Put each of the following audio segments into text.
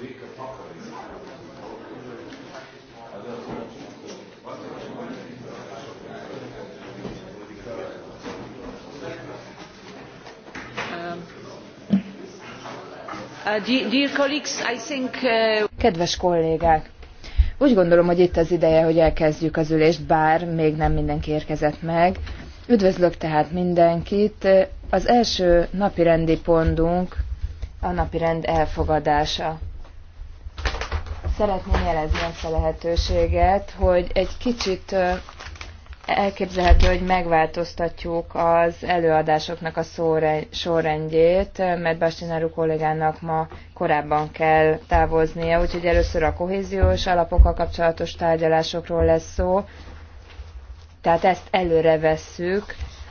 Uh, uh, Kedves kollégák! Úgy gondolom, hogy itt az ideje, hogy elkezdjük az ülést, bár még nem mindenki érkezett meg. Üdvözlök tehát mindenkit. Az első napi rendi pontunk a napi rend elfogadása szeretném jelezni azt a lehetőséget, hogy egy kicsit elképzelhető, hogy megváltoztatjuk az előadásoknak a sorrendjét, mert Bastináru kollégának ma korábban kell távoznia, úgyhogy először a kohéziós alapokkal kapcsolatos tárgyalásokról lesz szó, tehát ezt előre vesszük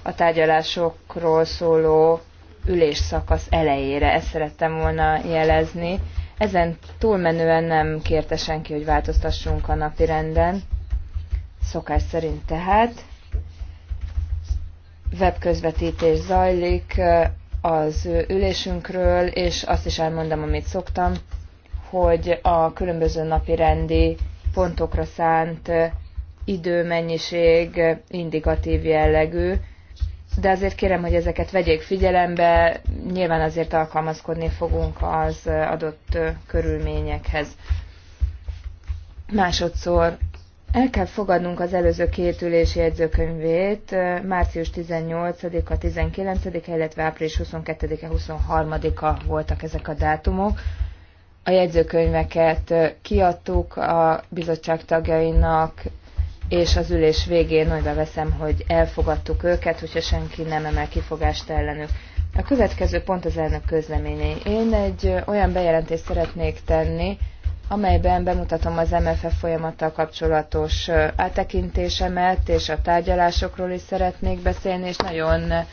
a tárgyalásokról szóló ülésszakasz elejére, ezt szerettem volna jelezni, ezen túlmenően nem kérte senki, hogy változtassunk a napi renden. Szokás szerint tehát webközvetítés zajlik az ülésünkről, és azt is elmondom, amit szoktam, hogy a különböző napi rendi pontokra szánt időmennyiség indikatív jellegű, de azért kérem, hogy ezeket vegyék figyelembe, nyilván azért alkalmazkodni fogunk az adott körülményekhez. Másodszor el kell fogadnunk az előző két ülési jegyzőkönyvét, március 18-a, 19-e, illetve április 22-e, 23-a voltak ezek a dátumok. A jegyzőkönyveket kiadtuk a bizottság tagjainak, és az ülés végén nagyra veszem, hogy elfogadtuk őket, hogyha senki nem emel kifogást ellenük. A következő pont az elnök közleményei. Én egy olyan bejelentést szeretnék tenni, amelyben bemutatom az MFF folyamattal kapcsolatos áttekintésemet, és a tárgyalásokról is szeretnék beszélni, és nagyon, e,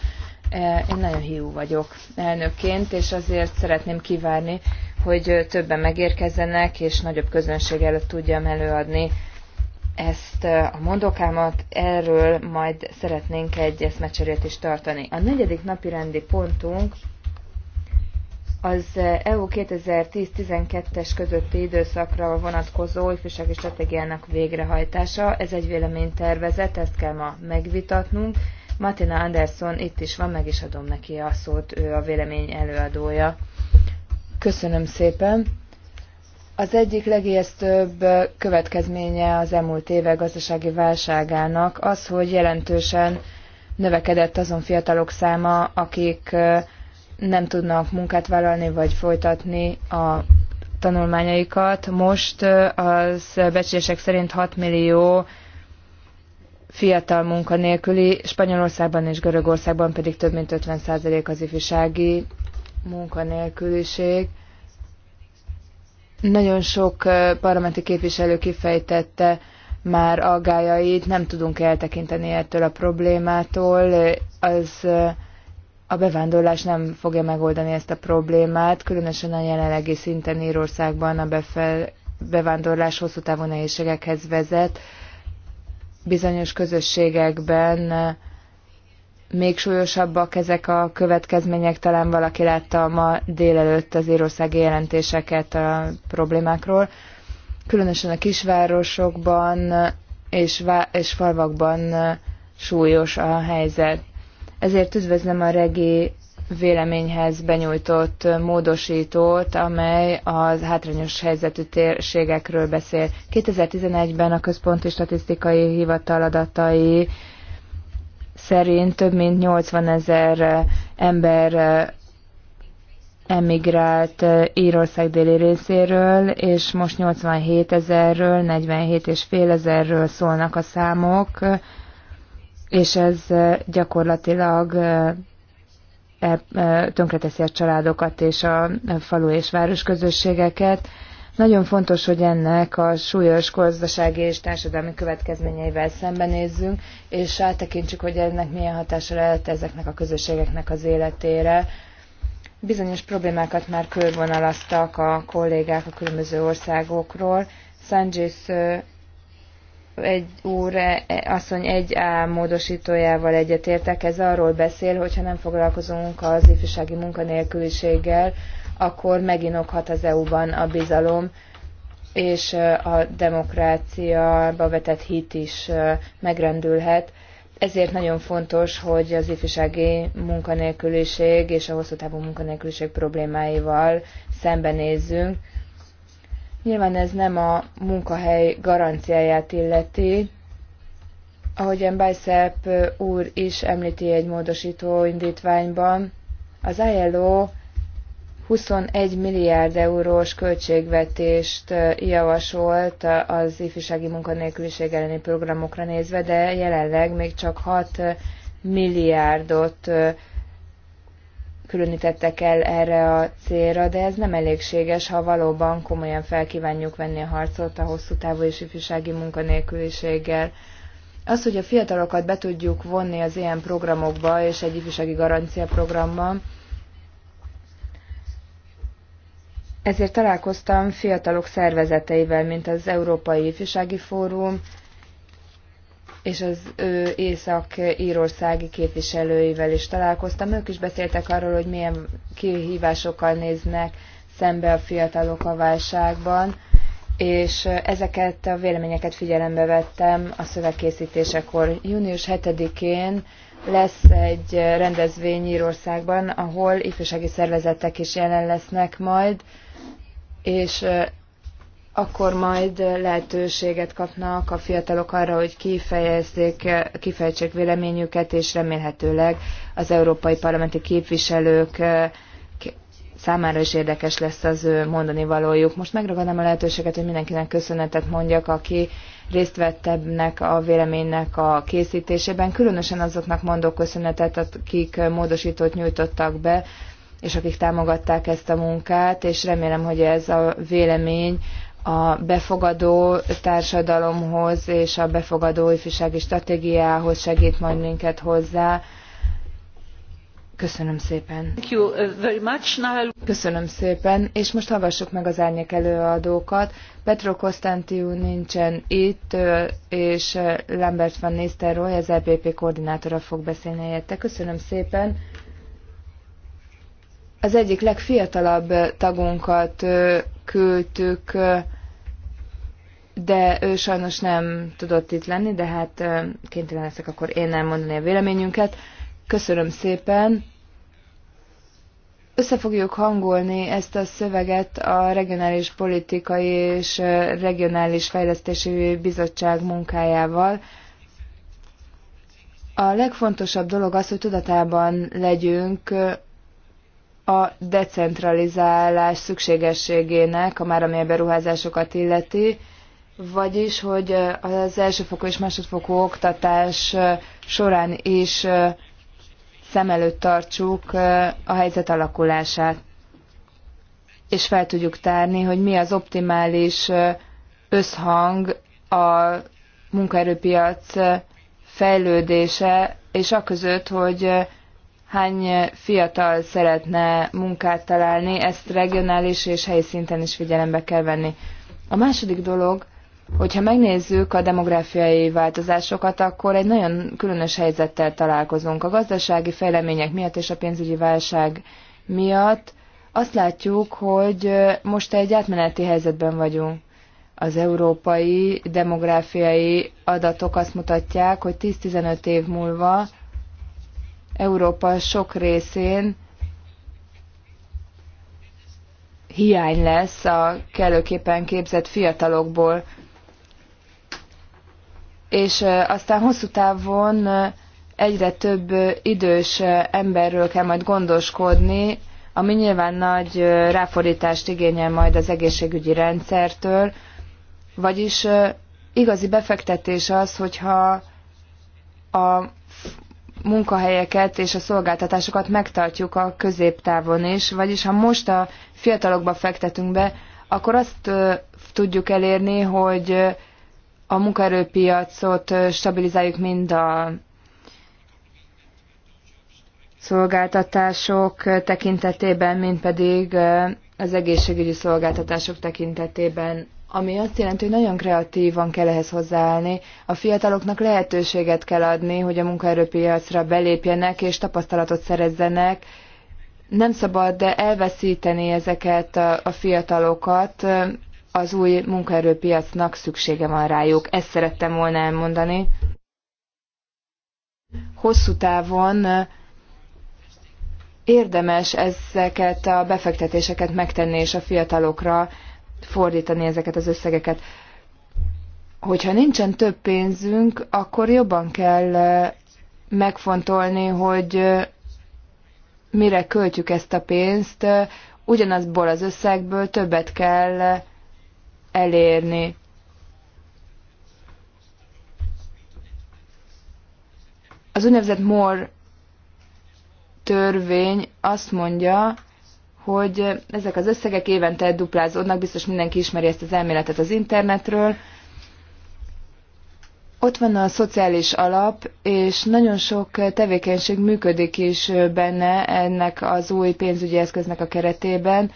én nagyon hiú vagyok elnökként, és azért szeretném kivárni, hogy többen megérkezzenek, és nagyobb közönség előtt tudjam előadni ezt a mondokámat, erről majd szeretnénk egy eszmecserét is tartani. A negyedik napi rendi pontunk az EU 2010-12-es közötti időszakra vonatkozó ifjúsági stratégiának végrehajtása. Ez egy véleménytervezet, ezt kell ma megvitatnunk. Martina Anderson itt is van, meg is adom neki a szót, ő a vélemény előadója. Köszönöm szépen! Az egyik legijesztőbb következménye az elmúlt évek gazdasági válságának az, hogy jelentősen növekedett azon fiatalok száma, akik nem tudnak munkát vállalni vagy folytatni a tanulmányaikat. Most az becslések szerint 6 millió fiatal munkanélküli, Spanyolországban és Görögországban pedig több mint 50% az ifjúsági munkanélküliség. Nagyon sok parlamenti képviselő kifejtette már aggájait, nem tudunk eltekinteni ettől a problémától. Az a bevándorlás nem fogja megoldani ezt a problémát, különösen a jelenlegi szinten Írországban a befel, bevándorlás hosszú távú nehézségekhez vezet. Bizonyos közösségekben még súlyosabbak ezek a következmények. Talán valaki látta ma délelőtt az írószági jelentéseket a problémákról. Különösen a kisvárosokban és, és falvakban súlyos a helyzet. Ezért üdvözlöm a regi véleményhez benyújtott módosítót, amely az hátrányos helyzetű térségekről beszél. 2011-ben a Központi Statisztikai Hivatal adatai szerint több mint 80 ezer eh, ember eh, emigrált eh, Írország déli részéről, és most 87 ezerről, 47 és fél ezerről szólnak a számok, és ez gyakorlatilag e- tönkreteszi a családokat és a falu és város közösségeket. Nagyon fontos, hogy ennek a súlyos gazdasági és társadalmi következményeivel szembenézzünk, és áttekintsük, hogy ennek milyen hatása lehet ezeknek a közösségeknek az életére. Bizonyos problémákat már körvonalaztak a kollégák a különböző országokról. Sanchez egy úr, e, e, asszony egy A módosítójával egyetértek, ez arról beszél, hogyha nem foglalkozunk az ifjúsági munkanélküliséggel, akkor megint okhat az EU-ban a bizalom, és a demokráciába vetett hit is megrendülhet. Ezért nagyon fontos, hogy az ifjúsági munkanélküliség és a hosszú távú munkanélküliség problémáival szembenézzünk. Nyilván ez nem a munkahely garanciáját illeti, ahogyan Bicep úr is említi egy módosító indítványban, az ILO 21 milliárd eurós költségvetést javasolt az ifjúsági munkanélküliség elleni programokra nézve, de jelenleg még csak 6 milliárdot különítettek el erre a célra, de ez nem elégséges, ha valóban komolyan felkívánjuk venni a harcot a hosszú távú és ifjúsági munkanélküliséggel. Az, hogy a fiatalokat be tudjuk vonni az ilyen programokba és egy ifjúsági garancia programban, Ezért találkoztam fiatalok szervezeteivel, mint az Európai Ifjúsági Fórum és az ő észak-írországi képviselőivel is találkoztam. Ők is beszéltek arról, hogy milyen kihívásokkal néznek szembe a fiatalok a válságban, és ezeket a véleményeket figyelembe vettem a szövegkészítésekor. Június 7-én lesz egy rendezvény Írországban, ahol ifjúsági szervezetek is jelen lesznek majd, és akkor majd lehetőséget kapnak a fiatalok arra, hogy kifejezzék, kifejtsék véleményüket, és remélhetőleg az európai parlamenti képviselők számára is érdekes lesz az ő mondani valójuk. Most megragadnám a lehetőséget, hogy mindenkinek köszönetet mondjak, aki részt vett ebnek a véleménynek a készítésében. Különösen azoknak mondok köszönetet, akik módosítót nyújtottak be, és akik támogatták ezt a munkát, és remélem, hogy ez a vélemény a befogadó társadalomhoz és a befogadó ifjúsági stratégiához segít majd minket hozzá. Köszönöm szépen. Uh, Köszönöm szépen, és most hallgassuk meg az árnyék előadókat. Petro Kostantiu nincsen itt, és Lambert van Nisztelrooy, az EPP koordinátora fog beszélni helyette. Köszönöm szépen az egyik legfiatalabb tagunkat küldtük, de ő sajnos nem tudott itt lenni, de hát kénytelen leszek akkor én elmondani a véleményünket. Köszönöm szépen! Össze fogjuk hangolni ezt a szöveget a Regionális Politikai és Regionális Fejlesztési Bizottság munkájával. A legfontosabb dolog az, hogy tudatában legyünk a decentralizálás szükségességének, a már ami a beruházásokat illeti, vagyis, hogy az elsőfokú és másodfokú oktatás során is szem előtt tartsuk a helyzet alakulását, és fel tudjuk tárni, hogy mi az optimális összhang a munkaerőpiac fejlődése, és a között, hogy hány fiatal szeretne munkát találni, ezt regionális és helyi szinten is figyelembe kell venni. A második dolog, hogyha megnézzük a demográfiai változásokat, akkor egy nagyon különös helyzettel találkozunk. A gazdasági fejlemények miatt és a pénzügyi válság miatt azt látjuk, hogy most egy átmeneti helyzetben vagyunk. Az európai demográfiai adatok azt mutatják, hogy 10-15 év múlva Európa sok részén hiány lesz a kellőképpen képzett fiatalokból. És aztán hosszú távon egyre több idős emberről kell majd gondoskodni, ami nyilván nagy ráfordítást igényel majd az egészségügyi rendszertől, vagyis igazi befektetés az, hogyha a munkahelyeket és a szolgáltatásokat megtartjuk a középtávon is, vagyis ha most a fiatalokba fektetünk be, akkor azt tudjuk elérni, hogy a munkaerőpiacot stabilizáljuk mind a szolgáltatások tekintetében, mint pedig az egészségügyi szolgáltatások tekintetében ami azt jelenti, hogy nagyon kreatívan kell ehhez hozzáállni. A fiataloknak lehetőséget kell adni, hogy a munkaerőpiacra belépjenek és tapasztalatot szerezzenek. Nem szabad de elveszíteni ezeket a fiatalokat, az új munkaerőpiacnak szüksége van rájuk. Ezt szerettem volna elmondani. Hosszú távon érdemes ezeket a befektetéseket megtenni és a fiatalokra fordítani ezeket az összegeket. Hogyha nincsen több pénzünk, akkor jobban kell megfontolni, hogy mire költjük ezt a pénzt, ugyanazból az összegből többet kell elérni. Az úgynevezett MOR törvény azt mondja, hogy ezek az összegek évente duplázódnak, biztos mindenki ismeri ezt az elméletet az internetről. Ott van a szociális alap, és nagyon sok tevékenység működik is benne ennek az új pénzügyi eszköznek a keretében,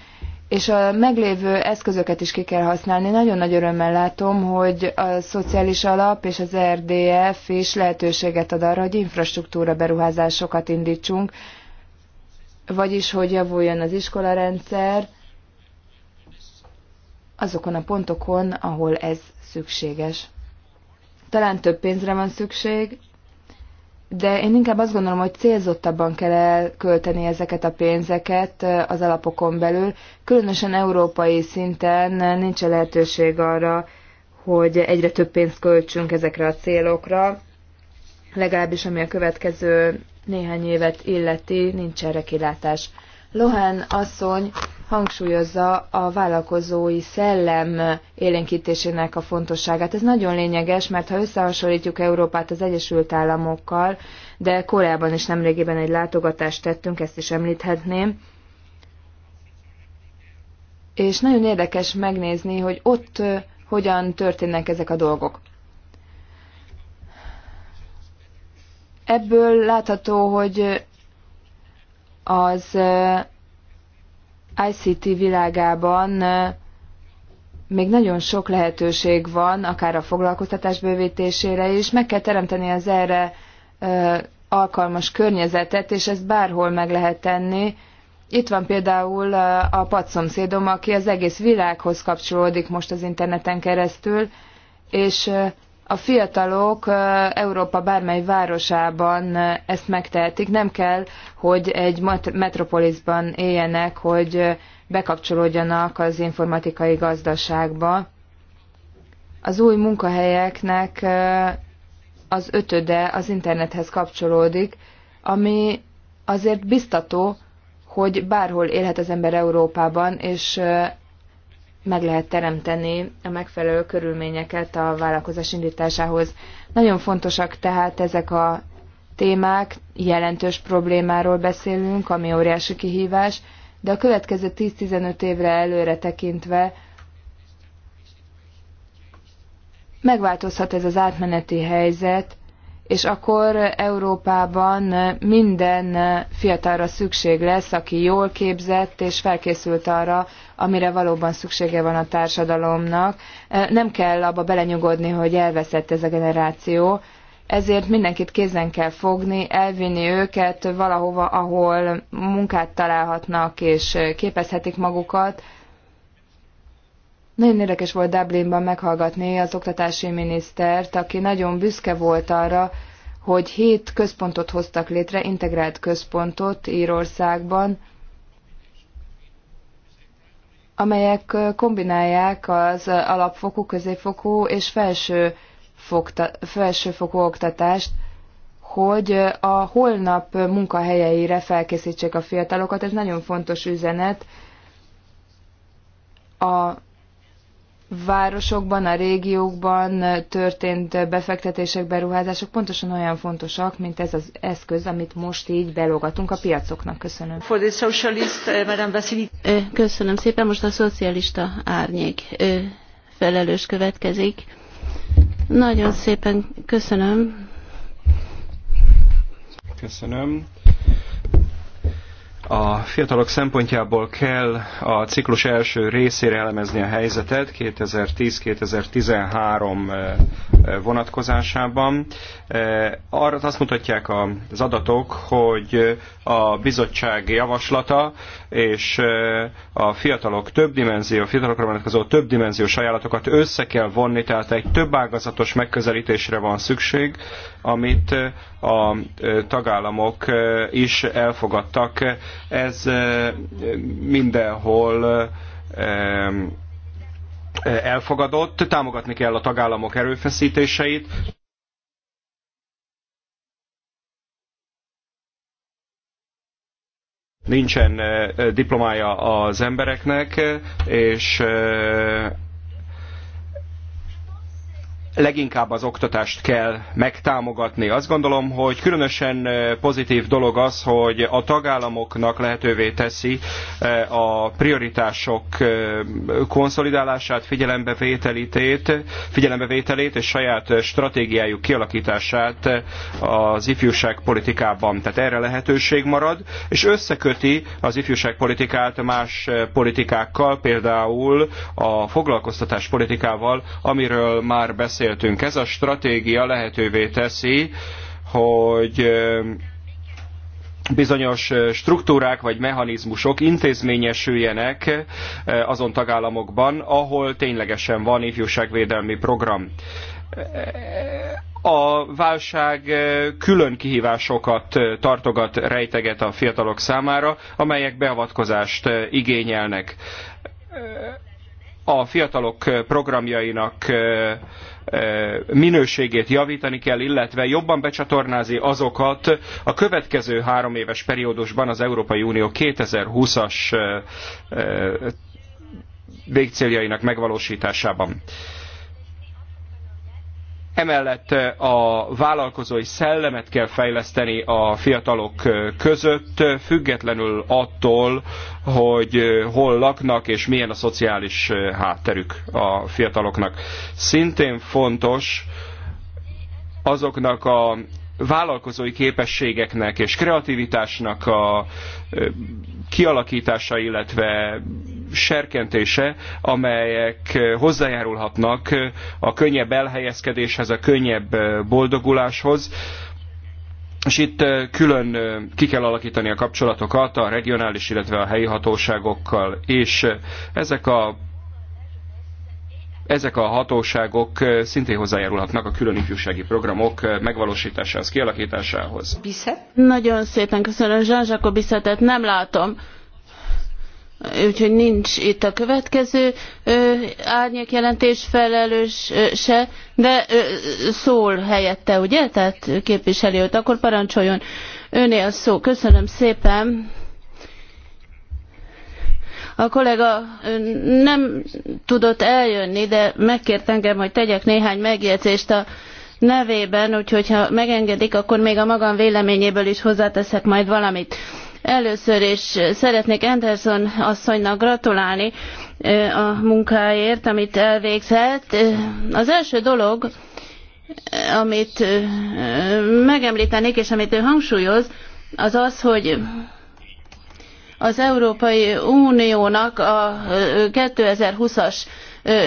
és a meglévő eszközöket is ki kell használni. Nagyon nagy örömmel látom, hogy a szociális alap és az RDF is lehetőséget ad arra, hogy infrastruktúra beruházásokat indítsunk, vagyis hogy javuljon az iskolarendszer azokon a pontokon, ahol ez szükséges. Talán több pénzre van szükség, de én inkább azt gondolom, hogy célzottabban kell elkölteni ezeket a pénzeket eh, az alapokon belül. Különösen európai szinten nincs lehetőség arra, hogy egyre több pénzt költsünk ezekre a célokra, legalábbis ami a következő néhány évet illeti, nincs erre kilátás. Lohan asszony hangsúlyozza a vállalkozói szellem élénkítésének a fontosságát. Ez nagyon lényeges, mert ha összehasonlítjuk Európát az Egyesült Államokkal, de Koreában is nemrégiben egy látogatást tettünk, ezt is említhetném, és nagyon érdekes megnézni, hogy ott eh, hogyan történnek ezek a dolgok. Ebből látható, hogy az eh, ICT világában eh, még nagyon sok lehetőség van, akár a foglalkoztatás bővítésére is. Meg kell teremteni az erre eh, alkalmas környezetet, és ezt bárhol meg lehet tenni. Itt van például a padszomszédom, aki az egész világhoz kapcsolódik most az interneten keresztül, és a fiatalok Európa bármely városában ezt megtehetik. Nem kell, hogy egy metropolisban éljenek, hogy bekapcsolódjanak az informatikai gazdaságba. Az új munkahelyeknek az ötöde az internethez kapcsolódik, ami azért biztató, hogy bárhol élhet az ember Európában, és meg lehet teremteni a megfelelő körülményeket a vállalkozás indításához. Nagyon fontosak tehát ezek a témák, jelentős problémáról beszélünk, ami óriási kihívás, de a következő 10-15 évre előre tekintve megváltozhat ez az átmeneti helyzet, és akkor Európában minden fiatalra szükség lesz, aki jól képzett és felkészült arra, amire valóban szüksége van a társadalomnak. Nem kell abba belenyugodni, hogy elveszett ez a generáció, ezért mindenkit kézen kell fogni, elvinni őket valahova, ahol munkát találhatnak és képezhetik magukat, nagyon érdekes volt Dublinban meghallgatni az oktatási minisztert, aki nagyon büszke volt arra, hogy hét központot hoztak létre, integrált központot Írországban, amelyek kombinálják az alapfokú, középfokú és felső, fogta, felsőfokú oktatást, hogy a holnap munkahelyeire felkészítsék a fiatalokat. Ez nagyon fontos üzenet a városokban, a régiókban történt befektetések, beruházások pontosan olyan fontosak, mint ez az eszköz, amit most így belogatunk a piacoknak. Köszönöm. For the socialist, eh, Vasili. Köszönöm szépen. Most a szocialista árnyék felelős következik. Nagyon szépen köszönöm. Köszönöm. A fiatalok szempontjából kell a ciklus első részére elemezni a helyzetet 2010-2013 eh, vonatkozásában. Eh, arra azt mutatják az adatok, hogy a bizottság javaslata és eh, a fiatalok több dimenzió, fiatalokra vonatkozó több dimenziós ajánlatokat össze kell vonni, tehát egy több ágazatos megközelítésre van szükség, amit eh, a tagállamok is elfogadtak. Ez mindenhol elfogadott, támogatni kell a tagállamok erőfeszítéseit, nincsen diplomája az embereknek, és leginkább az oktatást kell megtámogatni. Azt gondolom, hogy különösen pozitív dolog az, hogy a tagállamoknak lehetővé teszi a prioritások konszolidálását, figyelembevételét, figyelembevételét és saját stratégiájuk kialakítását az ifjúságpolitikában. Tehát erre lehetőség marad, és összeköti az ifjúságpolitikát más politikákkal, például a foglalkoztatáspolitikával, amiről már beszéltünk beszéltünk. Ez a stratégia lehetővé teszi, hogy bizonyos struktúrák vagy mechanizmusok intézményesüljenek azon tagállamokban, ahol ténylegesen van ifjúságvédelmi program. A válság külön kihívásokat tartogat, rejteget a fiatalok számára, amelyek beavatkozást igényelnek. A fiatalok programjainak minőségét javítani kell, illetve jobban becsatornázni azokat a következő három éves periódusban az Európai Unió 2020-as végcéljainak megvalósításában. Emellett eh, a vállalkozói szellemet kell fejleszteni a fiatalok eh, között, függetlenül attól, hogy eh, hol laknak és milyen a szociális hátterük a fiataloknak. Szintén fontos azoknak a vállalkozói képességeknek és kreativitásnak a kialakítása, illetve serkentése, amelyek hozzájárulhatnak a könnyebb elhelyezkedéshez, a könnyebb boldoguláshoz. És itt külön ki kell alakítani a kapcsolatokat a regionális, illetve a helyi hatóságokkal, és ezek a ezek a hatóságok szintén hozzájárulhatnak a külön ifjúsági programok megvalósításához, kialakításához. Biszett? Nagyon szépen köszönöm, Zsán Biszettet nem látom. Úgyhogy nincs itt a következő ö, árnyékjelentés felelős ö, se, de ö, szól helyette, ugye? Tehát képviseli őt, akkor parancsoljon öné szó. Köszönöm szépen. A kollega nem tudott eljönni, de megkért engem, hogy tegyek néhány megjegyzést a nevében, úgyhogy ha megengedik, akkor még a magam véleményéből is hozzáteszek majd valamit. Először is szeretnék Anderson asszonynak gratulálni a munkáért, amit elvégzett. Az első dolog, amit megemlítenék, és amit ő hangsúlyoz, az az, hogy az Európai Uniónak a 2020-as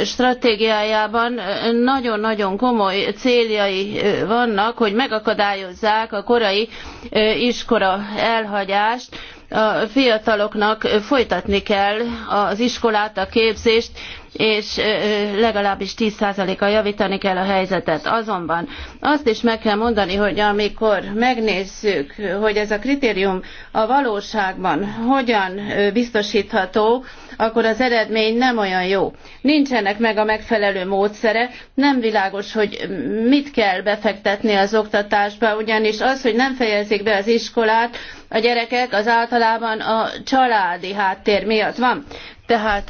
stratégiájában nagyon-nagyon komoly céljai vannak, hogy megakadályozzák a korai iskola elhagyást. A fiataloknak folytatni kell az iskolát, a képzést, és legalábbis 10%-kal javítani kell a helyzetet. Azonban azt is meg kell mondani, hogy amikor megnézzük, hogy ez a kritérium a valóságban hogyan biztosítható, akkor az eredmény nem olyan jó. Nincsenek meg a megfelelő módszere, nem világos, hogy mit kell befektetni az oktatásba, ugyanis az, hogy nem fejezik be az iskolát, a gyerekek az általában a családi háttér miatt van tehát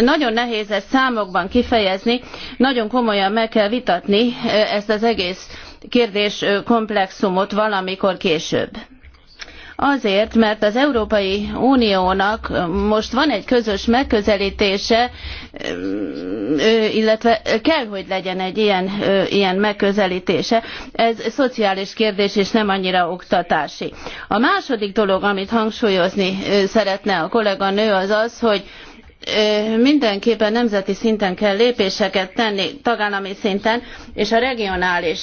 nagyon nehéz ezt számokban kifejezni, nagyon komolyan meg kell vitatni ezt az egész kérdés komplexumot valamikor később. Azért, mert az Európai Uniónak most van egy közös megközelítése, illetve kell, hogy legyen egy ilyen, ilyen megközelítése. Ez szociális kérdés, és nem annyira oktatási. A második dolog, amit hangsúlyozni szeretne a kolléganő, az az, hogy mindenképpen nemzeti szinten kell lépéseket tenni, tagállami szinten, és a regionális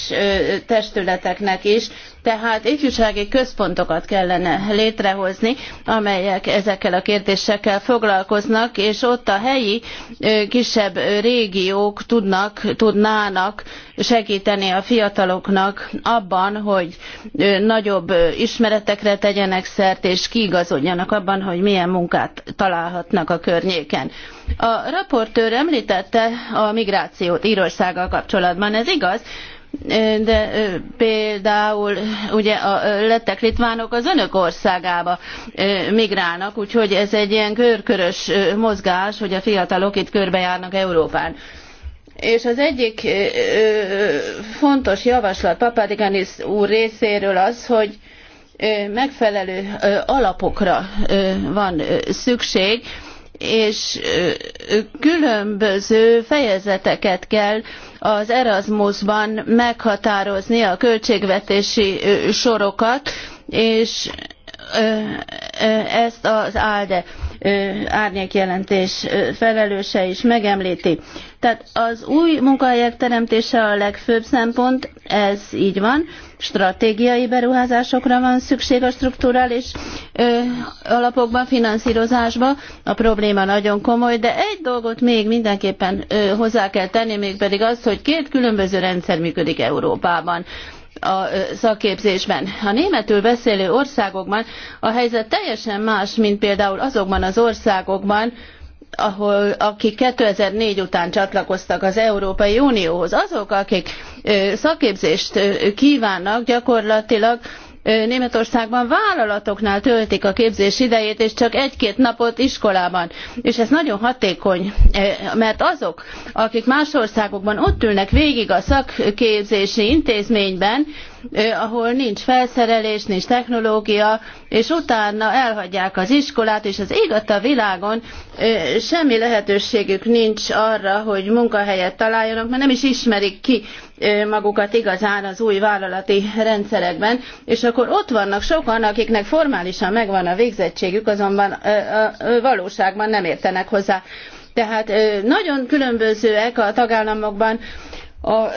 testületeknek is, tehát ifjúsági központokat kellene létrehozni, amelyek ezekkel a kérdésekkel foglalkoznak, és ott a helyi kisebb régiók tudnak, tudnának segíteni a fiataloknak abban, hogy nagyobb ismeretekre tegyenek szert, és kiigazodjanak abban, hogy milyen munkát találhatnak a környéken. A raportőr említette a migrációt Írországgal kapcsolatban. Ez igaz, de például ugye a lettek litvánok az önök országába migrálnak, úgyhogy ez egy ilyen körkörös mozgás, hogy a fiatalok itt körbejárnak Európán. És az egyik fontos javaslat Papadiganis úr részéről az, hogy megfelelő alapokra van szükség, és különböző fejezeteket kell az Erasmusban meghatározni a költségvetési sorokat, és ezt az ALDE árnyékjelentés felelőse is megemlíti. Tehát az új munkahelyek teremtése a legfőbb szempont, ez így van. Stratégiai beruházásokra van szükség a strukturális ö, alapokban, finanszírozásba. A probléma nagyon komoly, de egy dolgot még mindenképpen ö, hozzá kell tenni, mégpedig az, hogy két különböző rendszer működik Európában a szakképzésben. A németül beszélő országokban a helyzet teljesen más, mint például azokban az országokban, ahol, akik 2004 után csatlakoztak az Európai Unióhoz. Azok, akik szakképzést kívánnak, gyakorlatilag Németországban vállalatoknál töltik a képzés idejét, és csak egy-két napot iskolában. És ez nagyon hatékony, mert azok, akik más országokban ott ülnek végig a szakképzési intézményben, ahol nincs felszerelés, nincs technológia, és utána elhagyják az iskolát, és az ég világon semmi lehetőségük nincs arra, hogy munkahelyet találjanak, mert nem is ismerik ki magukat igazán az új vállalati rendszerekben, és akkor ott vannak sokan, akiknek formálisan megvan a végzettségük, azonban valóságban nem értenek hozzá. Tehát nagyon különbözőek a tagállamokban a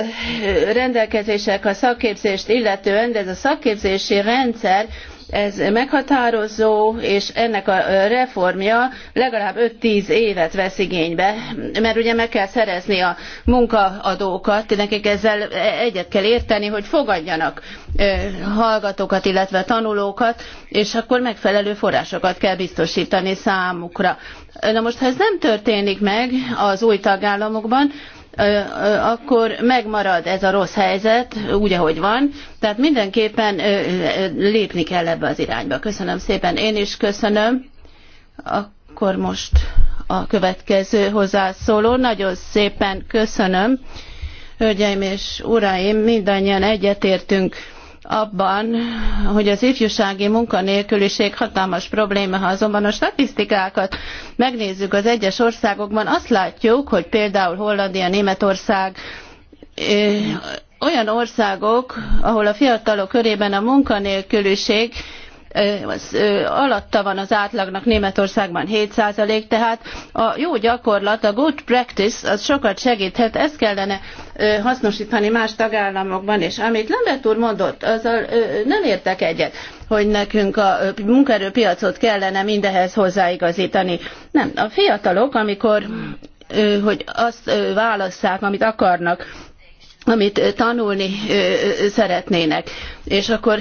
rendelkezések a szakképzést illetően, de ez a szakképzési rendszer ez meghatározó, és ennek a reformja legalább 5-10 évet vesz igénybe, mert ugye meg kell szerezni a munkaadókat, nekik ezzel egyet kell érteni, hogy fogadjanak hallgatókat, illetve tanulókat, és akkor megfelelő forrásokat kell biztosítani számukra. Na most, ha ez nem történik meg az új tagállamokban, akkor megmarad ez a rossz helyzet, úgy, ahogy van. Tehát mindenképpen lépni kell ebbe az irányba. Köszönöm szépen. Én is köszönöm. Akkor most a következő hozzászóló. Nagyon szépen köszönöm. Hölgyeim és uraim, mindannyian egyetértünk abban, hogy az ifjúsági munkanélküliség hatalmas probléma, ha azonban a statisztikákat megnézzük az egyes országokban, azt látjuk, hogy például Hollandia, Németország, olyan országok, ahol a fiatalok körében a munkanélküliség az alatta van az átlagnak Németországban 7%, tehát a jó gyakorlat, a good practice az sokat segíthet, ezt kellene hasznosítani más tagállamokban, is. amit Lambert úr mondott, azzal nem értek egyet hogy nekünk a munkaerőpiacot kellene mindehhez hozzáigazítani. Nem, a fiatalok, amikor hogy azt válasszák, amit akarnak, amit tanulni szeretnének. És akkor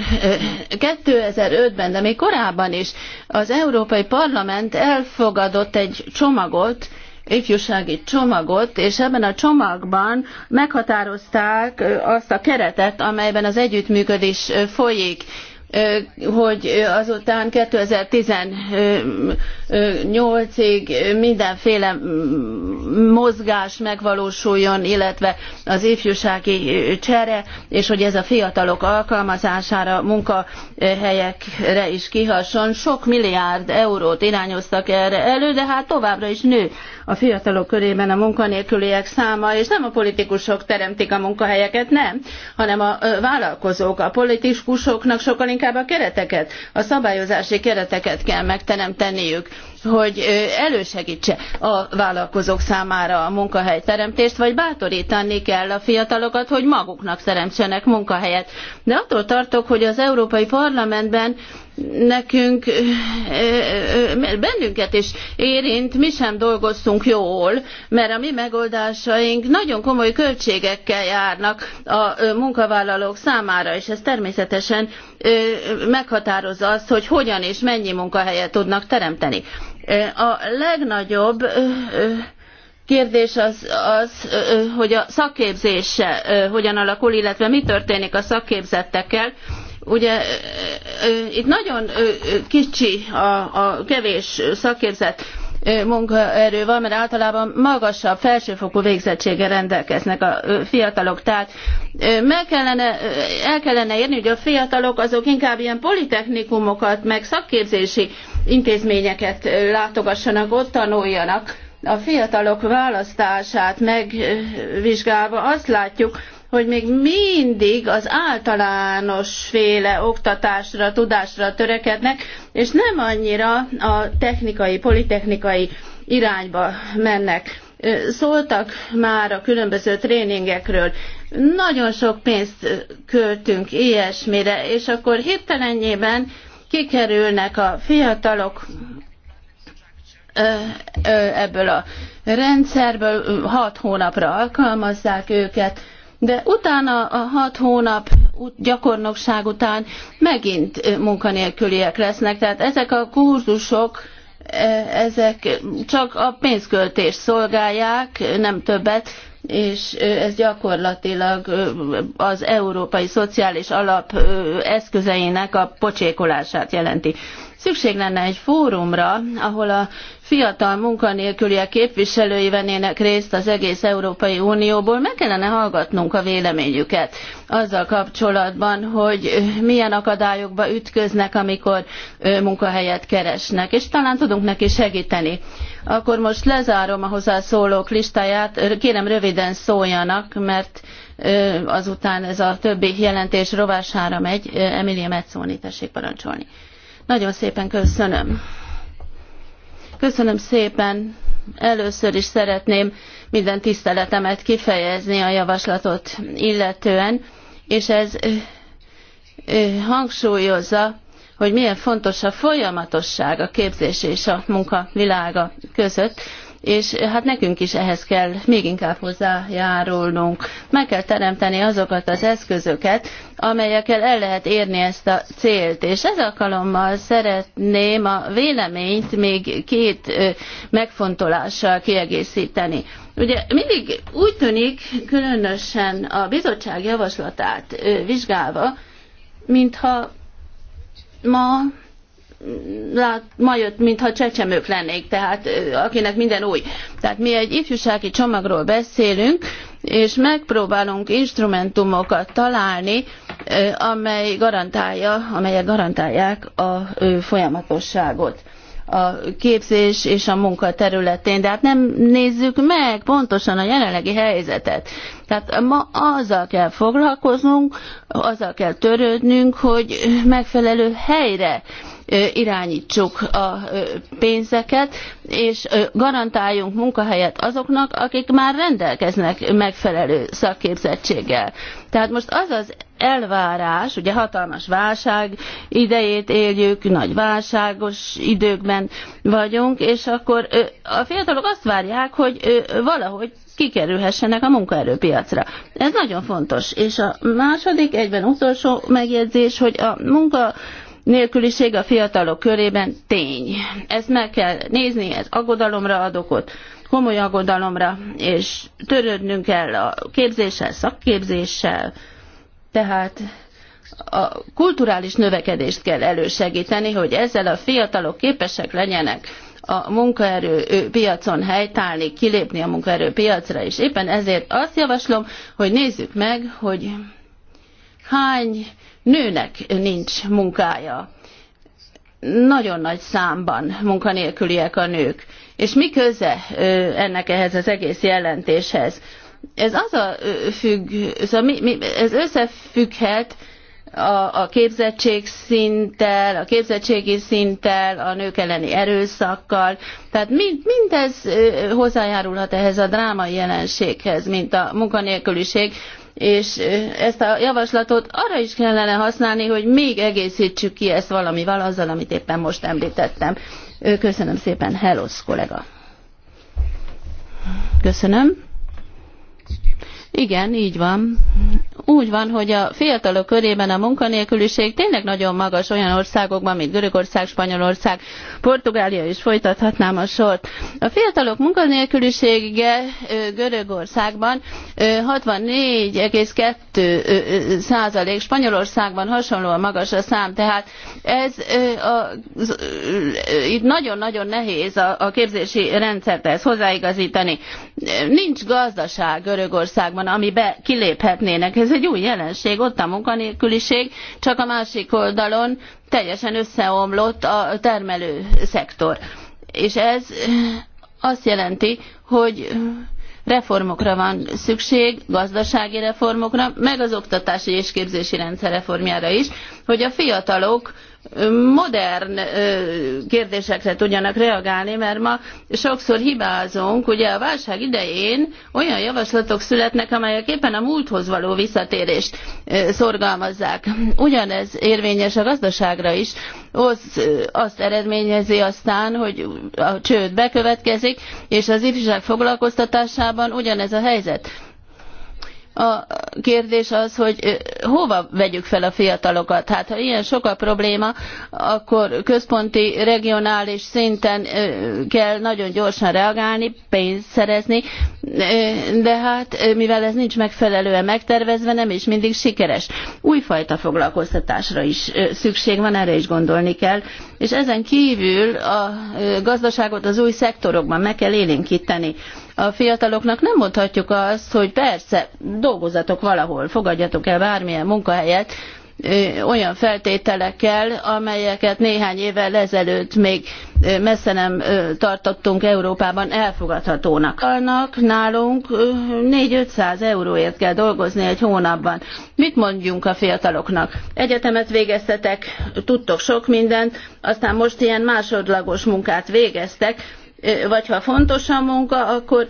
2005-ben, de még korábban is az Európai Parlament elfogadott egy csomagot, ifjúsági csomagot, és ebben a csomagban meghatározták azt a keretet, amelyben az együttműködés folyik hogy azután 2010 nyolcig mindenféle mozgás megvalósuljon, illetve az ifjúsági csere, és hogy ez a fiatalok alkalmazására, munkahelyekre is kihasson. Sok milliárd eurót irányoztak erre elő, de hát továbbra is nő a fiatalok körében a munkanélküliek száma, és nem a politikusok teremtik a munkahelyeket, nem, hanem a vállalkozók, a politikusoknak sokkal inkább a kereteket, a szabályozási kereteket kell megteremteniük hogy elősegítse a vállalkozók számára a munkahelyteremtést, vagy bátorítani kell a fiatalokat, hogy maguknak teremtsenek munkahelyet. De attól tartok, hogy az Európai Parlamentben nekünk, bennünket is érint, mi sem dolgoztunk jól, mert a mi megoldásaink nagyon komoly költségekkel járnak a munkavállalók számára, és ez természetesen meghatározza azt, hogy hogyan és mennyi munkahelyet tudnak teremteni. A legnagyobb kérdés az, az, hogy a szakképzése hogyan alakul, illetve mi történik a szakképzettekkel, Ugye itt nagyon kicsi, a, a kevés szakképzett munkaerő van, mert általában magasabb, felsőfokú végzettséggel rendelkeznek a fiatalok. Tehát meg kellene, el kellene érni, hogy a fiatalok azok inkább ilyen politechnikumokat, meg szakképzési intézményeket látogassanak, ott tanuljanak. A fiatalok választását megvizsgálva azt látjuk, hogy még mindig az általános féle oktatásra, tudásra törekednek, és nem annyira a technikai, politechnikai irányba mennek. Szóltak már a különböző tréningekről. Nagyon sok pénzt költünk ilyesmire, és akkor hirtelennyében kikerülnek a fiatalok ebből a rendszerből, hat hónapra alkalmazzák őket, de utána a hat hónap gyakornokság után megint munkanélküliek lesznek. Tehát ezek a kurzusok ezek csak a pénzköltést szolgálják, nem többet, és ez gyakorlatilag az Európai Szociális Alap eszközeinek a pocsékolását jelenti. Szükség lenne egy fórumra, ahol a fiatal munkanélküliek képviselői vennének részt az egész Európai Unióból, meg kellene hallgatnunk a véleményüket azzal kapcsolatban, hogy milyen akadályokba ütköznek, amikor munkahelyet keresnek, és talán tudunk neki segíteni. Akkor most lezárom a hozzászólók listáját, kérem röviden szóljanak, mert azután ez a többi jelentés rovására megy. Emilia Metzoni, tessék parancsolni. Nagyon szépen köszönöm. Köszönöm szépen. Először is szeretném minden tiszteletemet kifejezni a javaslatot illetően, és ez hangsúlyozza, hogy milyen fontos a folyamatosság a képzés és a munka világa között és hát nekünk is ehhez kell még inkább hozzájárulnunk. Meg kell teremteni azokat az eszközöket, amelyekkel el lehet érni ezt a célt. És ez alkalommal szeretném a véleményt még két megfontolással kiegészíteni. Ugye mindig úgy tűnik, különösen a bizottság javaslatát vizsgálva, mintha ma lát, ma jött, mintha csecsemők lennék, tehát akinek minden új. Tehát mi egy ifjúsági csomagról beszélünk, és megpróbálunk instrumentumokat találni, amely garantálja, amelyek garantálják a folyamatosságot a képzés és a munka területén, de hát nem nézzük meg pontosan a jelenlegi helyzetet. Tehát ma azzal kell foglalkoznunk, azzal kell törődnünk, hogy megfelelő helyre irányítsuk a pénzeket, és garantáljunk munkahelyet azoknak, akik már rendelkeznek megfelelő szakképzettséggel. Tehát most az az elvárás, ugye hatalmas válság idejét éljük, nagy válságos időkben vagyunk, és akkor a fiatalok azt várják, hogy valahogy kikerülhessenek a munkaerőpiacra. Ez nagyon fontos. És a második, egyben utolsó megjegyzés, hogy a munka nélküliség a fiatalok körében tény. Ezt meg kell nézni, ez aggodalomra ad okot, komoly aggodalomra, és törődnünk kell a képzéssel, szakképzéssel, tehát a kulturális növekedést kell elősegíteni, hogy ezzel a fiatalok képesek legyenek a munkaerő piacon helytállni, kilépni a munkaerő piacra, és éppen ezért azt javaslom, hogy nézzük meg, hogy hány nőnek nincs munkája. Nagyon nagy számban munkanélküliek a nők. És mi köze ennek ehhez az egész jelentéshez? Ez az a függ, ez, a, mi, mi, ez összefügghet a, a képzettség szinttel, a képzettségi szinttel, a nők elleni erőszakkal. Tehát mind, mindez hozzájárulhat ehhez a drámai jelenséghez, mint a munkanélküliség és ezt a javaslatot arra is kellene használni, hogy még egészítsük ki ezt valamival, azzal, amit éppen most említettem. Köszönöm szépen, Helosz kollega. Köszönöm. Igen, így van úgy van, hogy a fiatalok körében a munkanélküliség tényleg nagyon magas olyan országokban, mint Görögország, Spanyolország, Portugália is folytathatnám a sort. A fiatalok munkanélkülisége Görögországban 64,2 százalék, Spanyolországban hasonlóan magas a szám, tehát ez a, itt nagyon-nagyon nehéz a, a képzési rendszert ezt hozzáigazítani. Nincs gazdaság Görögországban, amibe kiléphetnének. Ez egy új jelenség, ott a munkanélküliség, csak a másik oldalon teljesen összeomlott a termelő szektor. És ez azt jelenti, hogy reformokra van szükség, gazdasági reformokra, meg az oktatási és képzési rendszer reformjára is, hogy a fiatalok modern kérdésekre tudjanak reagálni, mert ma sokszor hibázunk. Ugye a válság idején olyan javaslatok születnek, amelyek éppen a múlthoz való visszatérést szorgalmazzák. Ugyanez érvényes a gazdaságra is. Az, azt eredményezi aztán, hogy a csőd bekövetkezik, és az ifjúság foglalkoztatásában ugyanez a helyzet a kérdés az, hogy hova vegyük fel a fiatalokat. Hát ha ilyen sok a probléma, akkor központi, regionális szinten kell nagyon gyorsan reagálni, pénzt szerezni, de hát mivel ez nincs megfelelően megtervezve, nem is mindig sikeres. Újfajta foglalkoztatásra is szükség van, erre is gondolni kell, és ezen kívül a gazdaságot az új szektorokban meg kell élénkíteni a fiataloknak nem mondhatjuk azt, hogy persze, dolgozatok valahol, fogadjatok el bármilyen munkahelyet, olyan feltételekkel, amelyeket néhány évvel ezelőtt még messze nem tartottunk Európában elfogadhatónak. Annak nálunk 4-500 euróért kell dolgozni egy hónapban. Mit mondjunk a fiataloknak? Egyetemet végeztetek, tudtok sok mindent, aztán most ilyen másodlagos munkát végeztek, vagy ha fontos a munka, akkor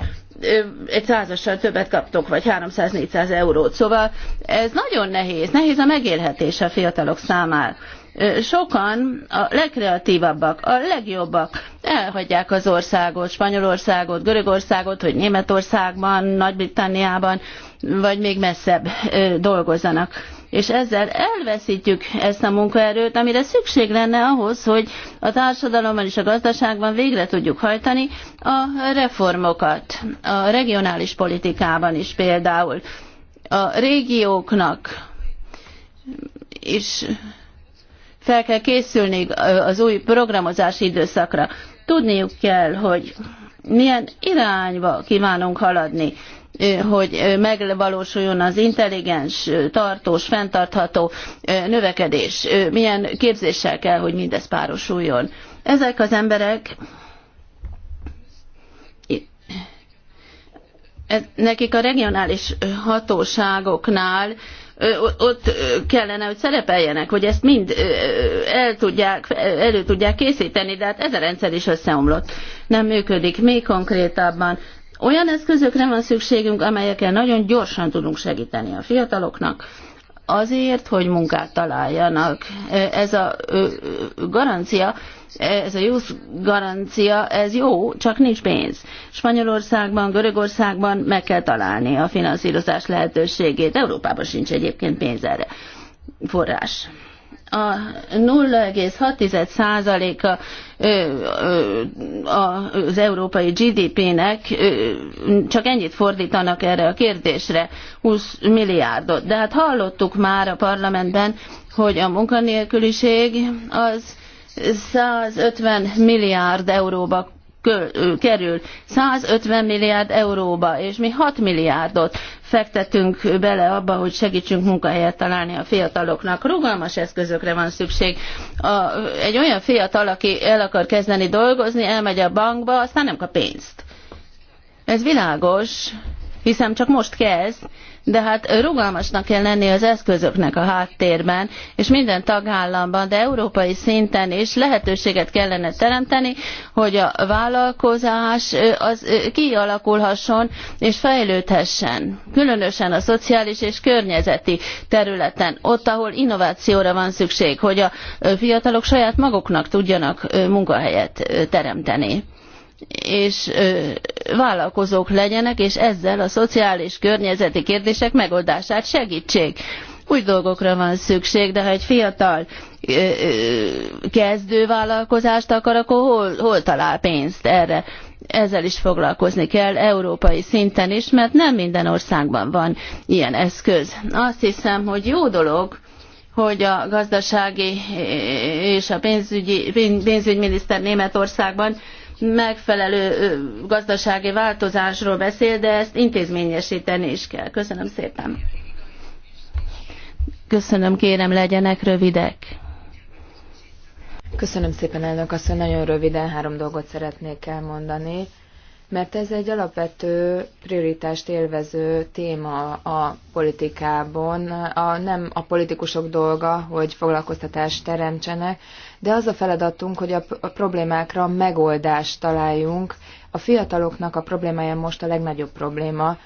egy százassal többet kaptok, vagy 300-400 eurót. Szóval ez nagyon nehéz, nehéz a megélhetés a fiatalok számára sokan a legkreatívabbak, a legjobbak elhagyják az országot, Spanyolországot, Görögországot, hogy Németországban, Nagy-Britanniában, vagy még messzebb dolgozzanak és ezzel elveszítjük ezt a munkaerőt, amire szükség lenne ahhoz, hogy a társadalomban és a gazdaságban végre tudjuk hajtani a reformokat, a regionális politikában is például. A régióknak is fel kell készülni az új programozási időszakra. Tudniuk kell, hogy milyen irányba kívánunk haladni hogy megvalósuljon az intelligens, tartós, fenntartható növekedés. Milyen képzéssel kell, hogy mindez párosuljon. Ezek az emberek e, e, nekik a regionális hatóságoknál ott kellene, hogy szerepeljenek, hogy ezt mind el tudják, elő tudják készíteni, de hát ez a rendszer is összeomlott. Nem működik. Még konkrétabban olyan eszközökre van szükségünk, amelyekkel nagyon gyorsan tudunk segíteni a fiataloknak, azért, hogy munkát találjanak. E, ez a garancia, e, ez a jusz garancia, ez jó, csak nincs pénz. Spanyolországban, Görögországban meg kell találni a finanszírozás lehetőségét. Európában sincs egyébként pénz erre. Forrás a 0,6%-a az európai GDP-nek csak ennyit fordítanak erre a kérdésre, 20 milliárdot. De hát hallottuk már a parlamentben, hogy a munkanélküliség az 150 milliárd euróba kerül 150 milliárd euróba, és mi 6 milliárdot fektetünk bele abba, hogy segítsünk munkahelyet találni a fiataloknak. Rugalmas eszközökre van szükség. A, egy olyan fiatal, aki el akar kezdeni dolgozni, elmegy a bankba, aztán nem kap pénzt. Ez világos, hiszen csak most kezd, de hát rugalmasnak kell lenni az eszközöknek a háttérben, és minden tagállamban, de európai szinten is lehetőséget kellene teremteni, hogy a vállalkozás az kialakulhasson és fejlődhessen. Különösen a szociális és környezeti területen, ott, ahol innovációra van szükség, hogy a fiatalok saját maguknak tudjanak munkahelyet teremteni és vállalkozók legyenek, és ezzel a szociális környezeti kérdések megoldását segítsék. Új dolgokra van szükség, de ha egy fiatal kezdő vállalkozást akar, akkor hol, hol talál pénzt erre? ezzel is foglalkozni kell európai szinten is, mert nem minden országban van ilyen eszköz. Azt hiszem, hogy jó dolog, hogy a gazdasági és a pénzügyi, pénzügyminiszter Németországban megfelelő gazdasági változásról beszél, de ezt intézményesíteni is kell. Köszönöm szépen. Köszönöm, kérem, legyenek rövidek. Köszönöm szépen, elnök asszony. Nagyon röviden három dolgot szeretnék elmondani mert ez egy alapvető prioritást élvező téma a politikában. A, nem a politikusok dolga, hogy foglalkoztatást teremtsenek, de az a feladatunk, hogy a, a problémákra megoldást találjunk. A fiataloknak a problémája most a legnagyobb probléma,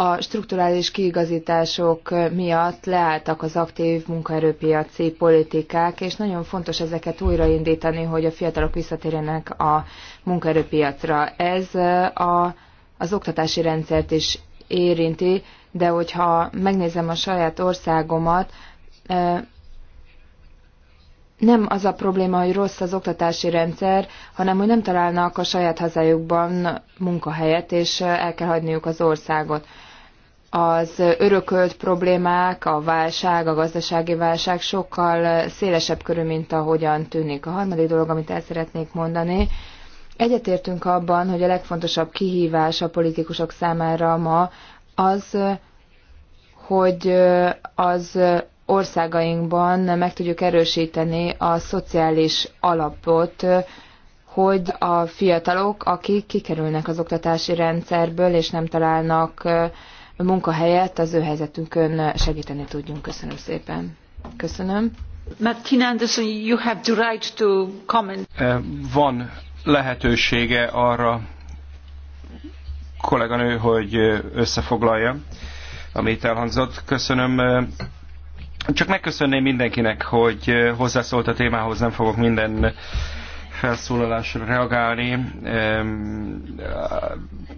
a strukturális kiigazítások miatt leálltak az aktív munkaerőpiaci politikák, és nagyon fontos ezeket újraindítani, hogy a fiatalok visszatérjenek a munkaerőpiacra. Ez a, az oktatási rendszert is érinti, de hogyha megnézem a saját országomat, nem az a probléma, hogy rossz az oktatási rendszer, hanem hogy nem találnak a saját hazájukban munkahelyet, és el kell hagyniuk az országot. Az örökölt problémák, a válság, a gazdasági válság sokkal szélesebb körül, mint ahogyan tűnik. A harmadik dolog, amit el szeretnék mondani, Egyetértünk abban, hogy a legfontosabb kihívás a politikusok számára ma az, hogy az országainkban meg tudjuk erősíteni a szociális alapot, hogy a fiatalok, akik kikerülnek az oktatási rendszerből és nem találnak munkahelyet, az ő helyzetünkön segíteni tudjunk. Köszönöm szépen. Köszönöm. Martin Anderson, you have the right to comment. Eh, van lehetősége arra kolléganő, hogy összefoglalja, amit elhangzott. Köszönöm. Csak megköszönném mindenkinek, hogy hozzászólt a témához, nem fogok minden felszólalásra reagálni.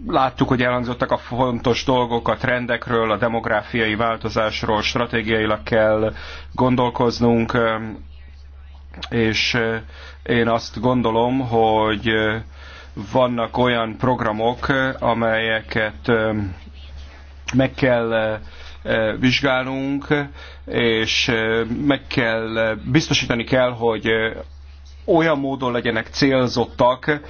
Láttuk, hogy elhangzottak a fontos dolgok a trendekről, a demográfiai változásról, stratégiailag kell gondolkoznunk, és én azt gondolom, hogy vannak olyan programok, amelyeket meg kell vizsgálnunk, és meg kell, biztosítani kell, hogy olyan módon legyenek célzottak,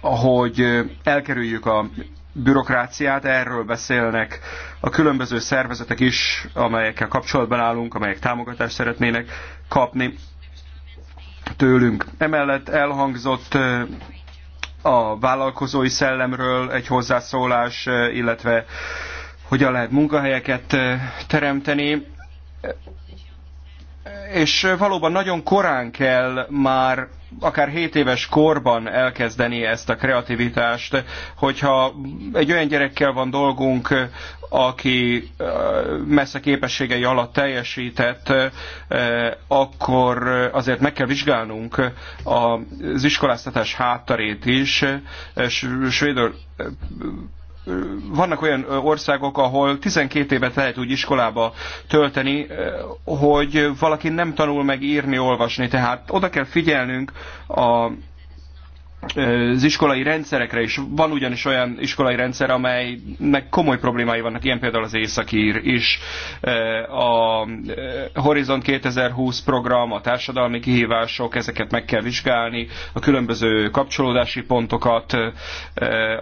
hogy elkerüljük a bürokráciát, erről beszélnek a különböző szervezetek is, amelyekkel kapcsolatban állunk, amelyek támogatást szeretnének kapni tőlünk. Emellett elhangzott a vállalkozói szellemről egy hozzászólás, illetve hogyan lehet munkahelyeket teremteni. És valóban nagyon korán kell már akár 7 éves korban elkezdeni ezt a kreativitást, hogyha egy olyan gyerekkel van dolgunk, aki messze képességei alatt teljesített, akkor azért meg kell vizsgálnunk az iskoláztatás hátterét is. Svédor vannak olyan országok, ahol 12 évet lehet úgy iskolába tölteni, hogy valaki nem tanul meg írni, olvasni. Tehát oda kell figyelnünk a az iskolai rendszerekre is. Van ugyanis olyan iskolai rendszer, amelynek komoly problémái vannak, ilyen például az Északír is. A Horizon 2020 program, a társadalmi kihívások, ezeket meg kell vizsgálni, a különböző kapcsolódási pontokat,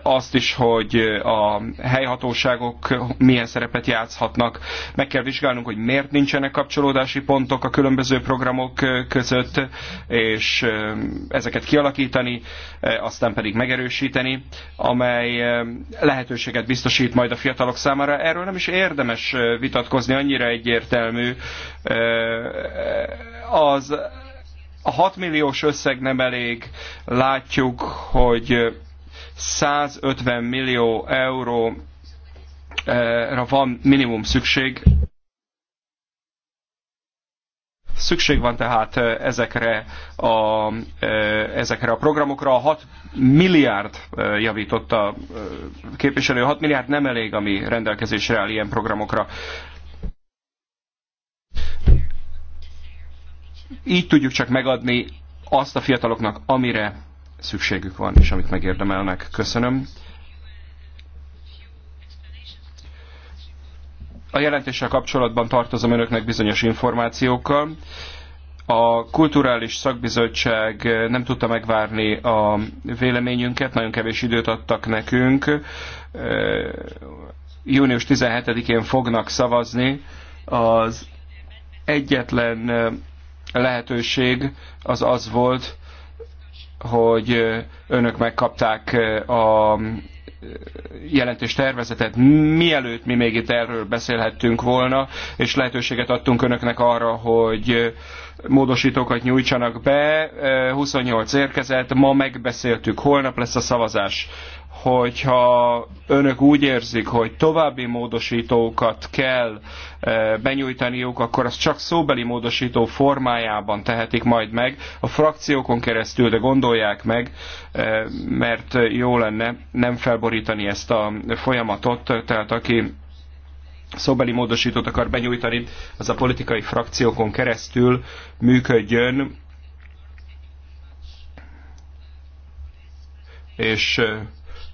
azt is, hogy a helyhatóságok milyen szerepet játszhatnak. Meg kell vizsgálnunk, hogy miért nincsenek kapcsolódási pontok a különböző programok között, és ezeket kialakítani E, aztán pedig megerősíteni, amely e, lehetőséget biztosít majd a fiatalok számára. Erről nem is érdemes e, vitatkozni, annyira egyértelmű az a 6 milliós összeg nem elég, látjuk, hogy 150 millió euróra van minimum szükség. Szükség van tehát ezekre a, ezekre a programokra. A 6 milliárd javított a képviselő, 6 milliárd nem elég, ami rendelkezésre áll ilyen programokra. Így tudjuk csak megadni azt a fiataloknak, amire szükségük van, és amit megérdemelnek. Köszönöm. A jelentéssel kapcsolatban tartozom önöknek bizonyos információkkal. A kulturális szakbizottság nem tudta megvárni a véleményünket, nagyon kevés időt adtak nekünk. Június 17-én fognak szavazni. Az egyetlen lehetőség az az volt, hogy önök megkapták a jelentés tervezetet, mielőtt mi még itt erről beszélhettünk volna, és lehetőséget adtunk önöknek arra, hogy módosítókat nyújtsanak be. 28 érkezett, ma megbeszéltük, holnap lesz a szavazás hogyha önök úgy érzik, hogy további módosítókat kell eh, benyújtaniuk, akkor azt csak szóbeli módosító formájában tehetik majd meg, a frakciókon keresztül, de gondolják meg, eh, mert jó lenne nem felborítani ezt a folyamatot, tehát aki szóbeli módosítót akar benyújtani, az a politikai frakciókon keresztül működjön, és eh,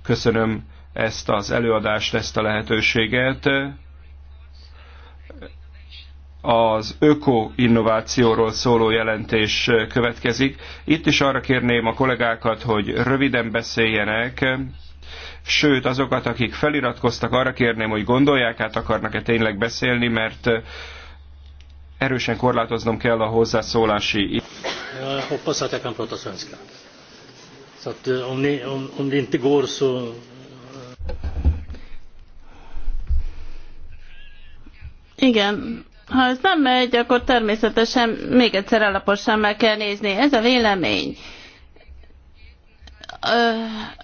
Köszönöm ezt az előadást, ezt a lehetőséget. Az öko-innovációról szóló jelentés következik. Itt is arra kérném a kollégákat, hogy röviden beszéljenek, sőt azokat, akik feliratkoztak, arra kérném, hogy gondolják át, akarnak-e tényleg beszélni, mert erősen korlátoznom kell a hozzászólási... Ja, hoppas att eh, om, ni, om, om det inte går så... Igen, ha ez nem megy, akkor természetesen még egyszer alaposan meg kell nézni. Ez a vélemény,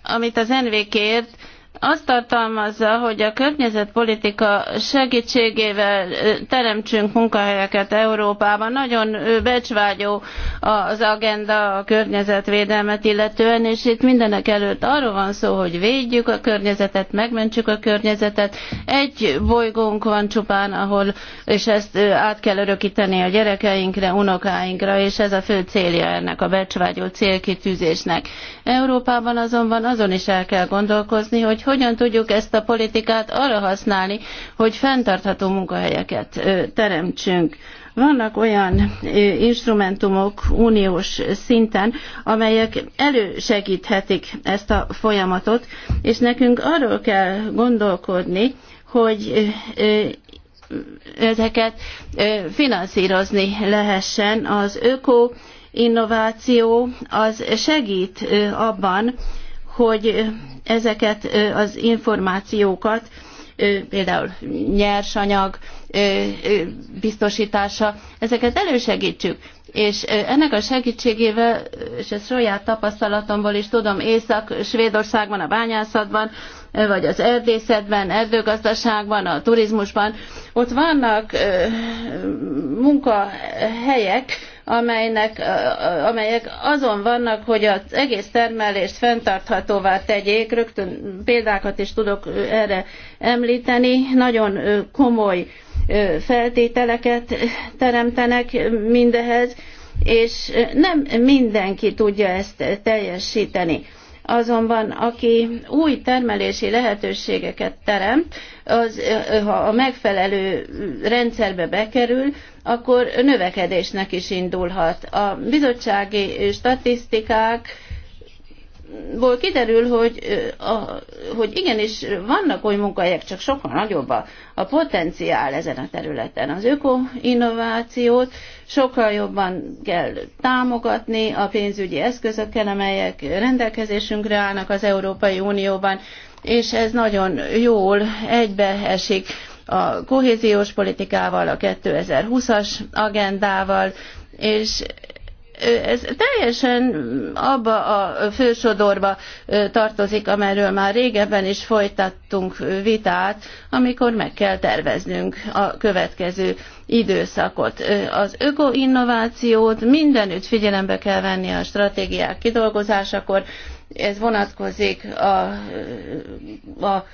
amit az NV kért, azt tartalmazza, hogy a környezetpolitika segítségével teremtsünk munkahelyeket Európában. Nagyon becsvágyó az agenda a környezetvédelmet illetően, és itt mindenek előtt arról van szó, hogy védjük a környezetet, megmentsük a környezetet. Egy bolygónk van csupán, ahol, és ezt át kell örökíteni a gyerekeinkre, unokáinkra, és ez a fő célja ennek a becsvágyó célkitűzésnek. Európában azonban azon is el kell gondolkozni, hogy hogyan tudjuk ezt a politikát arra használni, hogy fenntartható munkahelyeket teremtsünk. Vannak olyan instrumentumok uniós szinten, amelyek elősegíthetik ezt a folyamatot, és nekünk arról kell gondolkodni, hogy ezeket finanszírozni lehessen. Az öko innováció az segít abban, hogy ezeket az információkat, például nyersanyag biztosítása, ezeket elősegítsük. És ennek a segítségével, és ezt saját tapasztalatomból is tudom, Észak-Svédországban, a bányászatban, vagy az erdészetben, erdőgazdaságban, a turizmusban, ott vannak munkahelyek, amelynek, amelyek azon vannak, hogy az egész termelést fenntarthatóvá tegyék. Rögtön példákat is tudok erre említeni. Nagyon komoly feltételeket teremtenek mindehez, és nem mindenki tudja ezt teljesíteni azonban aki új termelési lehetőségeket teremt, az, ha a megfelelő rendszerbe bekerül, akkor növekedésnek is indulhat. A bizottsági statisztikák ból kiderül, hogy, a, hogy igenis vannak oly munkahelyek, csak sokkal nagyobb a, a potenciál ezen a területen. Az ökoinnovációt sokkal jobban kell támogatni a pénzügyi eszközökkel, amelyek rendelkezésünkre állnak az Európai Unióban, és ez nagyon jól egybeesik a kohéziós politikával, a 2020-as agendával, és ez teljesen abba a fősodorba tartozik, amerről már régebben is folytattunk vitát, amikor meg kell terveznünk a következő időszakot. Az ökoinnovációt mindenütt figyelembe kell venni a stratégiák kidolgozásakor, ez vonatkozik a, a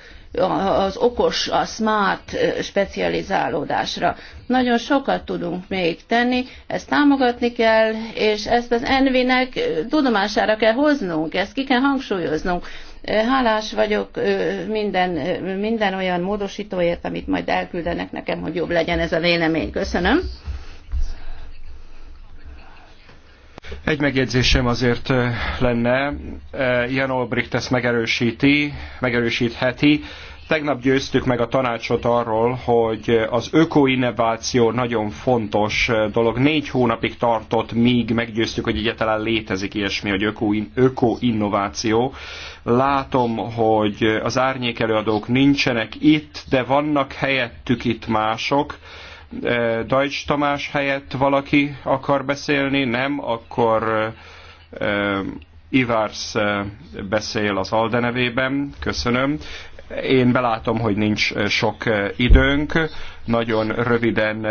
az okos, a smart specializálódásra. Nagyon sokat tudunk még tenni, ezt támogatni kell, és ezt az Envinek tudomására kell hoznunk, ezt ki kell hangsúlyoznunk. Hálás vagyok minden, minden olyan módosítóért, amit majd elküldenek nekem, hogy jobb legyen ez a vélemény. Köszönöm. Egy megjegyzésem azért eh, lenne, Jan eh, Olbricht ezt megerősíti, megerősítheti. Tegnap győztük meg a tanácsot arról, hogy az ökoinnováció nagyon fontos eh, dolog. Négy hónapig tartott, míg meggyőztük, hogy egyáltalán létezik ilyesmi, hogy ökoinnováció. Látom, hogy az árnyékelőadók nincsenek itt, de vannak helyettük itt mások E, Dajcs Tamás helyett valaki akar beszélni, nem, akkor e, Ivars e, beszél az Alde nevében, köszönöm. Én belátom, hogy nincs sok időnk, nagyon röviden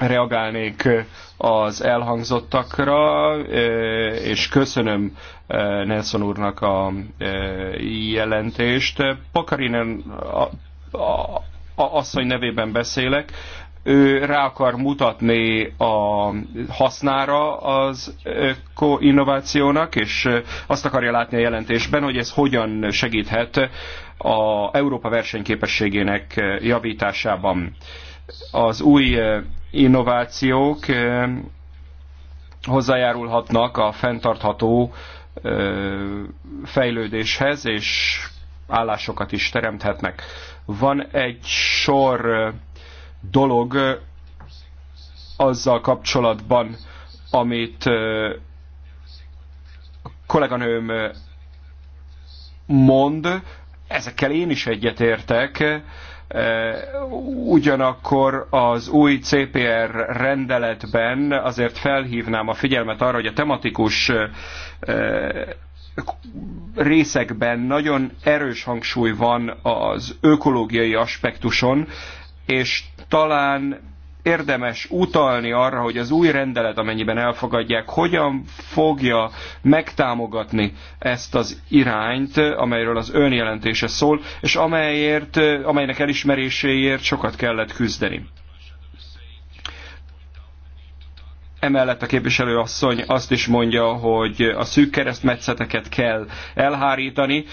reagálnék az elhangzottakra, és köszönöm Nelson úrnak a jelentést. Pakarinen asszony nevében beszélek, ő rá akar mutatni a hasznára az innovációnak és azt akarja látni a jelentésben, hogy ez hogyan segíthet a Európa versenyképességének javításában. Az új innovációk hozzájárulhatnak a fenntartható fejlődéshez, és állásokat is teremthetnek. Van egy sor dolog azzal kapcsolatban, amit a kolléganőm mond, ezekkel én is egyetértek, ugyanakkor az új CPR rendeletben azért felhívnám a figyelmet arra, hogy a tematikus részekben nagyon erős hangsúly van az ökológiai aspektuson, és talán érdemes utalni arra, hogy az új rendelet, amennyiben elfogadják, hogyan fogja megtámogatni ezt az irányt, amelyről az önjelentése szól, és amelyért, amelynek elismeréséért sokat kellett küzdeni. Emellett a képviselő asszony azt is mondja, hogy a szűk keresztmetszeteket kell elhárítani,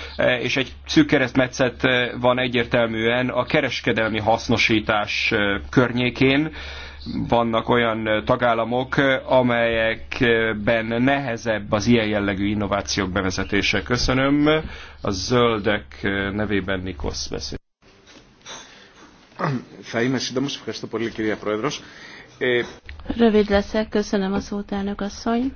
és egy szűk keresztmetszet van egyértelműen a kereskedelmi hasznosítás környékén, vannak olyan tagállamok, amelyekben nehezebb az ilyen jellegű innovációk bevezetése. Köszönöm. A zöldek nevében Nikosz beszél. Θα είμαι σύντομος, ευχαριστώ πολύ κυρία Πρόεδρος. Rövid leszek, köszönöm a szót, elnök asszony.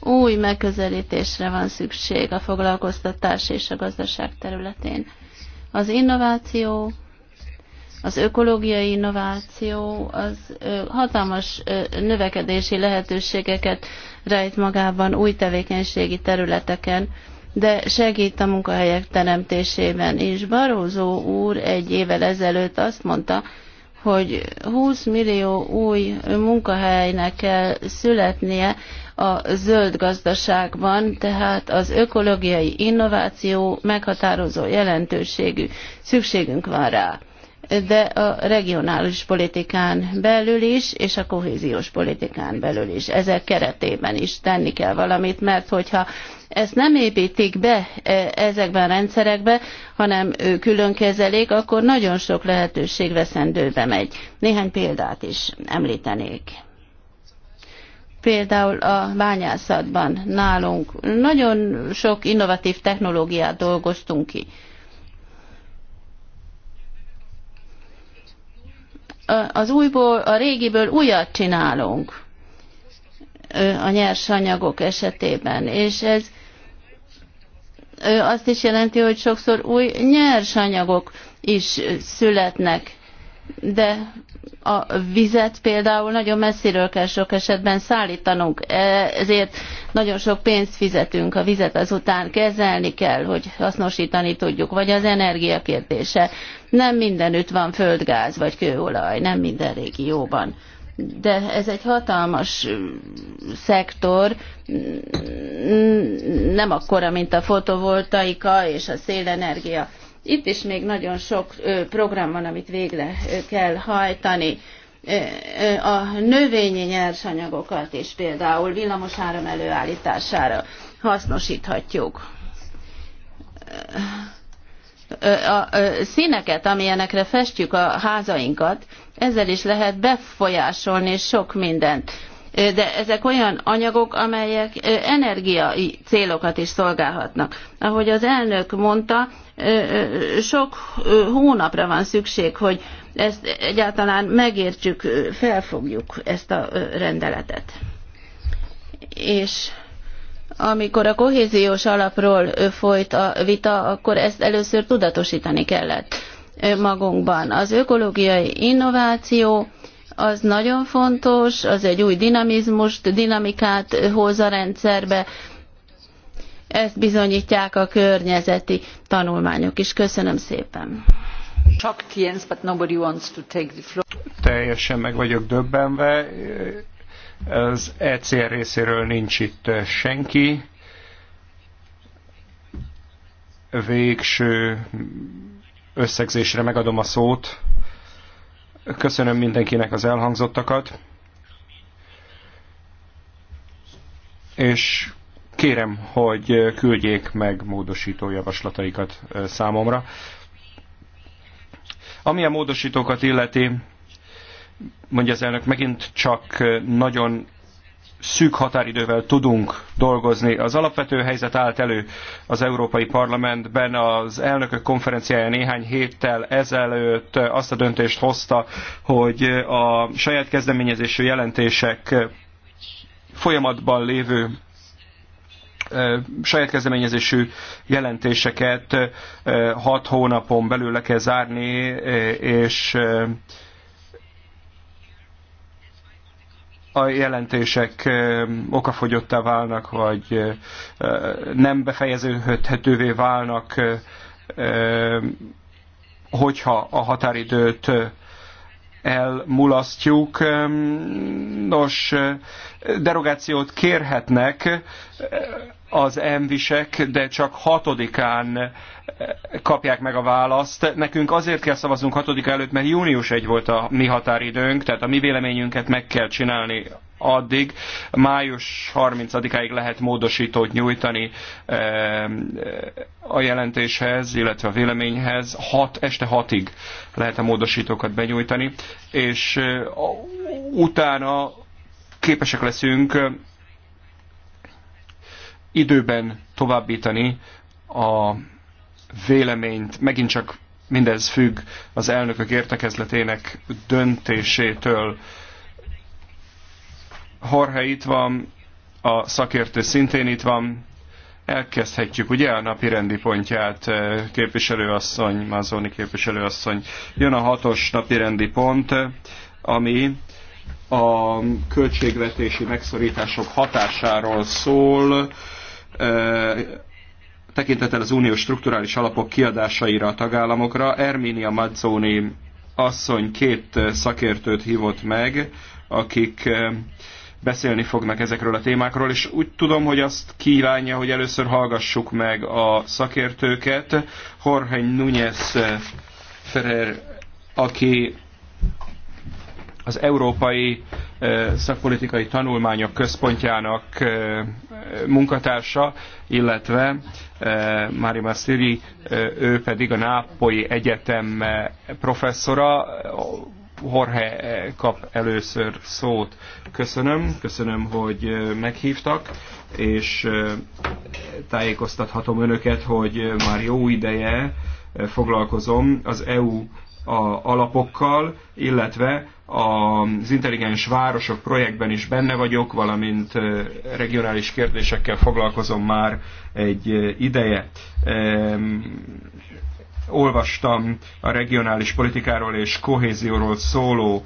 Új megközelítésre van szükség a foglalkoztatás és a gazdaság területén. Az innováció, az ökológiai innováció az hatalmas növekedési lehetőségeket rejt magában új tevékenységi területeken, de segít a munkahelyek teremtésében is. Barózó úr egy évvel ezelőtt azt mondta, hogy 20 millió új munkahelynek kell születnie a zöld gazdaságban, tehát az ökológiai innováció meghatározó jelentőségű. Szükségünk van rá de a regionális politikán belül is, és a kohéziós politikán belül is. Ezek keretében is tenni kell valamit, mert hogyha ezt nem építik be e, ezekben a rendszerekbe, hanem külön kezelik, akkor nagyon sok lehetőség veszendőbe megy. Néhány példát is említenék például a bányászatban nálunk nagyon sok innovatív technológiát dolgoztunk ki. Az újból, a régiből újat csinálunk a nyersanyagok esetében, és ez azt is jelenti, hogy sokszor új nyersanyagok is születnek. De a vizet például nagyon messziről kell sok esetben szállítanunk, e, ezért nagyon sok pénzt fizetünk, a vizet azután kezelni kell, hogy hasznosítani tudjuk, vagy az energia kérdése. Nem mindenütt van földgáz vagy kőolaj, nem minden régióban de ez egy hatalmas szektor, nem akkora, mint a fotovoltaika és a szélenergia. Itt is még nagyon sok program van, amit végre kell hajtani. A növényi nyersanyagokat is például áram előállítására hasznosíthatjuk a színeket, amilyenekre festjük a házainkat, ezzel is lehet befolyásolni sok mindent. De ezek olyan anyagok, amelyek energiai célokat is szolgálhatnak. Ahogy az elnök mondta, sok hónapra van szükség, hogy ezt egyáltalán megértsük, felfogjuk ezt a rendeletet. És amikor a kohéziós alapról folyt a vita, akkor ezt először tudatosítani kellett magunkban. Az ökológiai innováció az nagyon fontos, az egy új dinamizmust, dinamikát hoz a rendszerbe. Ezt bizonyítják a környezeti tanulmányok is. Köszönöm szépen. Teljesen meg vagyok döbbenve az ECR részéről nincs itt senki. Végső összegzésre megadom a szót. Köszönöm mindenkinek az elhangzottakat. És kérem, hogy küldjék meg módosító javaslataikat számomra. Ami a módosítókat illeti, mondja az elnök, megint csak nagyon szűk határidővel tudunk dolgozni. Az alapvető helyzet állt elő az Európai Parlamentben. Az elnökök konferenciája néhány héttel ezelőtt azt a döntést hozta, hogy a saját kezdeményezésű jelentések folyamatban lévő saját kezdeményezésű jelentéseket hat hónapon belül le kell zárni, és a jelentések okafogyottá válnak, vagy nem befejeződhetővé válnak, hogyha a határidőt elmulasztjuk. Nos, derogációt kérhetnek, az envisek, de csak hatodikán eh, kapják meg a választ. Nekünk azért kell szavaznunk hatodik előtt, mert június egy volt a mi határidőnk, tehát a mi véleményünket meg kell csinálni addig. Május 30-áig lehet módosítót nyújtani eh, a jelentéshez, illetve a véleményhez. Hat, este hatig lehet a módosítókat benyújtani, és eh, utána képesek leszünk időben továbbítani a véleményt. Megint csak mindez függ az elnökök értekezletének döntésétől. Horhe itt van, a szakértő szintén itt van. Elkezdhetjük ugye a napi rendi pontját, eh, képviselőasszony, Mazoni képviselőasszony. Jön a hatos napi rendi pont, ami a költségvetési megszorítások hatásáról szól tekintettel az uniós strukturális alapok kiadásaira a tagállamokra. Erminia Mazzoni asszony két szakértőt hívott meg, akik beszélni fognak ezekről a témákról, és úgy tudom, hogy azt kívánja, hogy először hallgassuk meg a szakértőket. Jorge Núñez Ferrer, aki az Európai Szakpolitikai Tanulmányok Központjának munkatársa, illetve Mári Massiri, ő pedig a Nápolyi Egyetem professzora. Horhe kap először szót. Köszönöm, köszönöm, hogy meghívtak, és tájékoztathatom önöket, hogy már jó ideje foglalkozom az EU a alapokkal, illetve az intelligens városok projektben is benne vagyok, valamint regionális kérdésekkel foglalkozom már egy ideje. Olvastam a regionális politikáról és kohézióról szóló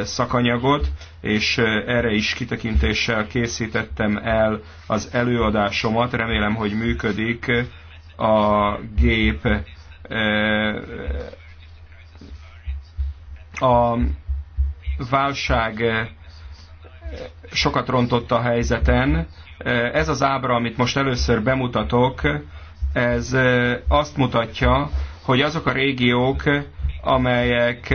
szakanyagot, és erre is kitekintéssel készítettem el az előadásomat. Remélem, hogy működik a gép a válság eh, sokat rontott a helyzeten. Eh, ez az ábra, amit most először bemutatok, ez eh, azt mutatja, hogy azok a régiók, amelyek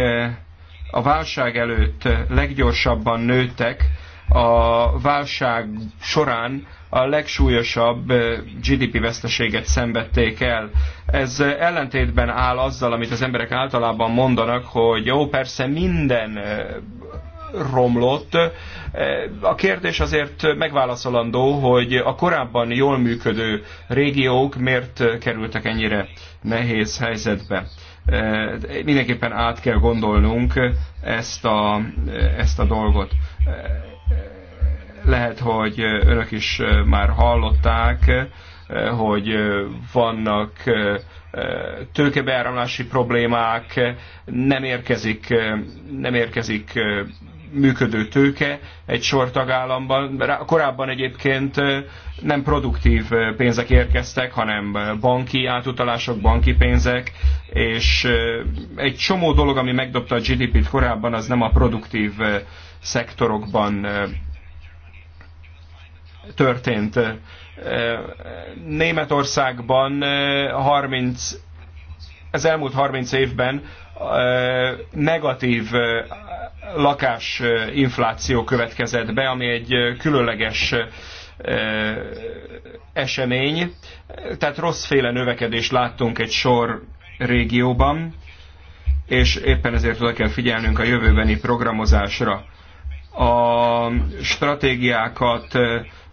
a válság előtt leggyorsabban nőttek, a válság során a legsúlyosabb eh, GDP veszteséget szenvedték el. Ez eh, ellentétben áll azzal, amit az emberek általában mondanak, hogy jó, persze minden eh, romlott. A kérdés azért megválaszolandó, hogy a korábban jól működő régiók miért kerültek ennyire nehéz helyzetbe. Mindenképpen át kell gondolnunk ezt a, ezt a dolgot. Lehet, hogy önök is már hallották, hogy vannak tőkebeáramlási problémák, nem érkezik, nem érkezik működő tőke egy sor tagállamban. Korábban egyébként nem produktív pénzek érkeztek, hanem banki átutalások, banki pénzek, és egy csomó dolog, ami megdobta a GDP-t korábban, az nem a produktív szektorokban történt. Németországban 30, az elmúlt 30 évben negatív lakásinfláció következett be, ami egy különleges esemény. Tehát rosszféle növekedést láttunk egy sor régióban, és éppen ezért oda kell figyelnünk a jövőbeni programozásra. A stratégiákat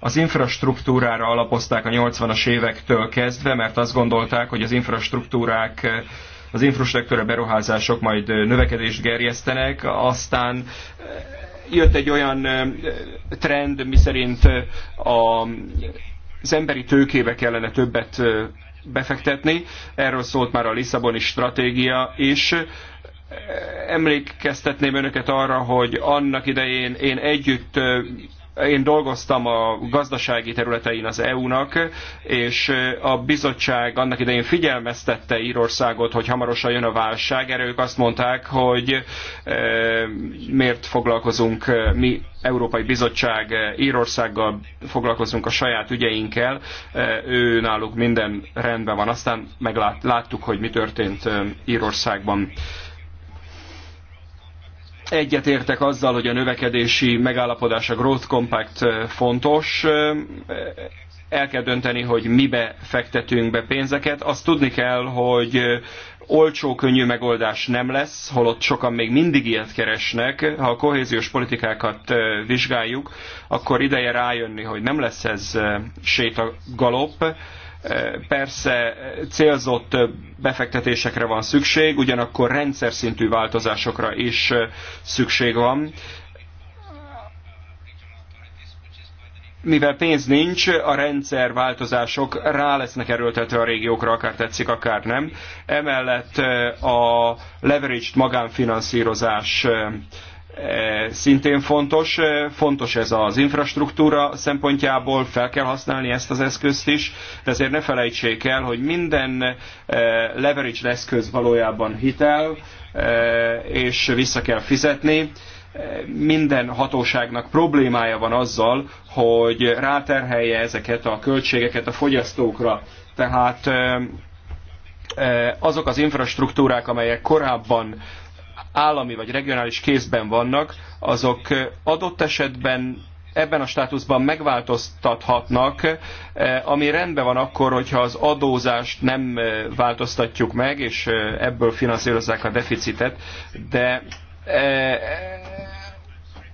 az infrastruktúrára alapozták a 80-as évektől kezdve, mert azt gondolták, hogy az infrastruktúrák az infrastruktúra beruházások majd növekedést gerjesztenek, aztán eh, jött egy olyan eh, trend, miszerint a, eh, az emberi tőkébe kellene többet befektetni, erről szólt már a Lisszaboni stratégia is, emlékeztetném önöket arra, hogy annak idején én együtt én dolgoztam a gazdasági területein az EU-nak, és a bizottság annak idején figyelmeztette Írországot, hogy hamarosan jön a válság. Erre ők azt mondták, hogy miért foglalkozunk mi Európai Bizottság Írországgal foglalkozunk a saját ügyeinkkel, ő náluk minden rendben van. Aztán megláttuk, hogy mi történt Írországban. Egyetértek azzal, hogy a növekedési megállapodás, a Growth Compact fontos. El kell dönteni, hogy mibe fektetünk be pénzeket. Azt tudni kell, hogy olcsó, könnyű megoldás nem lesz, holott sokan még mindig ilyet keresnek. Ha a kohéziós politikákat vizsgáljuk, akkor ideje rájönni, hogy nem lesz ez sétagalopp, Persze célzott befektetésekre van szükség, ugyanakkor rendszer szintű változásokra is szükség van. mivel pénz nincs, a rendszer változások rá lesznek erőltetve a régiókra, akár tetszik, akár nem. Emellett a leveraged magánfinanszírozás Eh, szintén fontos. Eh, fontos ez az infrastruktúra szempontjából, fel kell használni ezt az eszközt is, de azért ne felejtsék el, hogy minden eh, leverage eszköz valójában hitel, és vissza kell fizetni. Minden hatóságnak problémája van azzal, hogy ráterhelje ezeket a költségeket a fogyasztókra. Tehát azok az infrastruktúrák, amelyek korábban állami vagy regionális kézben vannak, azok adott esetben ebben a státuszban megváltoztathatnak, ami rendben van akkor, hogyha az adózást nem változtatjuk meg, és ebből finanszírozzák a deficitet, de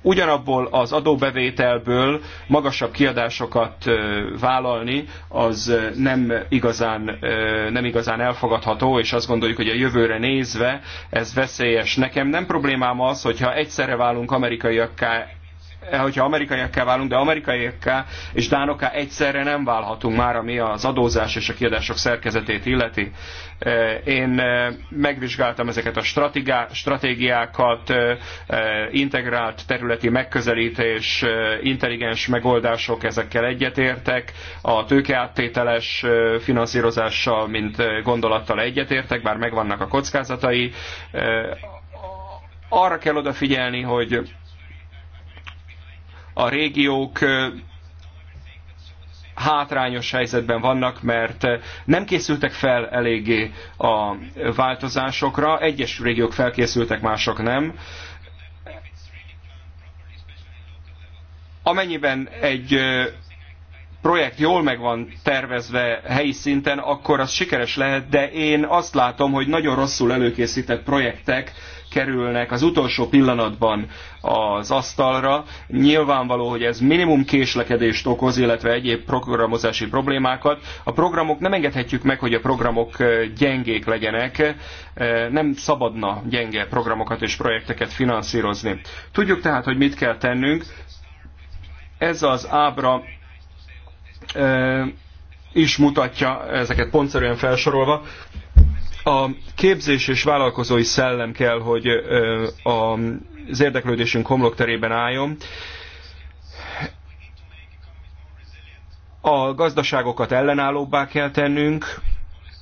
ugyanabból az adóbevételből magasabb kiadásokat vállalni, az nem igazán, nem igazán elfogadható, és azt gondoljuk, hogy a jövőre nézve ez veszélyes. Nekem nem problémám az, hogyha egyszerre válunk amerikaiakká Eh, hogyha amerikaiakká válunk, de amerikaiakká és dánokká egyszerre nem válhatunk már, ami az adózás és a kiadások szerkezetét illeti. Eh, én eh, megvizsgáltam ezeket a stratégiákat, integrált területi megközelítés, intelligens megoldások, ezekkel egyetértek, a tőkeáttételes finanszírozással, mint gondolattal egyetértek, bár megvannak a kockázatai. Arra kell odafigyelni, hogy a régiók hátrányos helyzetben vannak, mert nem készültek fel eléggé a változásokra. Egyes régiók felkészültek, mások nem. Amennyiben egy projekt jól meg van tervezve helyi szinten, akkor az sikeres lehet, de én azt látom, hogy nagyon rosszul előkészített projektek kerülnek az utolsó pillanatban az asztalra. Nyilvánvaló, hogy ez minimum késlekedést okoz, illetve egyéb programozási problémákat. A programok nem engedhetjük meg, hogy a programok gyengék legyenek. Nem szabadna gyenge programokat és projekteket finanszírozni. Tudjuk tehát, hogy mit kell tennünk. Ez az ábra is mutatja, ezeket pontszerűen felsorolva, a képzés és vállalkozói szellem kell, hogy az érdeklődésünk homlokterében álljon. A gazdaságokat ellenállóbbá kell tennünk,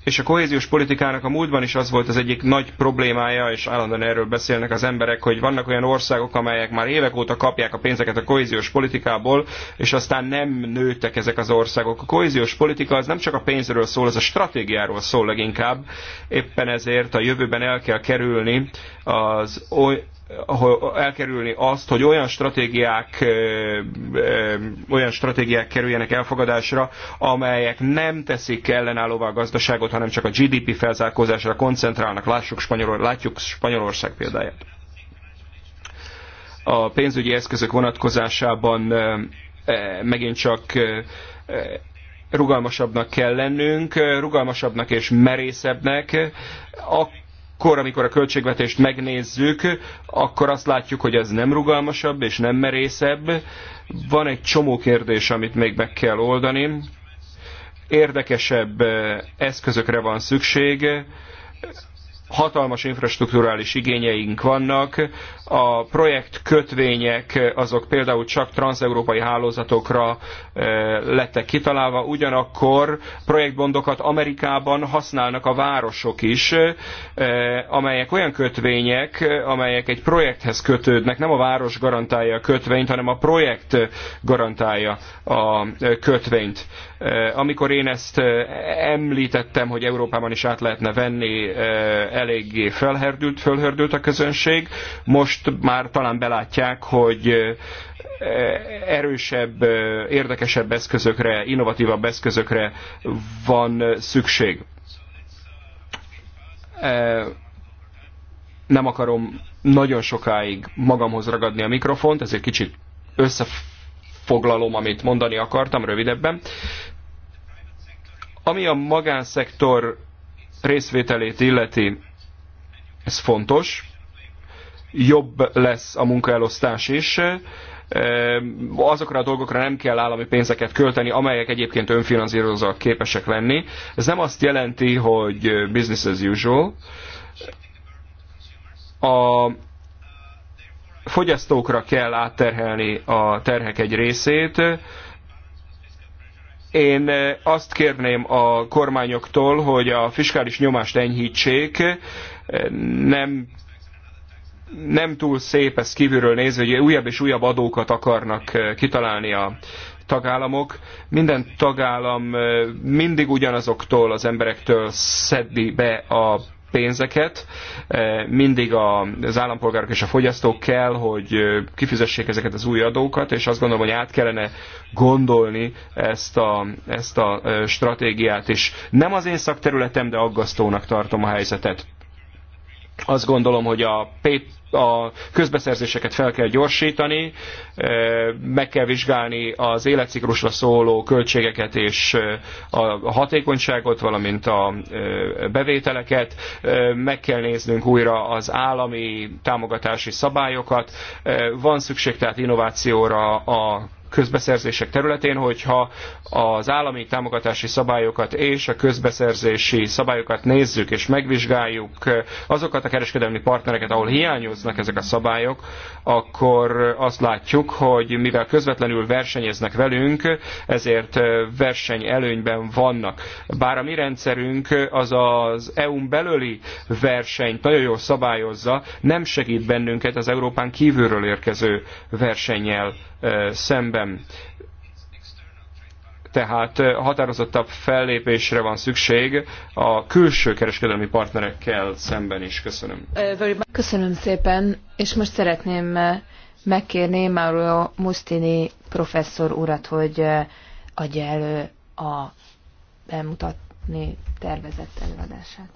és a kohéziós politikának a múltban is az volt az egyik nagy problémája, és állandóan erről beszélnek az emberek, hogy vannak olyan országok, amelyek már évek óta kapják a pénzeket a kohéziós politikából, és aztán nem nőttek ezek az országok. A kohéziós politika az nem csak a pénzről szól, az a stratégiáról szól leginkább. Éppen ezért a jövőben el kell kerülni az oly elkerülni azt, hogy olyan stratégiák, olyan stratégiák kerüljenek elfogadásra, amelyek nem teszik ellenállóvá a gazdaságot, hanem csak a GDP felzárkózásra koncentrálnak. Lássuk Spanyolor, látjuk Spanyolország példáját. A pénzügyi eszközök vonatkozásában megint csak rugalmasabbnak kell lennünk, rugalmasabbnak és merészebbnek, akkor akkor, amikor a költségvetést megnézzük, akkor azt látjuk, hogy ez nem rugalmasabb és nem merészebb. Van egy csomó kérdés, amit még meg kell oldani. Érdekesebb eh, eszközökre van szükség. Hatalmas infrastruktúrális igényeink vannak a projekt kötvények azok például csak transeurópai hálózatokra e, lettek kitalálva, ugyanakkor projektbondokat Amerikában használnak a városok is, e, amelyek olyan kötvények, amelyek egy projekthez kötődnek, nem a város garantálja a kötvényt, hanem a projekt garantálja a kötvényt. E, amikor én ezt említettem, hogy Európában is át lehetne venni, eléggé felherdült, fölherdült a közönség. Most most már talán belátják, hogy erősebb, érdekesebb eszközökre, innovatívabb eszközökre van szükség. Nem akarom nagyon sokáig magamhoz ragadni a mikrofont, ezért kicsit összefoglalom, amit mondani akartam rövidebben. Ami a magánszektor részvételét illeti, ez fontos jobb lesz a munkaelosztás is. Azokra a dolgokra nem kell állami pénzeket költeni, amelyek egyébként önfinanszírozóak képesek lenni. Ez nem azt jelenti, hogy business as usual. A fogyasztókra kell átterhelni a terhek egy részét. Én azt kérném a kormányoktól, hogy a fiskális nyomást enyhítsék, nem nem túl szép ez kívülről nézve, hogy újabb és újabb adókat akarnak eh, kitalálni a tagállamok. Minden tagállam eh, mindig ugyanazoktól az emberektől szedi be a pénzeket. Eh, mindig az állampolgárok és a fogyasztók kell, hogy kifizessék ezeket az új adókat, és azt gondolom, hogy át kellene gondolni ezt a, ezt a stratégiát is. Nem az én szakterületem, de aggasztónak tartom a helyzetet. Azt gondolom, hogy a, a közbeszerzéseket fel kell gyorsítani, meg kell vizsgálni az életciklusra szóló költségeket és a hatékonyságot, valamint a bevételeket, meg kell néznünk újra az állami támogatási szabályokat. Van szükség tehát innovációra a közbeszerzések területén, hogyha az állami támogatási szabályokat és a közbeszerzési szabályokat nézzük és megvizsgáljuk eh, azokat a kereskedelmi partnereket, ahol hiányoznak ezek a szabályok, akkor azt látjuk, hogy mivel közvetlenül versenyeznek velünk, ezért eh, versenyelőnyben vannak. Bár a mi rendszerünk eh, az az EU-n belüli versenyt nagyon jól szabályozza, nem segít bennünket az Európán kívülről érkező versennyel szemben. Tehát határozottabb fellépésre van szükség a külső kereskedelmi partnerekkel szemben is. Köszönöm. Köszönöm szépen, és most szeretném megkérni Mauro Mustini professzor urat, hogy adja elő a bemutatni tervezett előadását.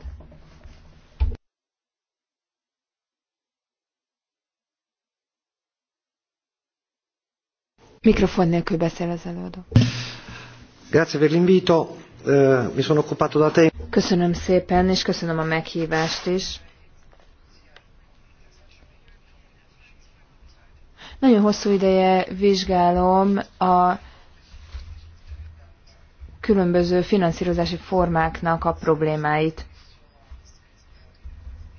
Mikrofon nélkül beszél az előadó. Grazie per l'invito. Eh, mi sono occupato da te. Köszönöm szépen, és köszönöm a meghívást is. Nagyon hosszú ideje vizsgálom a különböző finanszírozási formáknak a problémáit.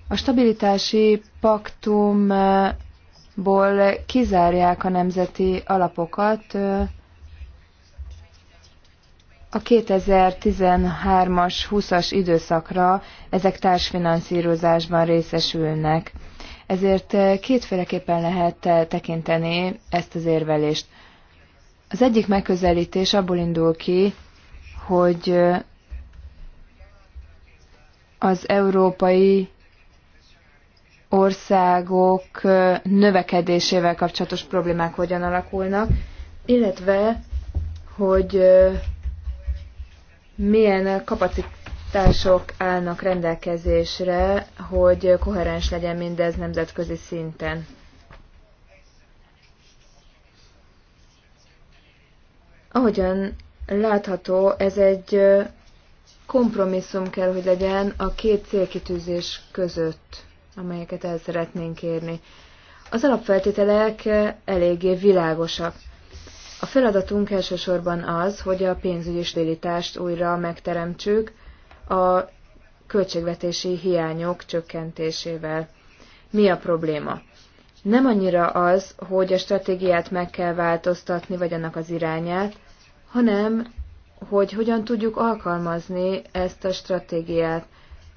A stabilitási paktum ból kizárják a nemzeti alapokat. A 2013-as 20-as időszakra ezek társfinanszírozásban részesülnek. Ezért kétféleképpen lehet tekinteni ezt az érvelést. Az egyik megközelítés abból indul ki, hogy az európai országok növekedésével kapcsolatos problémák hogyan alakulnak, illetve hogy milyen kapacitások állnak rendelkezésre, hogy koherens legyen mindez nemzetközi szinten. Ahogyan látható, ez egy kompromisszum kell, hogy legyen a két célkitűzés között amelyeket el szeretnénk kérni. Az alapfeltételek eléggé világosak. A feladatunk elsősorban az, hogy a pénzügyi stilitást újra megteremtsük a költségvetési hiányok csökkentésével. Mi a probléma? Nem annyira az, hogy a stratégiát meg kell változtatni, vagy annak az irányát, hanem hogy hogyan tudjuk alkalmazni ezt a stratégiát.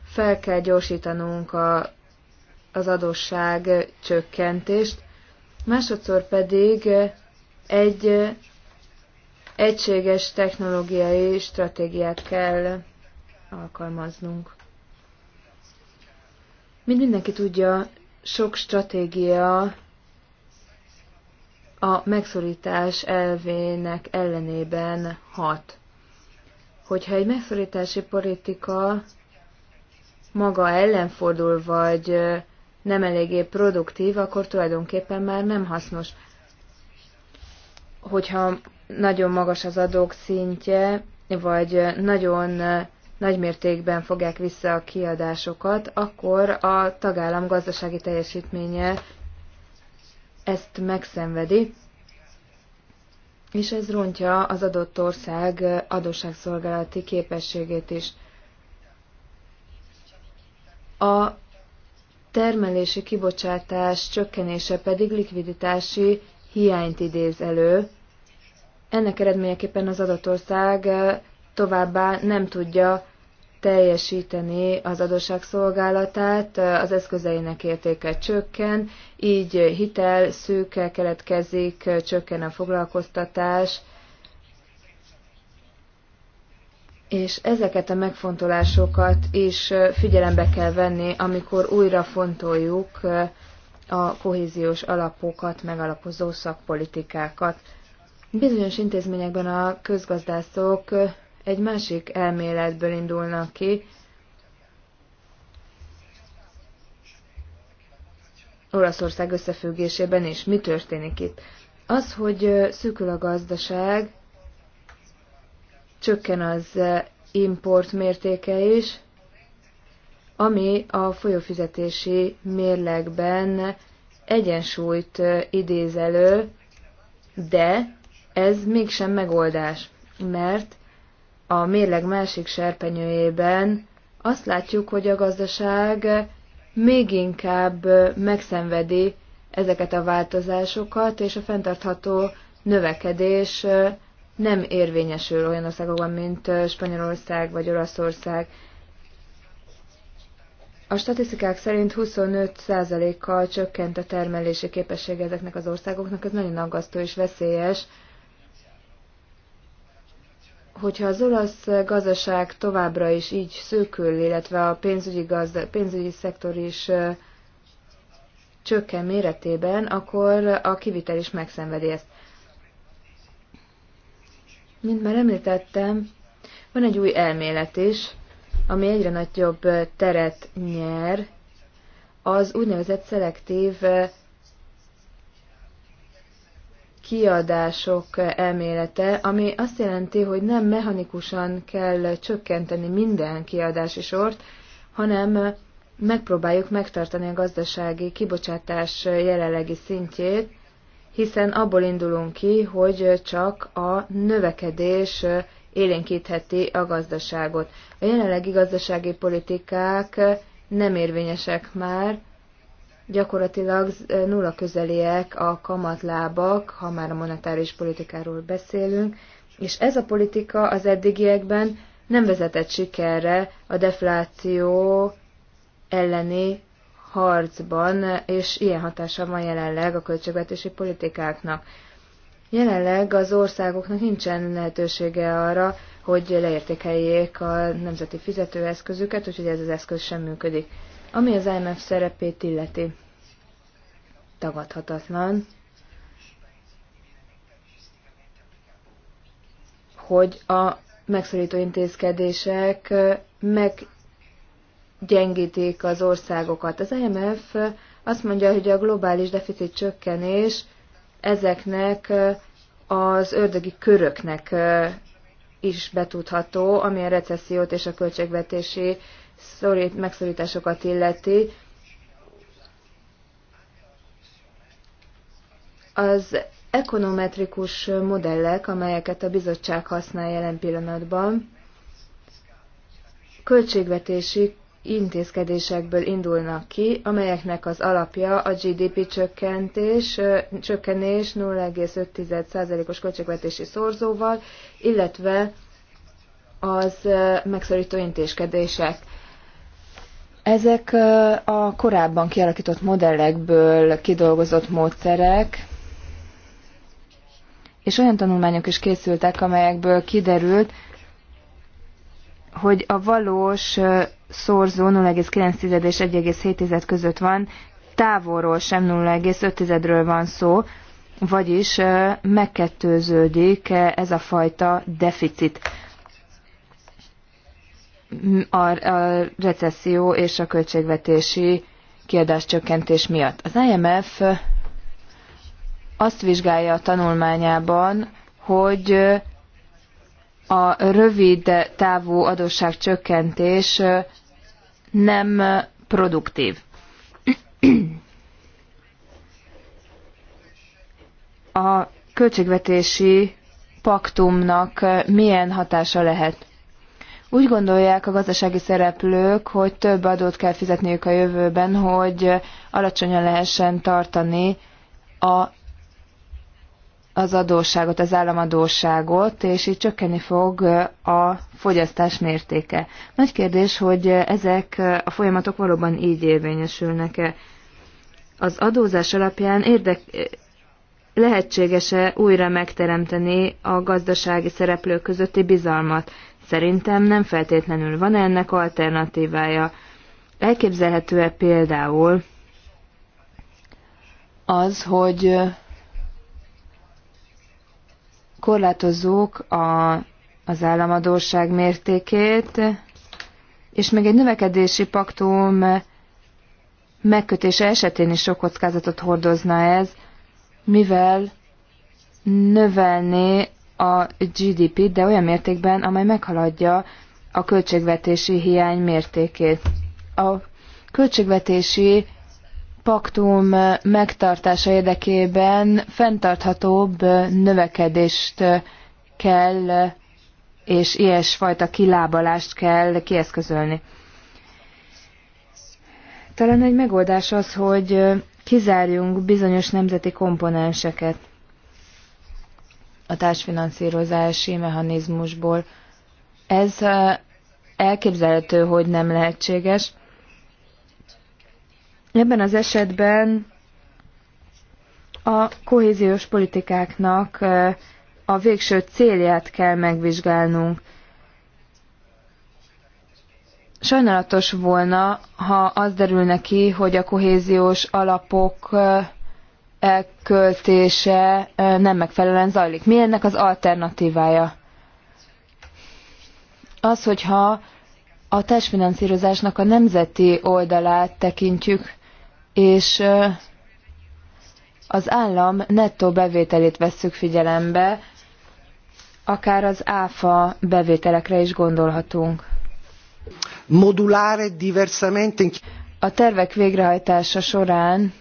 Fel kell gyorsítanunk a az adósság csökkentést, másodszor pedig egy egységes technológiai stratégiát kell alkalmaznunk. Mint mindenki tudja, sok stratégia a megszorítás elvének ellenében hat. Hogyha egy megszorítási politika maga ellen fordul, vagy nem eléggé produktív, akkor tulajdonképpen már nem hasznos. Hogyha nagyon magas az adók szintje, vagy nagyon nagy mértékben fogják vissza a kiadásokat, akkor a tagállam gazdasági teljesítménye ezt megszenvedi, és ez rontja az adott ország adósságszolgálati képességét is. A termelési kibocsátás csökkenése pedig likviditási hiányt idéz elő. Ennek eredményeképpen az adott ország eh, továbbá nem tudja teljesíteni az adósságszolgálatát, eh, az eszközeinek értéke csökken, így hitel szűke keletkezik, eh, csökken a foglalkoztatás, és ezeket a megfontolásokat is figyelembe kell venni, amikor újra fontoljuk a kohéziós alapokat megalapozó szakpolitikákat. Bizonyos intézményekben a közgazdászok egy másik elméletből indulnak ki, Olaszország összefüggésében is. Mi történik itt? Az, hogy szűkül a gazdaság, csökken az eh, import mértéke is, ami a folyófizetési mérlegben egyensúlyt eh, idéz elő, de ez mégsem megoldás, mert a mérleg másik serpenyőjében azt látjuk, hogy a gazdaság eh, még inkább megszenvedi ezeket a változásokat, és a fenntartható növekedés nem érvényesül olyan országokban, mint Spanyolország vagy Olaszország. A statisztikák szerint 25%-kal csökkent a termelési képesség ezeknek az országoknak, ez nagyon aggasztó és veszélyes. Hogyha az olasz gazdaság továbbra is így szőkül, illetve a pénzügyi, gazda, pénzügyi szektor is csökken méretében, akkor a kivitel is megszenvedi ezt. Mint már említettem, van egy új elmélet is, ami egyre nagyobb eh, teret nyer, az úgynevezett szelektív eh, kiadások eh, elmélete, ami azt jelenti, hogy nem mechanikusan kell csökkenteni minden kiadási sort, hanem megpróbáljuk megtartani a gazdasági kibocsátás jelenlegi szintjét, hiszen abból indulunk ki, hogy csak a növekedés élénkítheti a gazdaságot. A jelenlegi gazdasági politikák nem érvényesek már, gyakorlatilag nulla közeliek a kamatlábak, ha már a monetáris politikáról beszélünk, és ez a politika az eddigiekben nem vezetett sikerre a defláció elleni harcban, és ilyen hatása van jelenleg a költségvetési politikáknak. Jelenleg az országoknak nincsen lehetősége arra, hogy leértékeljék a nemzeti fizetőeszközüket, úgyhogy ez az eszköz sem működik. Ami az IMF szerepét illeti, tagadhatatlan, hogy a megszorító intézkedések meg gyengítik az országokat. Az IMF azt mondja, hogy a globális deficit csökkenés ezeknek az ördögi köröknek is betudható, ami a recessziót és a költségvetési szorít, megszorításokat illeti. Az ekonometrikus modellek, amelyeket a bizottság használ jelen pillanatban, költségvetési intézkedésekből indulnak ki, amelyeknek az alapja a GDP csökkentés, csökkenés 0,5%-os költségvetési szorzóval, illetve az megszorító intézkedések. Ezek a korábban kialakított modellekből kidolgozott módszerek, és olyan tanulmányok is készültek, amelyekből kiderült, hogy a valós szorzó 0,9 és 1,7 között van, távolról sem 0,5-ről van szó, vagyis megkettőződik ez a fajta deficit a, a recesszió és a költségvetési kiadáscsökkentés miatt. Az IMF azt vizsgálja a tanulmányában, hogy a rövid távú adósságcsökkentés nem produktív. A költségvetési paktumnak milyen hatása lehet? Úgy gondolják a gazdasági szereplők, hogy több adót kell fizetniük a jövőben, hogy alacsonyan lehessen tartani a az adósságot, az államadósságot, és így csökkenni fog a fogyasztás mértéke. Nagy kérdés, hogy ezek a folyamatok valóban így érvényesülnek-e. Az adózás alapján érdek, lehetséges-e újra megteremteni a gazdasági szereplők közötti bizalmat? Szerintem nem feltétlenül van -e ennek alternatívája. Elképzelhető-e például az, hogy korlátozzuk a, az államadóság mértékét, és még egy növekedési paktum megkötése esetén is sok kockázatot hordozna ez, mivel növelné a GDP-t, de olyan mértékben, amely meghaladja a költségvetési hiány mértékét. A költségvetési paktum megtartása érdekében fenntarthatóbb növekedést kell, és ilyesfajta kilábalást kell kieszközölni. Talán egy megoldás az, hogy kizárjunk bizonyos nemzeti komponenseket a társfinanszírozási mechanizmusból. Ez eh, elképzelhető, hogy nem lehetséges, Ebben az esetben a kohéziós politikáknak a végső célját kell megvizsgálnunk. Sajnálatos volna, ha az derülne ki, hogy a kohéziós alapok elköltése nem megfelelően zajlik. Mi ennek az alternatívája? Az, hogyha a testfinanszírozásnak a nemzeti oldalát tekintjük, és az állam nettó bevételét vesszük figyelembe, akár az áfa bevételekre is gondolhatunk. Modulare diversamente. A tervek végrehajtása során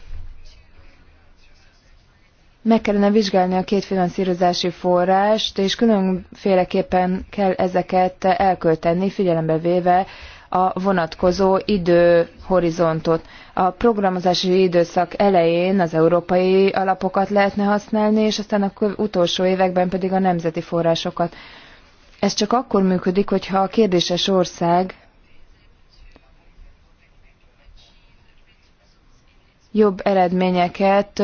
meg kellene vizsgálni a két finanszírozási forrást, és különféleképpen kell ezeket elkölteni, figyelembe véve a vonatkozó időhorizontot a programozási időszak elején az európai alapokat lehetne használni, és aztán akkor utolsó években pedig a nemzeti forrásokat. Ez csak akkor működik, hogyha a kérdéses ország jobb eredményeket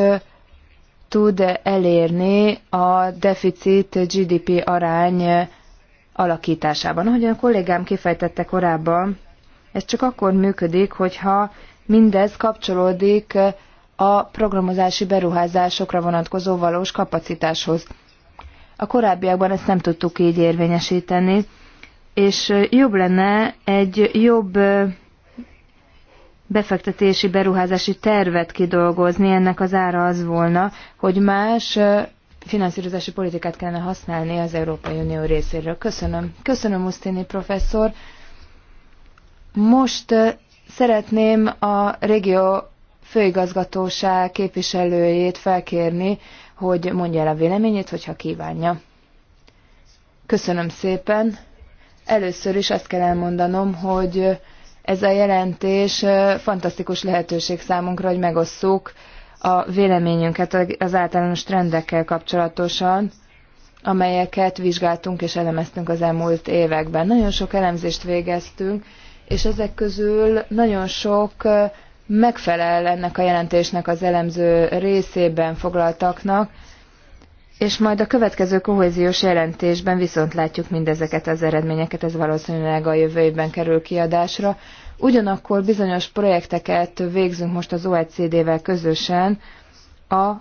tud elérni a deficit GDP arány alakításában. Ahogy a kollégám kifejtette korábban, ez csak akkor működik, hogyha Mindez kapcsolódik a programozási beruházásokra vonatkozó valós kapacitáshoz. A korábbiakban ezt nem tudtuk így érvényesíteni, és jobb lenne egy jobb befektetési beruházási tervet kidolgozni, ennek az ára az volna, hogy más finanszírozási politikát kellene használni az Európai Unió részéről. Köszönöm. Köszönöm, Usztini professzor. Most Szeretném a régió főigazgatóság képviselőjét felkérni, hogy mondja el a véleményét, hogyha kívánja. Köszönöm szépen. Először is azt kell elmondanom, hogy ez a jelentés fantasztikus lehetőség számunkra, hogy megosszuk a véleményünket az általános trendekkel kapcsolatosan, amelyeket vizsgáltunk és elemeztünk az elmúlt években. Nagyon sok elemzést végeztünk, és ezek közül nagyon sok megfelel ennek a jelentésnek az elemző részében foglaltaknak, és majd a következő kohéziós jelentésben viszont látjuk mindezeket az eredményeket, ez valószínűleg a jövő évben kerül kiadásra. Ugyanakkor bizonyos projekteket végzünk most az OECD-vel közösen a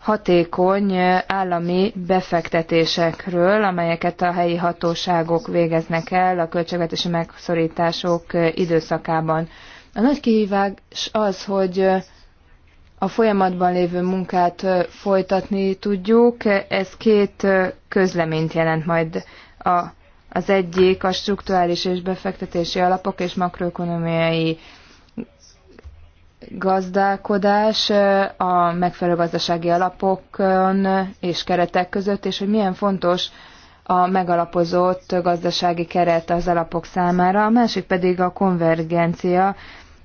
hatékony állami befektetésekről, amelyeket a helyi hatóságok végeznek el a költségvetési megszorítások időszakában. A nagy kihívás az, hogy a folyamatban lévő munkát folytatni tudjuk. Ez két közleményt jelent majd a, az egyik a strukturális és befektetési alapok és makroökonomiai gazdálkodás a megfelelő gazdasági alapokon és keretek között, és hogy milyen fontos a megalapozott gazdasági keret az alapok számára, a másik pedig a konvergencia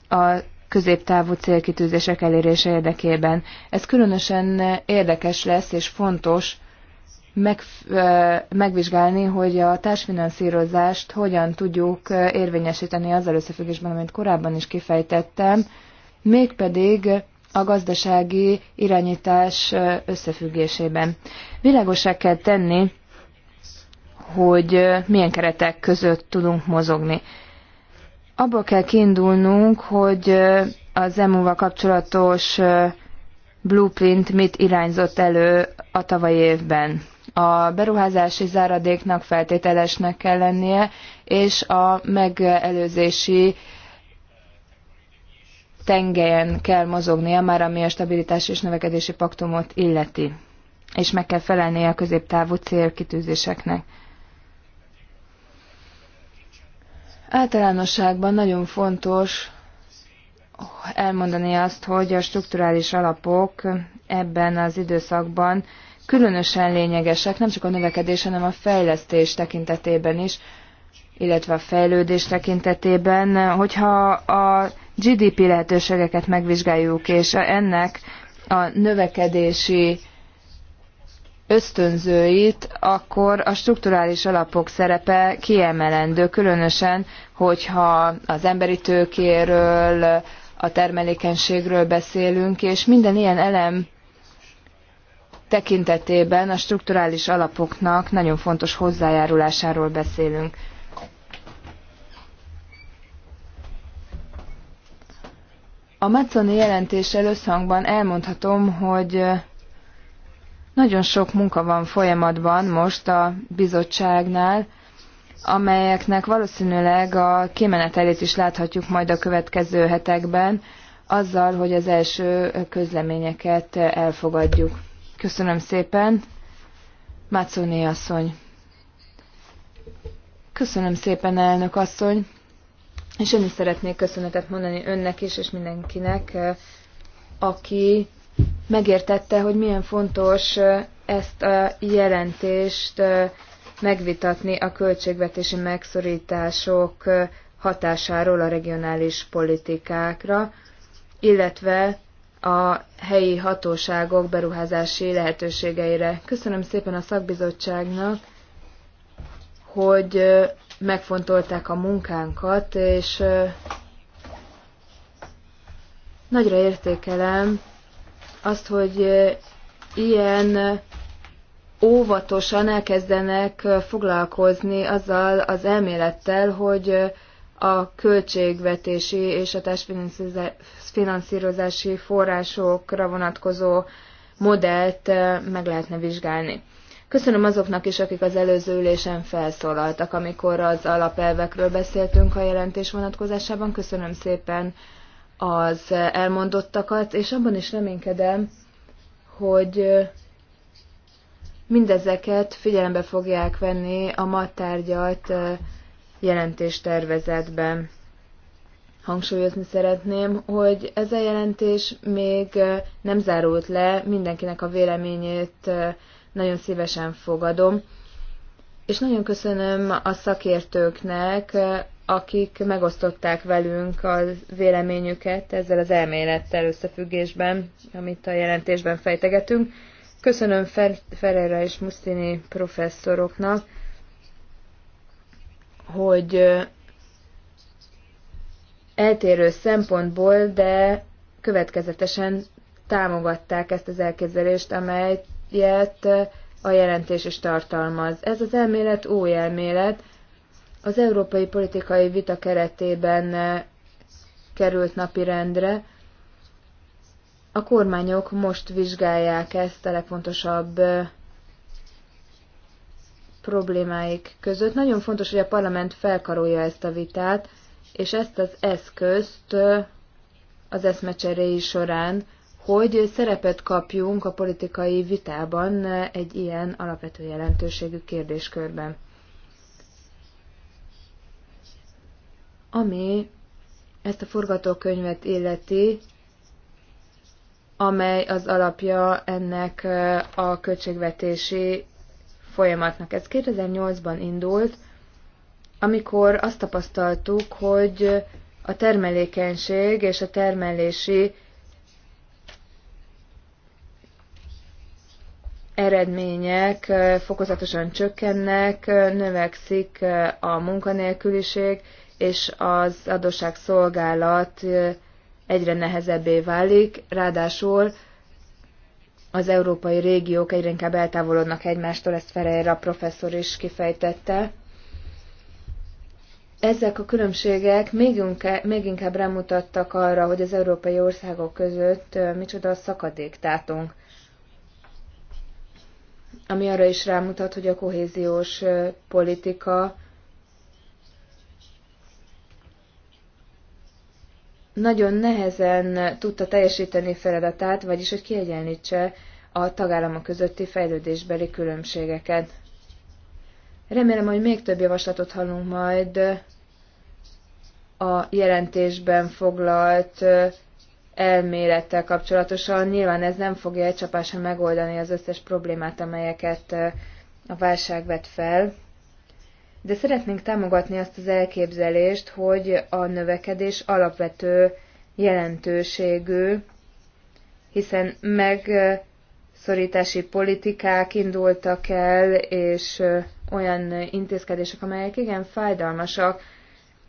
a középtávú célkitűzések elérése érdekében. Ez különösen érdekes lesz és fontos meg, megvizsgálni, hogy a társfinanszírozást hogyan tudjuk érvényesíteni azzal összefüggésben, amit korábban is kifejtettem, mégpedig a gazdasági irányítás összefüggésében. Világosá kell tenni, hogy milyen keretek között tudunk mozogni. Abból kell kiindulnunk, hogy az EMU-val kapcsolatos blueprint mit irányzott elő a tavalyi évben. A beruházási záradéknak feltételesnek kell lennie, és a megelőzési tengelyen kell mozognia már, ami a stabilitás és növekedési paktumot illeti, és meg kell felelnie a középtávú célkitűzéseknek. Általánosságban nagyon fontos elmondani azt, hogy a strukturális alapok ebben az időszakban különösen lényegesek, nem csak a növekedés, hanem a fejlesztés tekintetében is, illetve a fejlődés tekintetében, hogyha a GDP lehetőségeket megvizsgáljuk, és ennek a növekedési ösztönzőit, akkor a strukturális alapok szerepe kiemelendő, különösen, hogyha az emberi tőkéről, a termelékenységről beszélünk, és minden ilyen elem tekintetében a strukturális alapoknak nagyon fontos hozzájárulásáról beszélünk. A Mazzoni jelentéssel összhangban elmondhatom, hogy nagyon sok munka van folyamatban most a bizottságnál, amelyeknek valószínűleg a kimenetelét is láthatjuk majd a következő hetekben, azzal, hogy az első közleményeket elfogadjuk. Köszönöm szépen, Mácóné asszony. Köszönöm szépen, elnök asszony. És én is szeretnék köszönetet mondani önnek is, és mindenkinek, eh, aki megértette, hogy milyen fontos eh, ezt a jelentést eh, megvitatni a költségvetési megszorítások hatásáról a regionális politikákra, illetve a helyi hatóságok beruházási lehetőségeire. Köszönöm szépen a szakbizottságnak, hogy megfontolták a munkánkat, és nagyra értékelem azt, hogy ilyen óvatosan elkezdenek foglalkozni azzal az elmélettel, hogy a költségvetési és a társfinanszírozási forrásokra vonatkozó modellt meg lehetne vizsgálni. Köszönöm azoknak is, akik az előző ülésen felszólaltak, amikor az alapelvekről beszéltünk a jelentés vonatkozásában. Köszönöm szépen az elmondottakat, és abban is reménykedem, hogy mindezeket figyelembe fogják venni a ma tárgyalt jelentéstervezetben. Hangsúlyozni szeretném, hogy ez a jelentés még nem zárult le, mindenkinek a véleményét nagyon szívesen fogadom. És nagyon köszönöm a szakértőknek, akik megosztották velünk a véleményüket ezzel az elmélettel összefüggésben, amit a jelentésben fejtegetünk. Köszönöm Fer- Ferreira és Musztini professzoroknak, hogy eltérő szempontból, de következetesen támogatták ezt az elképzelést, amelyet amelyet a jelentés is tartalmaz. Ez az elmélet új elmélet, az európai politikai vita keretében került napirendre. A kormányok most vizsgálják ezt a legfontosabb problémáik között. Nagyon fontos, hogy a parlament felkarolja ezt a vitát, és ezt az eszközt az eszmecseréi során hogy szerepet kapjunk a politikai vitában egy ilyen alapvető jelentőségű kérdéskörben. Ami ezt a forgatókönyvet illeti, amely az alapja ennek a költségvetési folyamatnak. Ez 2008-ban indult, amikor azt tapasztaltuk, hogy a termelékenység és a termelési eredmények fokozatosan csökkennek, növekszik a munkanélküliség, és az adósságszolgálat egyre nehezebbé válik, ráadásul az európai régiók egyre inkább eltávolodnak egymástól, ezt Ferreira professzor is kifejtette. Ezek a különbségek még inkább, még inkább rámutattak arra, hogy az európai országok között micsoda szakadék tátunk ami arra is rámutat, hogy a kohéziós politika nagyon nehezen tudta teljesíteni feladatát, vagyis hogy kiegyenlítse a tagállamok közötti fejlődésbeli különbségeket. Remélem, hogy még több javaslatot hallunk majd a jelentésben foglalt elmélettel kapcsolatosan. Nyilván ez nem fogja egy csapásra megoldani az összes problémát, amelyeket a válság vet fel, de szeretnénk támogatni azt az elképzelést, hogy a növekedés alapvető jelentőségű, hiszen megszorítási politikák indultak el, és olyan intézkedések, amelyek igen fájdalmasak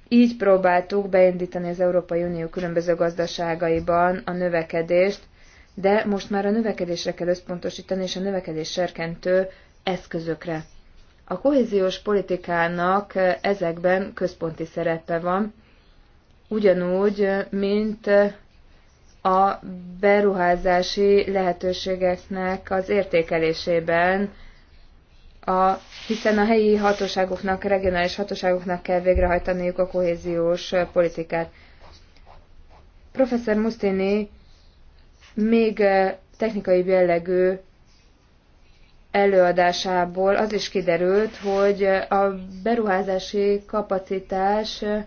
így próbáltuk beindítani az Európai Unió különböző gazdaságaiban a növekedést, de most már a növekedésre kell összpontosítani, és a növekedés serkentő eszközökre. A kohéziós politikának ezekben központi szerepe van, ugyanúgy, mint a beruházási lehetőségeknek az értékelésében a, hiszen a helyi hatóságoknak, regionális hatóságoknak kell végrehajtaniuk a kohéziós politikát. Professzor Musztini még eh, technikai jellegű előadásából az is kiderült, hogy eh, a beruházási kapacitás eh,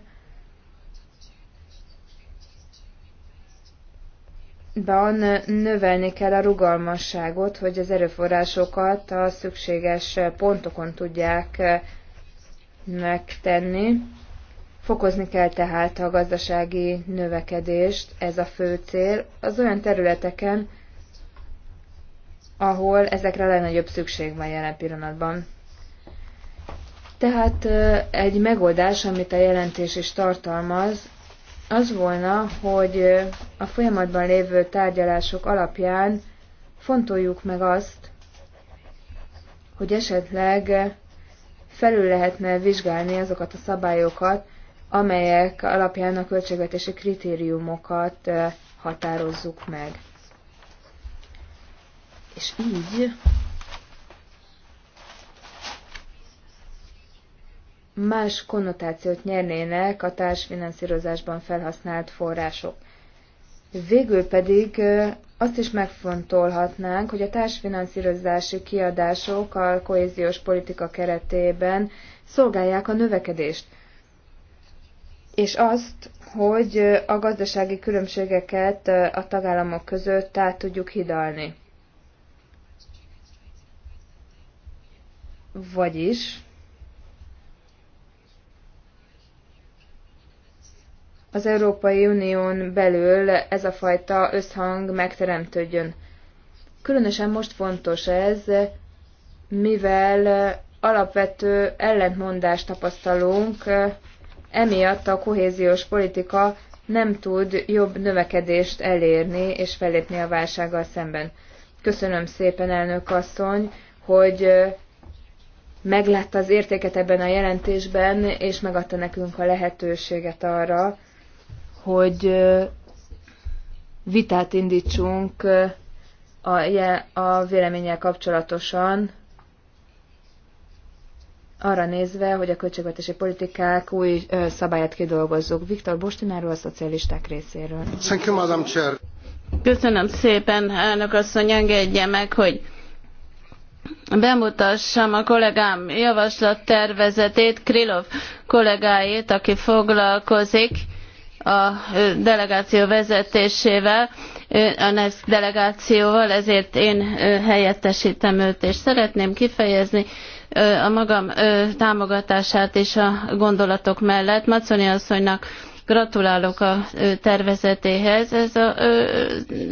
ban növelni kell a rugalmasságot, hogy az erőforrásokat a szükséges pontokon tudják eh, megtenni. Fokozni kell tehát a gazdasági növekedést, ez a fő cél, az olyan területeken, ahol ezekre a legnagyobb szükség van jelen pillanatban. Tehát eh, egy megoldás, amit a jelentés is tartalmaz, az volna, hogy a folyamatban lévő tárgyalások alapján fontoljuk meg azt, hogy esetleg felül lehetne vizsgálni azokat a szabályokat, amelyek alapján a költségvetési kritériumokat határozzuk meg. És így más konnotációt nyernének a társfinanszírozásban felhasznált források. Végül pedig azt is megfontolhatnánk, hogy a társfinanszírozási kiadások a kohéziós politika keretében szolgálják a növekedést, és azt, hogy a gazdasági különbségeket a tagállamok között át tudjuk hidalni. Vagyis az Európai Unión belül ez a fajta összhang megteremtődjön. Különösen most fontos ez, mivel alapvető ellentmondást tapasztalunk, emiatt a kohéziós politika nem tud jobb növekedést elérni és fellépni a válsággal szemben. Köszönöm szépen, elnök asszony, hogy meglátta az értéket ebben a jelentésben, és megadta nekünk a lehetőséget arra, hogy vitát indítsunk a, a véleménnyel kapcsolatosan, arra nézve, hogy a költségvetési politikák új szabályát kidolgozzuk. Viktor Bostináról a szocialisták részéről. Köszönöm szépen, elnök asszony, engedje meg, hogy bemutassam a kollégám javaslattervezetét, Krilov kollégáit, aki foglalkozik a delegáció vezetésével, a NESZ delegációval, ezért én helyettesítem őt, és szeretném kifejezni a magam támogatását és a gondolatok mellett. Maconi asszonynak gratulálok a tervezetéhez. Ez a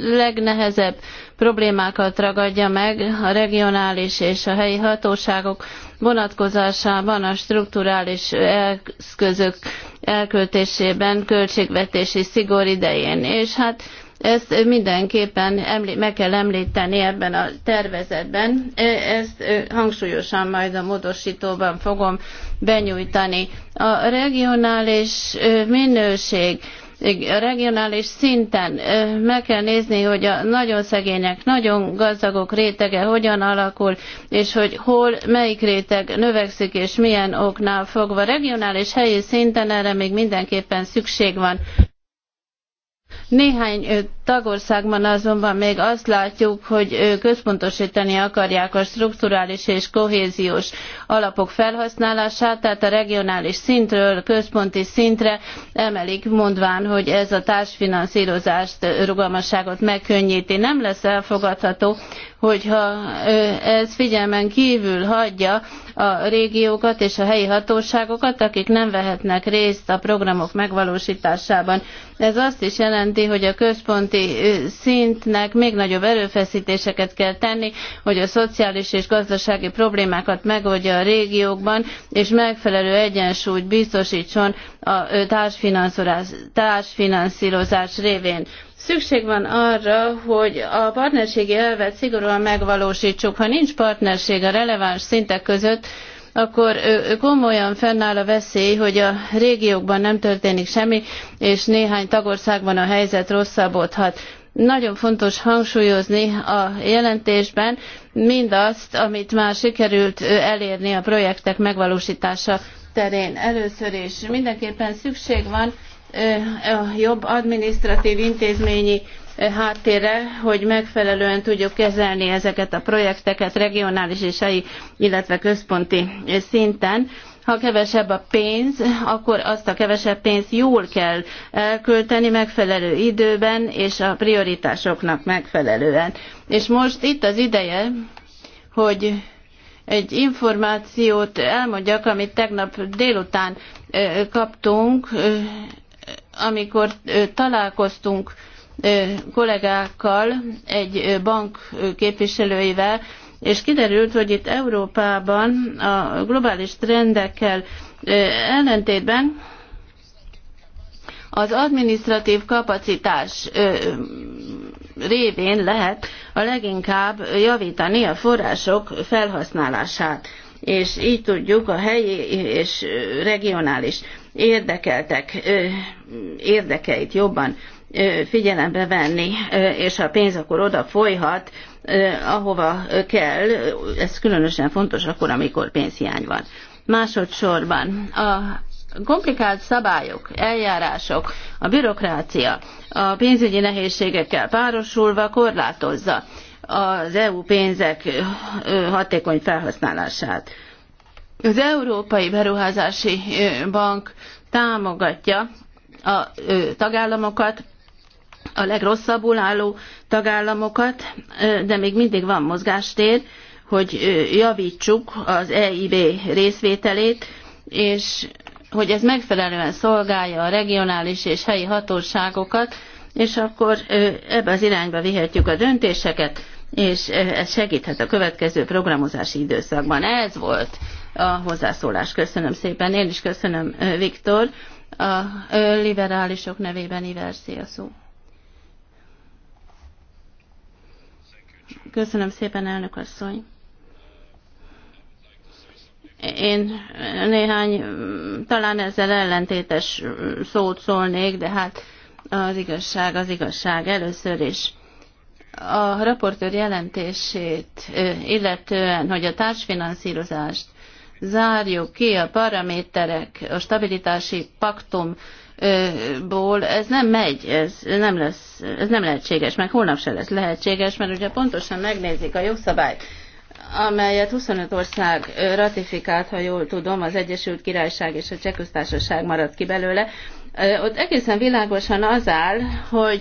legnehezebb problémákat ragadja meg a regionális és a helyi hatóságok vonatkozásában a strukturális eszközök elköltésében költségvetési szigor idején. És hát ezt mindenképpen meg kell említeni ebben a tervezetben. E, ezt hangsúlyosan majd a módosítóban fogom benyújtani. A regionális minőség regionális szinten meg kell nézni, hogy a nagyon szegények, nagyon gazdagok rétege hogyan alakul, és hogy hol melyik réteg növekszik, és milyen oknál fogva. Regionális helyi szinten erre még mindenképpen szükség van. Néhány tagországban azonban még azt látjuk, hogy központosítani akarják a strukturális és kohéziós alapok felhasználását, tehát a regionális szintről központi szintre emelik, mondván, hogy ez a társfinanszírozást, rugalmasságot megkönnyíti. Nem lesz elfogadható, hogyha ez figyelmen kívül hagyja a régiókat és a helyi hatóságokat, akik nem vehetnek részt a programok megvalósításában. Ez azt is jelenti, hogy a központi szintnek még nagyobb erőfeszítéseket kell tenni, hogy a szociális és gazdasági problémákat megoldja a régiókban, és megfelelő egyensúlyt biztosítson a társfinanszírozás révén. Szükség van arra, hogy a partnerségi elvet szigorúan megvalósítsuk. Ha nincs partnerség a releváns szintek között, akkor komolyan fennáll a veszély, hogy a régiókban nem történik semmi, és néhány tagországban a helyzet rosszabbodhat. Nagyon fontos hangsúlyozni a jelentésben mindazt, amit már sikerült elérni a projektek megvalósítása terén. Először is mindenképpen szükség van a jobb adminisztratív intézményi háttérre, hogy megfelelően tudjuk kezelni ezeket a projekteket regionális és helyi, illetve központi szinten. Ha kevesebb a pénz, akkor azt a kevesebb pénzt jól kell elkölteni megfelelő időben és a prioritásoknak megfelelően. És most itt az ideje, hogy egy információt elmondjak, amit tegnap délután kaptunk amikor találkoztunk kollégákkal, egy bank képviselőivel, és kiderült, hogy itt Európában a globális trendekkel ellentétben az adminisztratív kapacitás révén lehet a leginkább javítani a források felhasználását és így tudjuk a helyi és regionális érdekeltek érdekeit jobban figyelembe venni, és ha a pénz akkor oda folyhat, ahova kell, ez különösen fontos akkor, amikor pénzhiány van. Másodszorban a komplikált szabályok, eljárások, a bürokrácia a pénzügyi nehézségekkel párosulva korlátozza az EU pénzek hatékony felhasználását. Az Európai Beruházási Bank támogatja a tagállamokat, a legrosszabbul álló tagállamokat, de még mindig van mozgástér, hogy javítsuk az EIB részvételét, és hogy ez megfelelően szolgálja a regionális és helyi hatóságokat, és akkor ebbe az irányba vihetjük a döntéseket és e, ez segíthet a következő programozási időszakban. Ez volt a hozzászólás. Köszönöm szépen. Én is köszönöm, e, Viktor. A e, liberálisok nevében Iverszi a szó. Köszönöm szépen, elnök asszony. Én néhány, talán ezzel ellentétes szót szólnék, de hát az igazság az igazság először is a raportőr jelentését, illetően, hogy a társfinanszírozást zárjuk ki a paraméterek, a stabilitási paktum ból ez nem megy, ez nem lesz, ez nem lehetséges, meg holnap se lesz lehetséges, mert ugye pontosan megnézik a jogszabályt, amelyet 25 ország ratifikált, ha jól tudom, az Egyesült Királyság és a Csekköztársaság maradt ki belőle. Ott egészen világosan az áll, hogy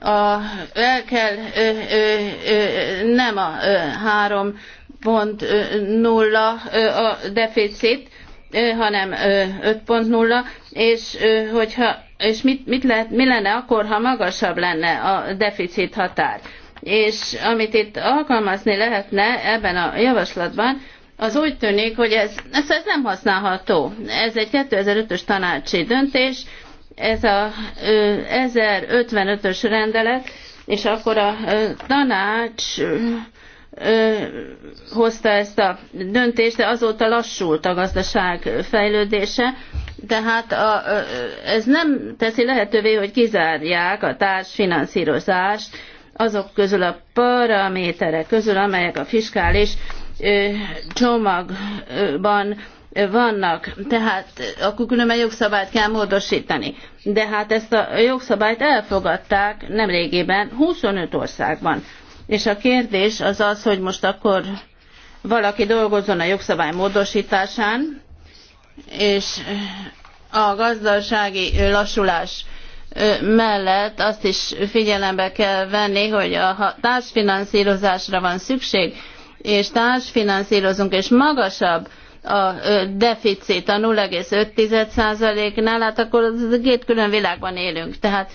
a, el kell, ö, ö, ö, nem a 3.0 három pont nulla a deficit, hanem 5.0, és hogyha és mit, mit lehet, mi lenne akkor, ha magasabb lenne a deficit határ. És amit itt alkalmazni lehetne ebben a javaslatban, az úgy tűnik, hogy ez, ez, ez nem használható. Ez egy 2005-ös tanácsi döntés, ez a 1055-ös rendelet, és akkor a tanács hozta ezt a döntést, de azóta lassult a gazdaság fejlődése, tehát a, ez nem teszi lehetővé, hogy kizárják a társfinanszírozást azok közül a paraméterek közül, amelyek a fiskális csomagban vannak, tehát akkor különben jogszabályt kell módosítani. De hát ezt a jogszabályt elfogadták nemrégiben 25 országban. És a kérdés az az, hogy most akkor valaki dolgozzon a jogszabály módosításán, és a gazdasági lassulás mellett azt is figyelembe kell venni, hogy a társfinanszírozásra van szükség, és társfinanszírozunk, és magasabb a deficit a 0,5%-nál, hát akkor két külön világban élünk. Tehát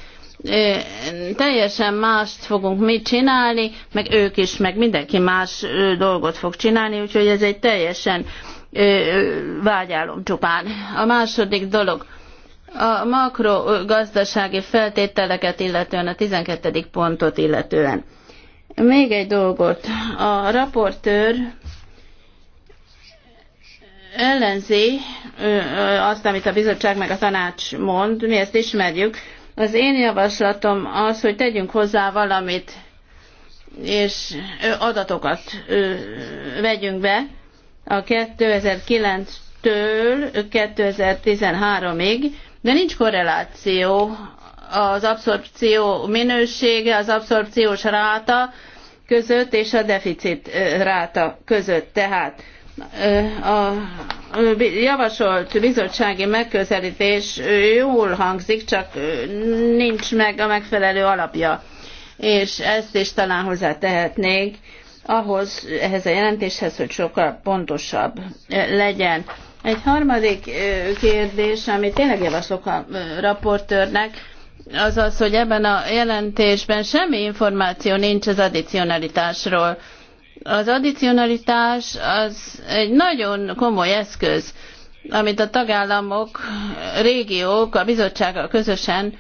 teljesen mást fogunk mi csinálni, meg ők is, meg mindenki más dolgot fog csinálni, úgyhogy ez egy teljesen vágyálom csupán. A második dolog, a makrogazdasági feltételeket illetően, a 12. pontot illetően. Még egy dolgot. A raportőr ellenzi azt, amit a bizottság meg a tanács mond, mi ezt ismerjük. Az én javaslatom az, hogy tegyünk hozzá valamit, és adatokat vegyünk be a 2009-től 2013-ig, de nincs korreláció az abszorpció minősége, az abszorpciós ráta között és a deficit ráta között. Tehát a javasolt bizottsági megközelítés jól hangzik, csak nincs meg a megfelelő alapja. És ezt is talán hozzá tehetnénk ahhoz, ehhez a jelentéshez, hogy sokkal pontosabb legyen. Egy harmadik kérdés, amit tényleg javaslok a raportőrnek, az az, hogy ebben a jelentésben semmi információ nincs az addicionalitásról az addicionalitás az egy nagyon komoly eszköz, amit a tagállamok, régiók, a bizottsággal közösen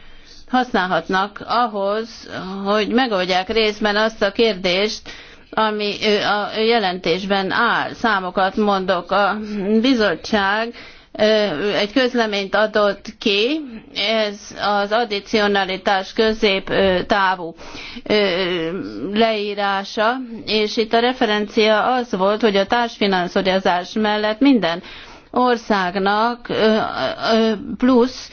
használhatnak ahhoz, hogy megoldják részben azt a kérdést, ami a jelentésben áll. Számokat mondok. A bizottság egy közleményt adott ki, ez az addicionalitás középtávú leírása, és itt a referencia az volt, hogy a társfinanszírozás mellett minden országnak plusz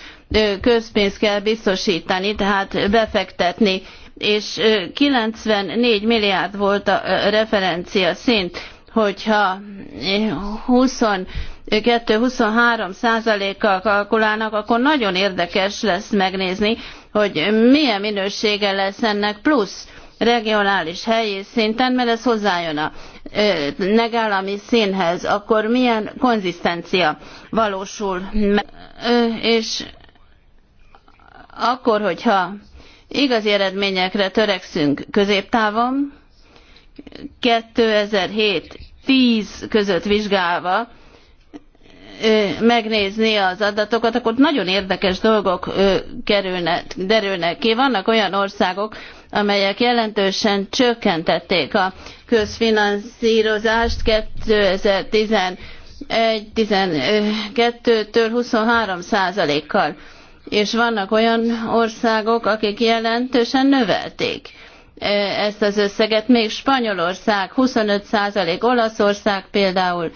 közpénzt kell biztosítani, tehát befektetni, és 94 milliárd volt a referencia szint, hogyha 20 2-23 százalékkal kalkulálnak, akkor nagyon érdekes lesz megnézni, hogy milyen minősége lesz ennek plusz regionális helyi szinten, mert ez hozzájön a negállami színhez, akkor milyen konzisztencia valósul És akkor, hogyha igazi eredményekre törekszünk középtávon, 2007-10 között vizsgálva, megnézni az adatokat, akkor nagyon érdekes dolgok kerülnek, derülnek ki. Vannak olyan országok, amelyek jelentősen csökkentették a közfinanszírozást 2011-12-től 23 százalékkal. És vannak olyan országok, akik jelentősen növelték ezt az összeget, még Spanyolország 25 százalék, Olaszország például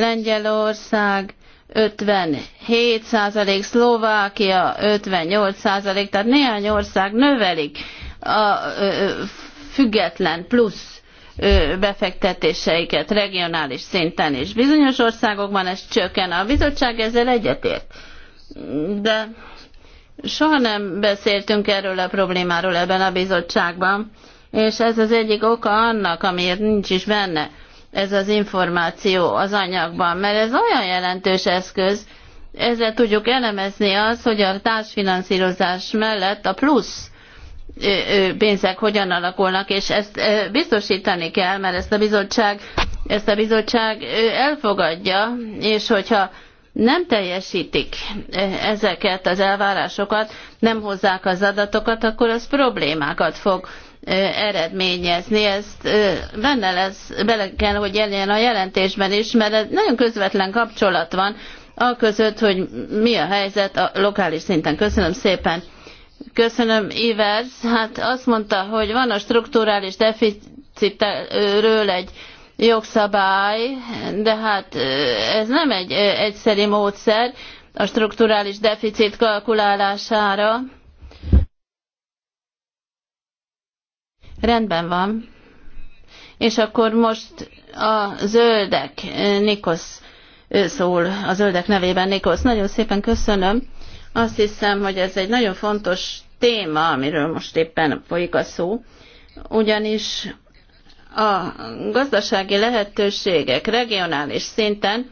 Lengyelország 57 százalék, Szlovákia 58 százalék, tehát néhány ország növelik a független plusz befektetéseiket regionális szinten is. Bizonyos országokban ez csökken, a bizottság ezzel egyetért. De soha nem beszéltünk erről a problémáról ebben a bizottságban, és ez az egyik oka annak, amiért nincs is benne ez az információ az anyagban, mert ez olyan jelentős eszköz, ezzel tudjuk elemezni azt, hogy a társfinanszírozás mellett a plusz pénzek hogyan alakulnak, és ezt biztosítani kell, mert ezt a bizottság, ezt a bizottság elfogadja, és hogyha nem teljesítik ezeket az elvárásokat, nem hozzák az adatokat, akkor az problémákat fog eredményezni. Ezt benne lesz, bele kell, hogy jelenjen a jelentésben is, mert nagyon közvetlen kapcsolat van a között, hogy mi a helyzet a lokális szinten. Köszönöm szépen. Köszönöm, Ivers. Hát azt mondta, hogy van a strukturális deficitről egy jogszabály, de hát ez nem egy egyszeri módszer a strukturális deficit kalkulálására Rendben van. És akkor most a zöldek, Nikosz szól, a zöldek nevében Nikos, Nagyon szépen köszönöm. Azt hiszem, hogy ez egy nagyon fontos téma, amiről most éppen folyik a szó, ugyanis a gazdasági lehetőségek regionális szinten,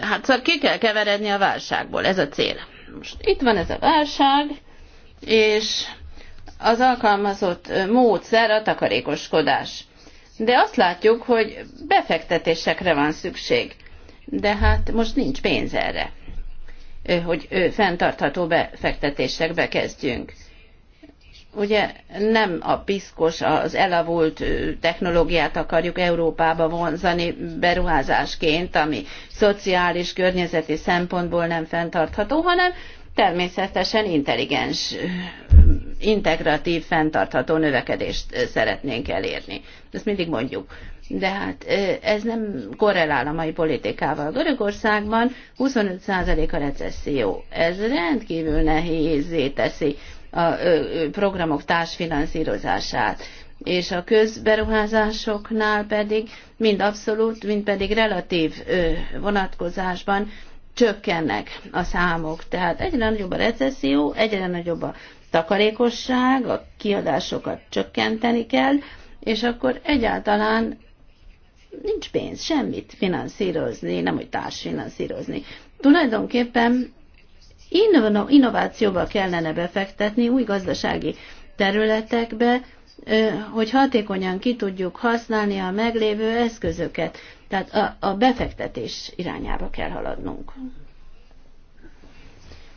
hát szóval ki kell keveredni a válságból, ez a cél. Most itt van ez a válság, és az alkalmazott módszer a takarékoskodás. De azt látjuk, hogy befektetésekre van szükség. De hát most nincs pénz erre, hogy fenntartható befektetésekbe kezdjünk. Ugye nem a piszkos, az elavult technológiát akarjuk Európába vonzani beruházásként, ami szociális, környezeti szempontból nem fenntartható, hanem természetesen intelligens integratív, fenntartható növekedést szeretnénk elérni. Ezt mindig mondjuk. De hát ez nem korrelál a mai politikával. Görögországban 25% a recesszió. Ez rendkívül nehézé teszi a programok társfinanszírozását és a közberuházásoknál pedig mind abszolút, mind pedig relatív vonatkozásban csökkennek a számok. Tehát egyre nagyobb a recesszió, egyre nagyobb a takarékosság, a kiadásokat csökkenteni kell, és akkor egyáltalán nincs pénz semmit finanszírozni, nem úgy társfinanszírozni. Tulajdonképpen innovációba kellene befektetni, új gazdasági területekbe, hogy hatékonyan ki tudjuk használni a meglévő eszközöket. Tehát a, a befektetés irányába kell haladnunk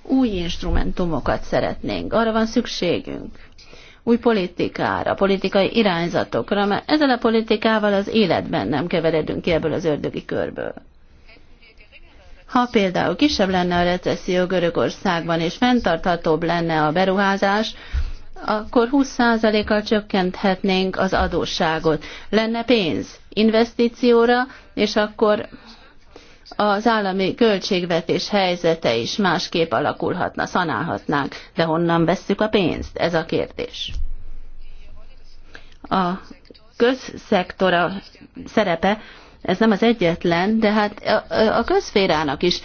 új instrumentumokat szeretnénk, arra van szükségünk. Új politikára, politikai irányzatokra, mert ezzel a politikával az életben nem keveredünk ki ebből az ördögi körből. Ha például kisebb lenne a recesszió Görögországban, és fenntarthatóbb lenne a beruházás, akkor 20%-kal csökkenthetnénk az adósságot. Lenne pénz investícióra, és akkor az állami költségvetés helyzete is másképp alakulhatna, szanálhatnánk, de honnan vesszük a pénzt? Ez a kérdés. A közszektora szerepe, ez nem az egyetlen, de hát a közférának is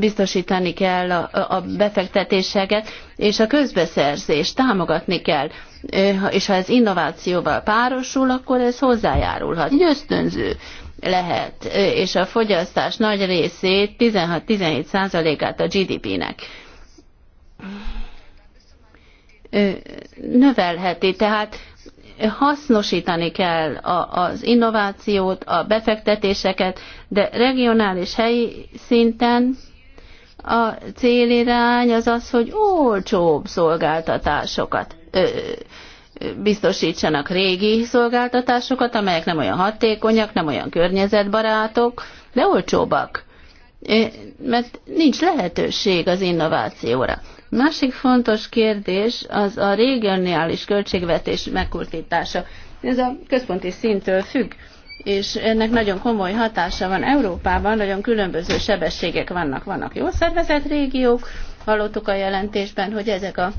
biztosítani kell a, a befektetéseket, és a közbeszerzést támogatni kell. És ha ez innovációval párosul, akkor ez hozzájárulhat. Egy ösztönző lehet, és a fogyasztás nagy részét, 16-17 százalékát a GDP-nek növelheti. Tehát hasznosítani kell az innovációt, a befektetéseket, de regionális helyi szinten a célirány az az, hogy olcsóbb szolgáltatásokat biztosítsanak régi szolgáltatásokat, amelyek nem olyan hatékonyak, nem olyan környezetbarátok, de olcsóbbak. Mert nincs lehetőség az innovációra. Másik fontos kérdés az a regionális költségvetés megkurtítása. Ez a központi szintől függ, és ennek nagyon komoly hatása van Európában, nagyon különböző sebességek vannak. Vannak jó szervezett régiók, hallottuk a jelentésben, hogy ezek a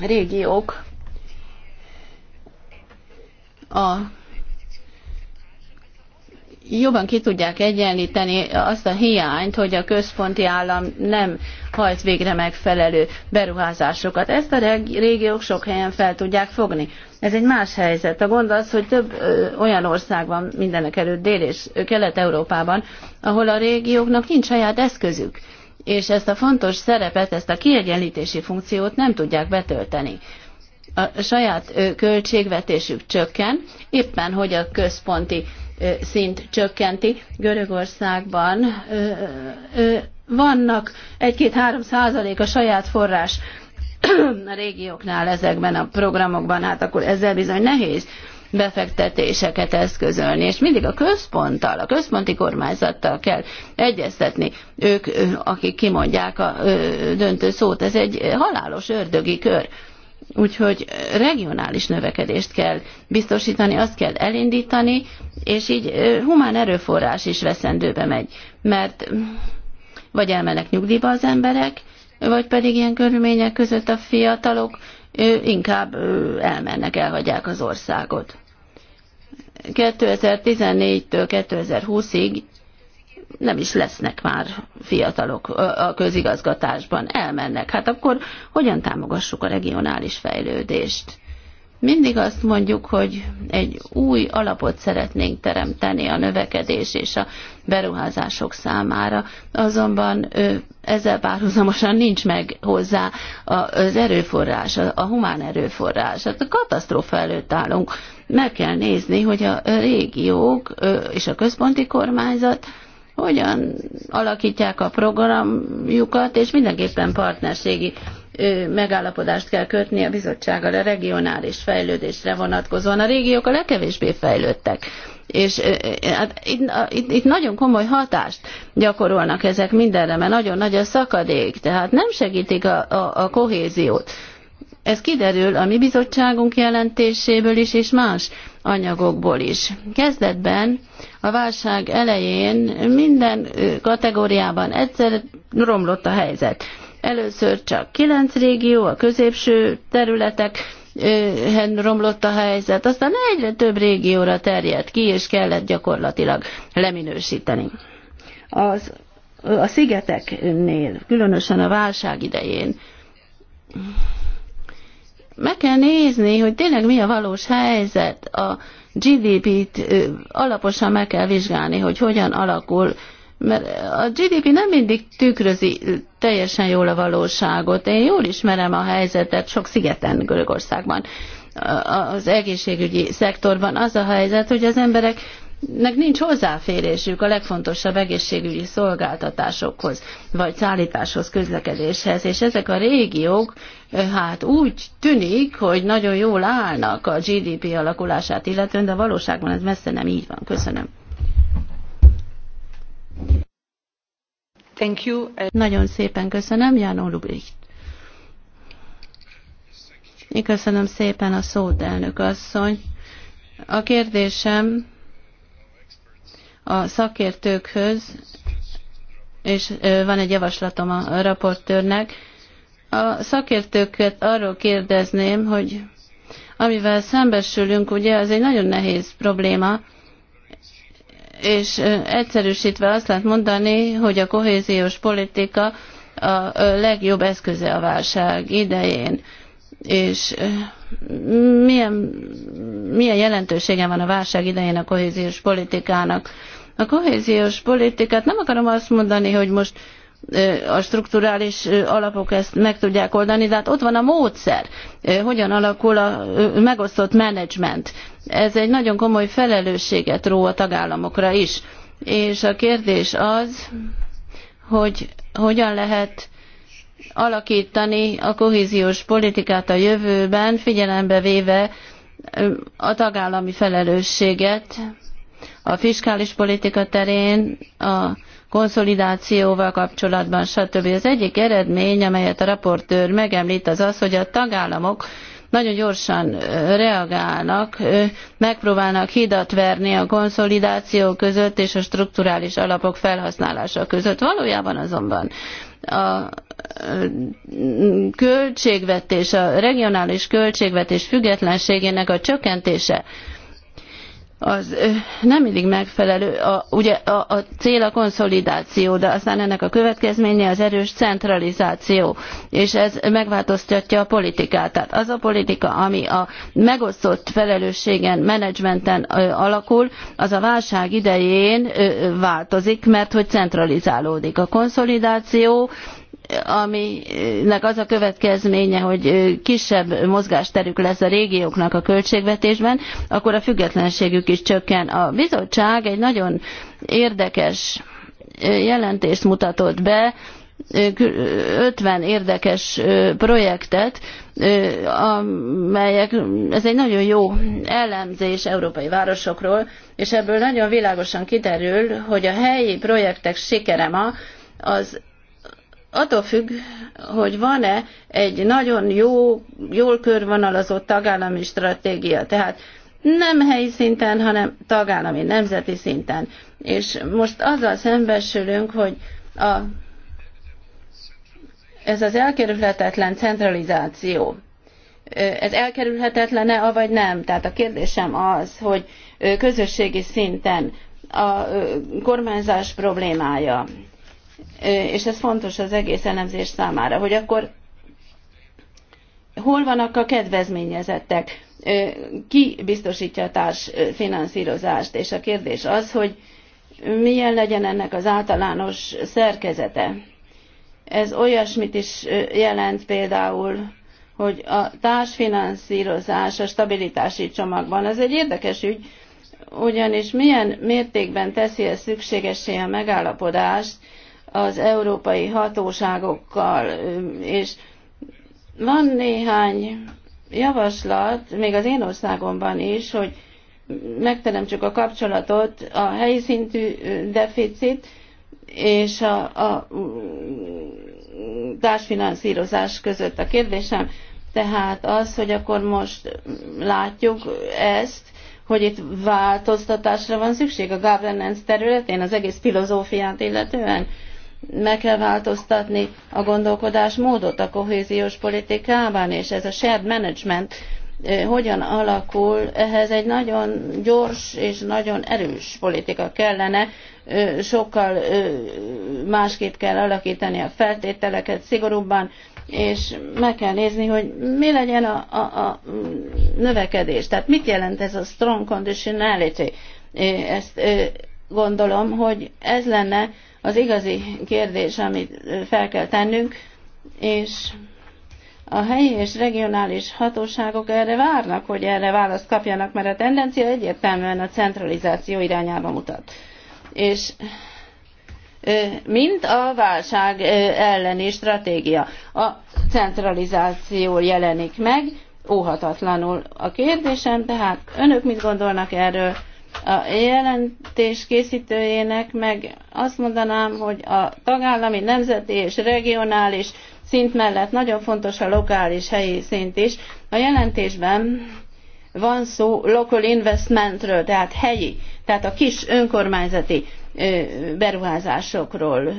régiók a jobban ki tudják egyenlíteni azt a hiányt, hogy a központi állam nem hajt végre megfelelő beruházásokat. Ezt a régiók sok helyen fel tudják fogni. Ez egy más helyzet. A gond az, hogy több ö, olyan ország van mindenek előtt Dél- és Kelet-Európában, ahol a régióknak nincs saját eszközük, és ezt a fontos szerepet, ezt a kiegyenlítési funkciót nem tudják betölteni a saját költségvetésük csökken, éppen hogy a központi szint csökkenti. Görögországban vannak egy-két-három százalék a saját forrás a régióknál ezekben a programokban, hát akkor ezzel bizony nehéz befektetéseket eszközölni, és mindig a központtal, a központi kormányzattal kell egyeztetni. Ők, akik kimondják a döntő szót, ez egy halálos ördögi kör. Úgyhogy regionális növekedést kell biztosítani, azt kell elindítani, és így humán erőforrás is veszendőbe megy, mert mm, vagy elmennek nyugdíjba az emberek, vagy pedig ilyen körülmények között a fiatalok inkább elmennek, elhagyják az országot. 2014-től 2020-ig nem is lesznek már fiatalok a közigazgatásban, elmennek. Hát akkor hogyan támogassuk a regionális fejlődést? Mindig azt mondjuk, hogy egy új alapot szeretnénk teremteni a növekedés és a beruházások számára, azonban ezzel párhuzamosan nincs meg hozzá az erőforrás, a humán erőforrás. Hát a katasztrófa előtt állunk. Meg kell nézni, hogy a régiók és a központi kormányzat hogyan alakítják a programjukat, és mindenképpen partnerségi megállapodást kell kötni a bizottsággal a regionális fejlődésre vonatkozóan. A régiók a legkevésbé fejlődtek, és hát itt, itt, itt nagyon komoly hatást gyakorolnak ezek mindenre, mert nagyon nagy a szakadék, tehát nem segítik a, a, a kohéziót ez kiderül a mi bizottságunk jelentéséből is, és más anyagokból is. Kezdetben, a válság elején minden kategóriában egyszer romlott a helyzet. Először csak kilenc régió, a középső területek, romlott a helyzet, aztán egyre több régióra terjedt ki, és kellett gyakorlatilag leminősíteni. Az, a szigeteknél, különösen a válság idején meg kell nézni, hogy tényleg mi a valós helyzet. A GDP-t alaposan meg kell vizsgálni, hogy hogyan alakul mert a GDP nem mindig tükrözi teljesen jól a valóságot. Én jól ismerem a helyzetet sok szigeten Görögországban. Az egészségügyi szektorban az a helyzet, hogy az emberek nek nincs hozzáférésük a legfontosabb egészségügyi szolgáltatásokhoz, vagy szállításhoz, közlekedéshez, és ezek a régiók eh, hát úgy tűnik, hogy nagyon jól állnak a GDP alakulását illetően, de valóságban ez messze nem így van. Köszönöm. Thank you. Nagyon szépen köszönöm, Jánó Lubrich. Én köszönöm szépen a szót, elnök asszony. A kérdésem a szakértőkhöz, és van egy javaslatom a raportőrnek. A szakértőket arról kérdezném, hogy amivel szembesülünk, ugye az egy nagyon nehéz probléma, és egyszerűsítve azt lehet mondani, hogy a kohéziós politika a legjobb eszköze a válság idején. És milyen, milyen jelentősége van a válság idején a kohéziós politikának? A kohéziós politikát nem akarom azt mondani, hogy most a strukturális alapok ezt meg tudják oldani, de hát ott van a módszer, hogyan alakul a megosztott menedzsment. Ez egy nagyon komoly felelősséget ró a tagállamokra is. És a kérdés az, hogy hogyan lehet alakítani a kohéziós politikát a jövőben, figyelembe véve a tagállami felelősséget, a fiskális politika terén, a konszolidációval kapcsolatban, stb. Az egyik eredmény, amelyet a raportőr megemlít, az az, hogy a tagállamok nagyon gyorsan reagálnak, megpróbálnak hidat verni a konszolidáció között és a strukturális alapok felhasználása között. Valójában azonban a költségvetés, a regionális költségvetés függetlenségének a csökkentése az nem mindig megfelelő. A, ugye a, a cél a konszolidáció, de aztán ennek a következménye az erős centralizáció, és ez megváltoztatja a politikát. Tehát az a politika, ami a megosztott felelősségen, menedzsmenten alakul, az a válság idején változik, mert hogy centralizálódik. A konszolidáció aminek az a következménye, hogy kisebb mozgásterük lesz a régióknak a költségvetésben, akkor a függetlenségük is csökken. A bizottság egy nagyon érdekes jelentést mutatott be, 50 érdekes projektet, amelyek, ez egy nagyon jó elemzés európai városokról, és ebből nagyon világosan kiderül, hogy a helyi projektek sikere ma az attól függ, hogy van-e egy nagyon jó, jól körvonalazott tagállami stratégia. Tehát nem helyi szinten, hanem tagállami, nemzeti szinten. És most azzal szembesülünk, hogy a, ez az elkerülhetetlen centralizáció, ez elkerülhetetlene, avagy nem? Tehát a kérdésem az, hogy közösségi szinten a kormányzás problémája, és ez fontos az egész elemzés számára, hogy akkor hol vannak a kedvezményezettek, ki biztosítja a társfinanszírozást, és a kérdés az, hogy milyen legyen ennek az általános szerkezete. Ez olyasmit is jelent például, hogy a társfinanszírozás a stabilitási csomagban, az egy érdekes ügy, ugyanis milyen mértékben teszi ez szükségessé a megállapodást, az európai hatóságokkal, és van néhány javaslat, még az én országomban is, hogy megteremtsük a kapcsolatot a helyi szintű deficit és a, a társfinanszírozás között. A kérdésem tehát az, hogy akkor most látjuk ezt, hogy itt változtatásra van szükség a governance területén, az egész filozófiát illetően meg kell változtatni a gondolkodásmódot a kohéziós politikában, és ez a shared management hogyan alakul, ehhez egy nagyon gyors és nagyon erős politika kellene, sokkal másképp kell alakítani a feltételeket szigorúbban, és meg kell nézni, hogy mi legyen a, a, a növekedés. Tehát mit jelent ez a strong conditionality? Ezt gondolom, hogy ez lenne az igazi kérdés, amit fel kell tennünk, és a helyi és regionális hatóságok erre várnak, hogy erre választ kapjanak, mert a tendencia egyértelműen a centralizáció irányába mutat. És mint a válság elleni stratégia. A centralizáció jelenik meg, óhatatlanul. A kérdésem tehát, önök mit gondolnak erről, a jelentés készítőjének meg azt mondanám, hogy a tagállami, nemzeti és regionális szint mellett nagyon fontos a lokális helyi szint is. A jelentésben van szó local investmentről, tehát helyi, tehát a kis önkormányzati beruházásokról.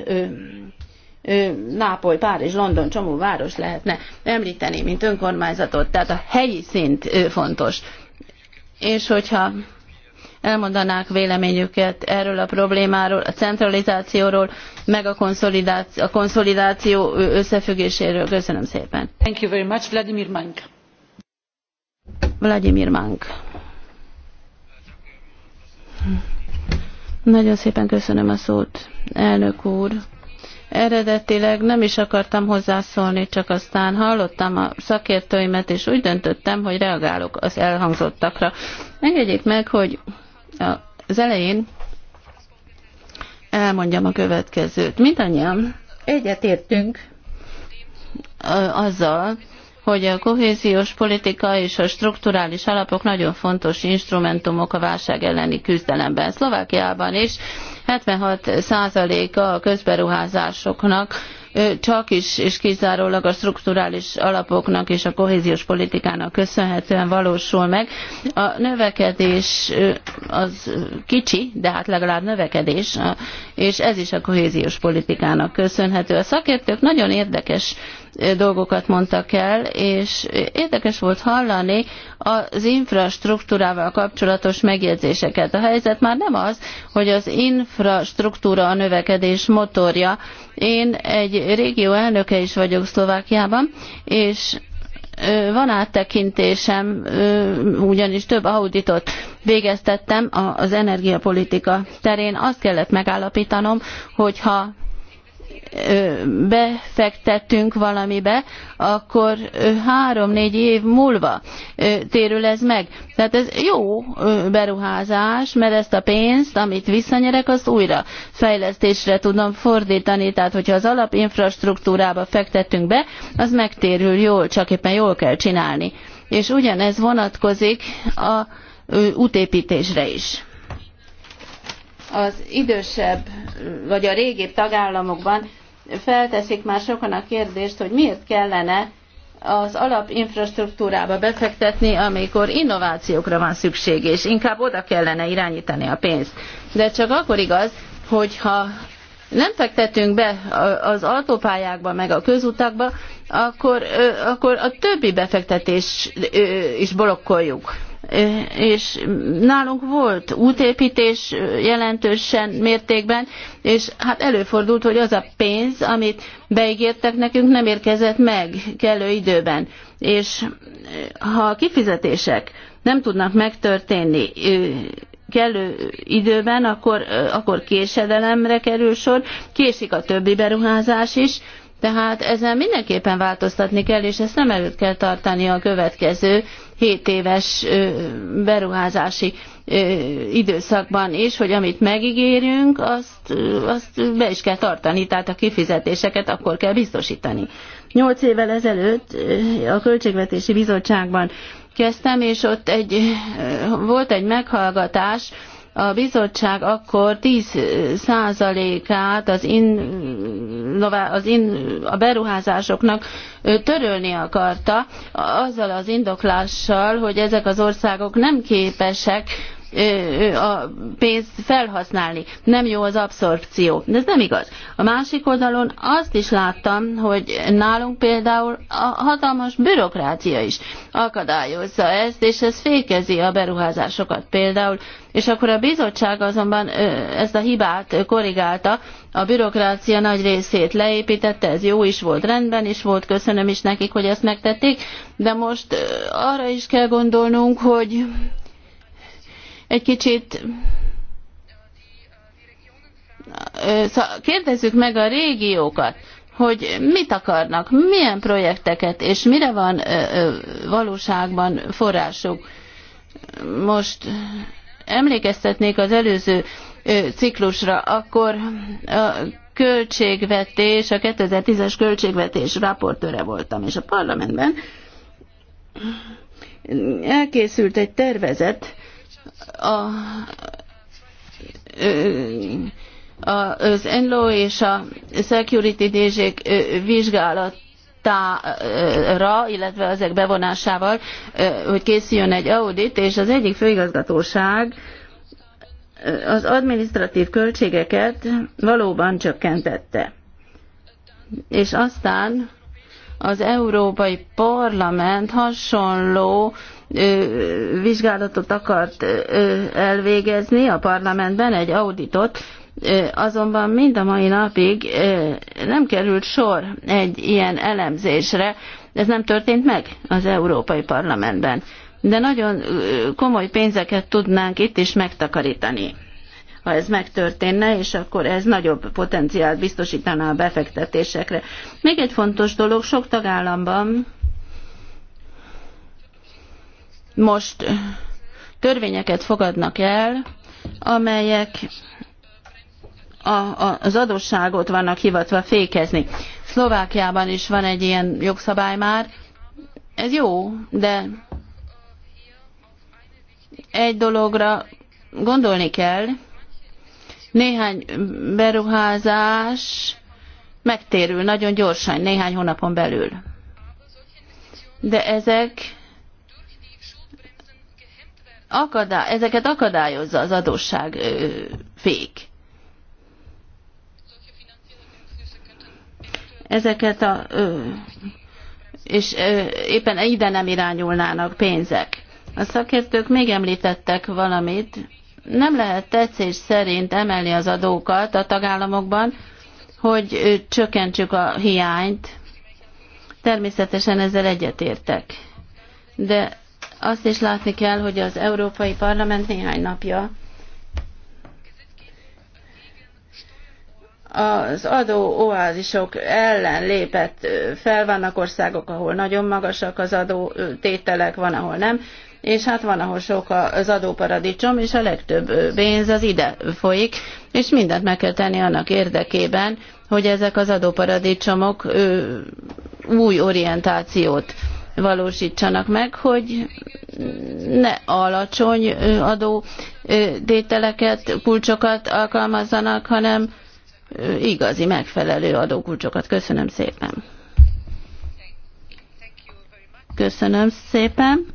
Nápoly, Párizs, London, csomó város lehetne említeni, mint önkormányzatot, tehát a helyi szint fontos. És hogyha elmondanák véleményüket erről a problémáról, a centralizációról, meg a konszolidáció, a konszolidáció összefüggéséről. Köszönöm szépen. Thank you very much, Vladimir Mank. Vladimir Mank. Nagyon szépen köszönöm a szót, elnök úr. Eredetileg nem is akartam hozzászólni, csak aztán hallottam a szakértőimet, és úgy döntöttem, hogy reagálok az elhangzottakra. Engedjék meg, hogy az elején elmondjam a következőt. Mindannyian egyetértünk azzal, hogy a kohéziós politika és a strukturális alapok nagyon fontos instrumentumok a válság elleni küzdelemben. Szlovákiában is 76%-a a közberuházásoknak csak is és kizárólag a strukturális alapoknak és a kohéziós politikának köszönhetően valósul meg. A növekedés az kicsi, de hát legalább növekedés, és ez is a kohéziós politikának köszönhető. A szakértők nagyon érdekes dolgokat mondtak el, és érdekes volt hallani az infrastruktúrával kapcsolatos megjegyzéseket. A helyzet már nem az, hogy az infrastruktúra a növekedés motorja. Én egy régió elnöke is vagyok Szlovákiában, és van áttekintésem, ugyanis több auditot végeztettem az energiapolitika terén. Azt kellett megállapítanom, hogy ha befektettünk valamibe, akkor három-négy év múlva térül ez meg. Tehát ez jó beruházás, mert ezt a pénzt, amit visszanyerek, azt újra fejlesztésre tudom fordítani. Tehát, hogyha az alapinfrastruktúrába fektettünk be, az megtérül jól, csak éppen jól kell csinálni. És ugyanez vonatkozik a útépítésre is az idősebb vagy a régi tagállamokban felteszik már sokan a kérdést, hogy miért kellene az alapinfrastruktúrába befektetni, amikor innovációkra van szükség, és inkább oda kellene irányítani a pénzt. De csak akkor igaz, hogyha nem fektetünk be az autópályákba, meg a közutakba, akkor, akkor a többi befektetés is blokkoljuk és nálunk volt útépítés jelentősen mértékben, és hát előfordult, hogy az a pénz, amit beígértek nekünk, nem érkezett meg kellő időben. És ha a kifizetések nem tudnak megtörténni kellő időben, akkor, akkor késedelemre kerül sor, késik a többi beruházás is, tehát ezzel mindenképpen változtatni kell, és ezt nem előtt kell tartani a következő 7 éves beruházási időszakban is, hogy amit megígérünk, azt, azt be is kell tartani, tehát a kifizetéseket akkor kell biztosítani. Nyolc évvel ezelőtt a Költségvetési Bizottságban kezdtem, és ott egy, volt egy meghallgatás, a bizottság akkor 10%-át az, in, az in, a beruházásoknak törölni akarta, azzal az indoklással, hogy ezek az országok nem képesek a pénzt felhasználni. Nem jó az abszorpció. De ez nem igaz. A másik oldalon azt is láttam, hogy nálunk például a hatalmas bürokrácia is akadályozza ezt, és ez fékezi a beruházásokat például. És akkor a bizottság azonban ezt a hibát korrigálta, a bürokrácia nagy részét leépítette, ez jó is volt, rendben is volt, köszönöm is nekik, hogy ezt megtették, de most arra is kell gondolnunk, hogy egy kicsit kérdezzük meg a régiókat, hogy mit akarnak, milyen projekteket, és mire van valóságban forrásuk. Most emlékeztetnék az előző ciklusra, akkor a költségvetés, a 2010-es költségvetés raportőre voltam, és a parlamentben elkészült egy tervezet, a, az NLO és a Security dg vizsgálat tára, illetve ezek bevonásával, hogy készüljön egy audit, és az egyik főigazgatóság az administratív költségeket valóban csökkentette. És aztán az Európai Parlament hasonló vizsgálatot akart elvégezni a parlamentben, egy auditot, azonban mind a mai napig nem került sor egy ilyen elemzésre, ez nem történt meg az Európai Parlamentben. De nagyon komoly pénzeket tudnánk itt is megtakarítani ha ez megtörténne, és akkor ez nagyobb potenciált biztosítana a befektetésekre. Még egy fontos dolog, sok tagállamban most törvényeket fogadnak el, amelyek a, a, az adósságot vannak hivatva fékezni. Szlovákiában is van egy ilyen jogszabály már. Ez jó, de egy dologra gondolni kell, néhány beruházás megtérül nagyon gyorsan, néhány hónapon belül. De ezek akadály, ezeket akadályozza az adósság fék. Ezeket a és éppen ide nem irányulnának pénzek. A szakértők még említettek valamit, nem lehet tetszés szerint emelni az adókat a tagállamokban, hogy csökkentsük a hiányt. Természetesen ezzel egyetértek. De azt is látni kell, hogy az Európai Parlament néhány napja az adó oázisok ellen lépett fel, vannak országok, ahol nagyon magasak az tételek, van, ahol nem, és hát van, ahol sok az adóparadicsom, és a legtöbb pénz az ide folyik, és mindent meg kell tenni annak érdekében, hogy ezek az adóparadicsomok új orientációt valósítsanak meg, hogy ne alacsony adó tételeket, kulcsokat alkalmazzanak, hanem igazi, megfelelő adókulcsokat. Köszönöm szépen. Köszönöm szépen.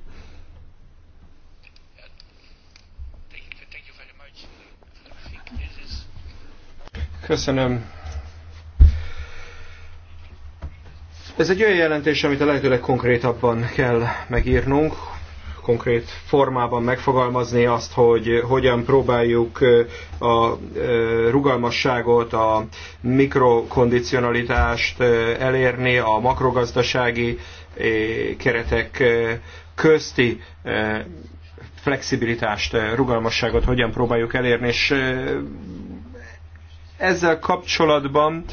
Köszönöm Ez egy olyan jelentés, amit a lehetőleg konkrétabban kell megírnunk, konkrét formában megfogalmazni azt, hogy hogyan próbáljuk a rugalmasságot, a mikrokondicionalitást elérni, a makrogazdasági keretek közti flexibilitást, rugalmasságot hogyan próbáljuk elérni, és ezzel kapcsolatban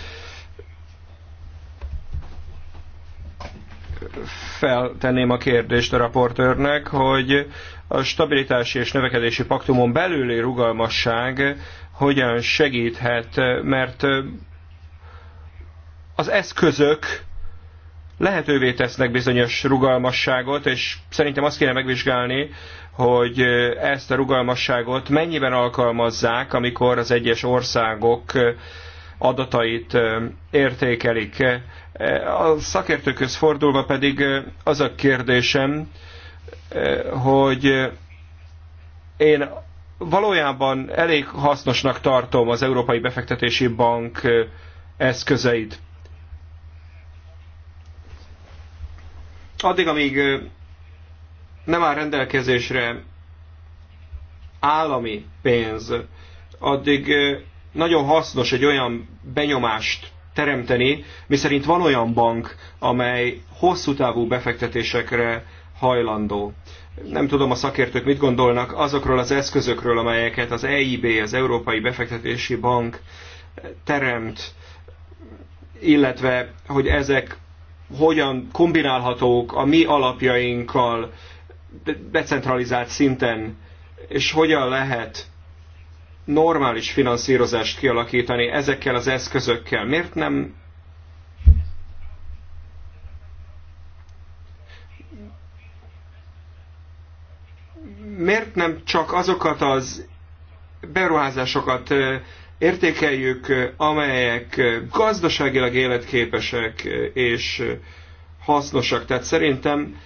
feltenném a kérdést a raportőrnek, hogy a stabilitási és növekedési paktumon belüli rugalmasság hogyan segíthet, mert az eszközök lehetővé tesznek bizonyos rugalmasságot, és szerintem azt kéne megvizsgálni, hogy ezt a rugalmasságot mennyiben alkalmazzák, amikor az egyes országok adatait értékelik. A szakértőköz fordulva pedig az a kérdésem, hogy én valójában elég hasznosnak tartom az Európai Befektetési Bank eszközeit. Addig, amíg nem áll rendelkezésre állami pénz, addig nagyon hasznos egy olyan benyomást teremteni, miszerint van olyan bank, amely hosszú távú befektetésekre hajlandó. Nem tudom a szakértők mit gondolnak azokról az eszközökről, amelyeket az EIB, az Európai Befektetési Bank teremt, illetve hogy ezek hogyan kombinálhatók a mi alapjainkkal decentralizált szinten, és hogyan lehet normális finanszírozást kialakítani ezekkel az eszközökkel? Miért nem miért nem csak azokat az beruházásokat értékeljük, amelyek gazdaságilag életképesek és hasznosak. Tehát szerintem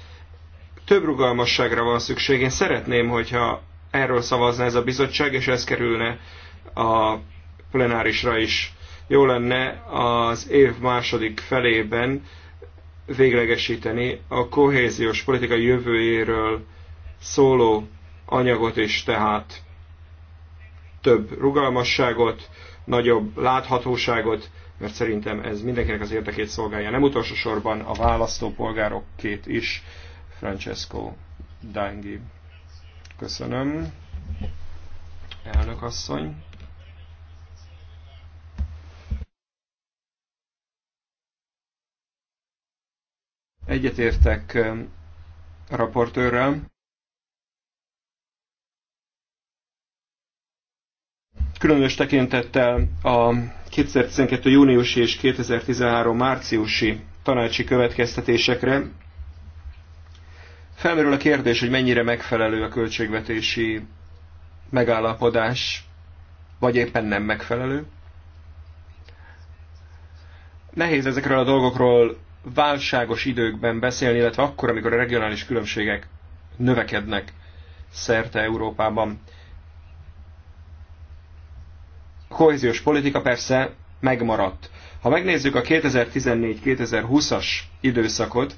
több rugalmasságra van szükség. Én szeretném, hogyha erről szavazna ez a bizottság, és ez kerülne a plenárisra is. Jó lenne az év második felében véglegesíteni a kohéziós politika jövőjéről szóló anyagot is, tehát több rugalmasságot, nagyobb láthatóságot, mert szerintem ez mindenkinek az érdekét szolgálja. Nem utolsó sorban a választópolgárokét is, Francesco Dangi. Köszönöm. Elnök asszony. Egyetértek um, a raportőrrel. Különös tekintettel a 2012. júniusi és 2013. márciusi tanácsi következtetésekre Felmerül a kérdés, hogy mennyire megfelelő a költségvetési megállapodás, vagy éppen nem megfelelő. Nehéz ezekről a dolgokról válságos időkben beszélni, illetve akkor, amikor a regionális különbségek növekednek szerte Európában. A kohéziós politika persze megmaradt. Ha megnézzük a 2014-2020-as időszakot,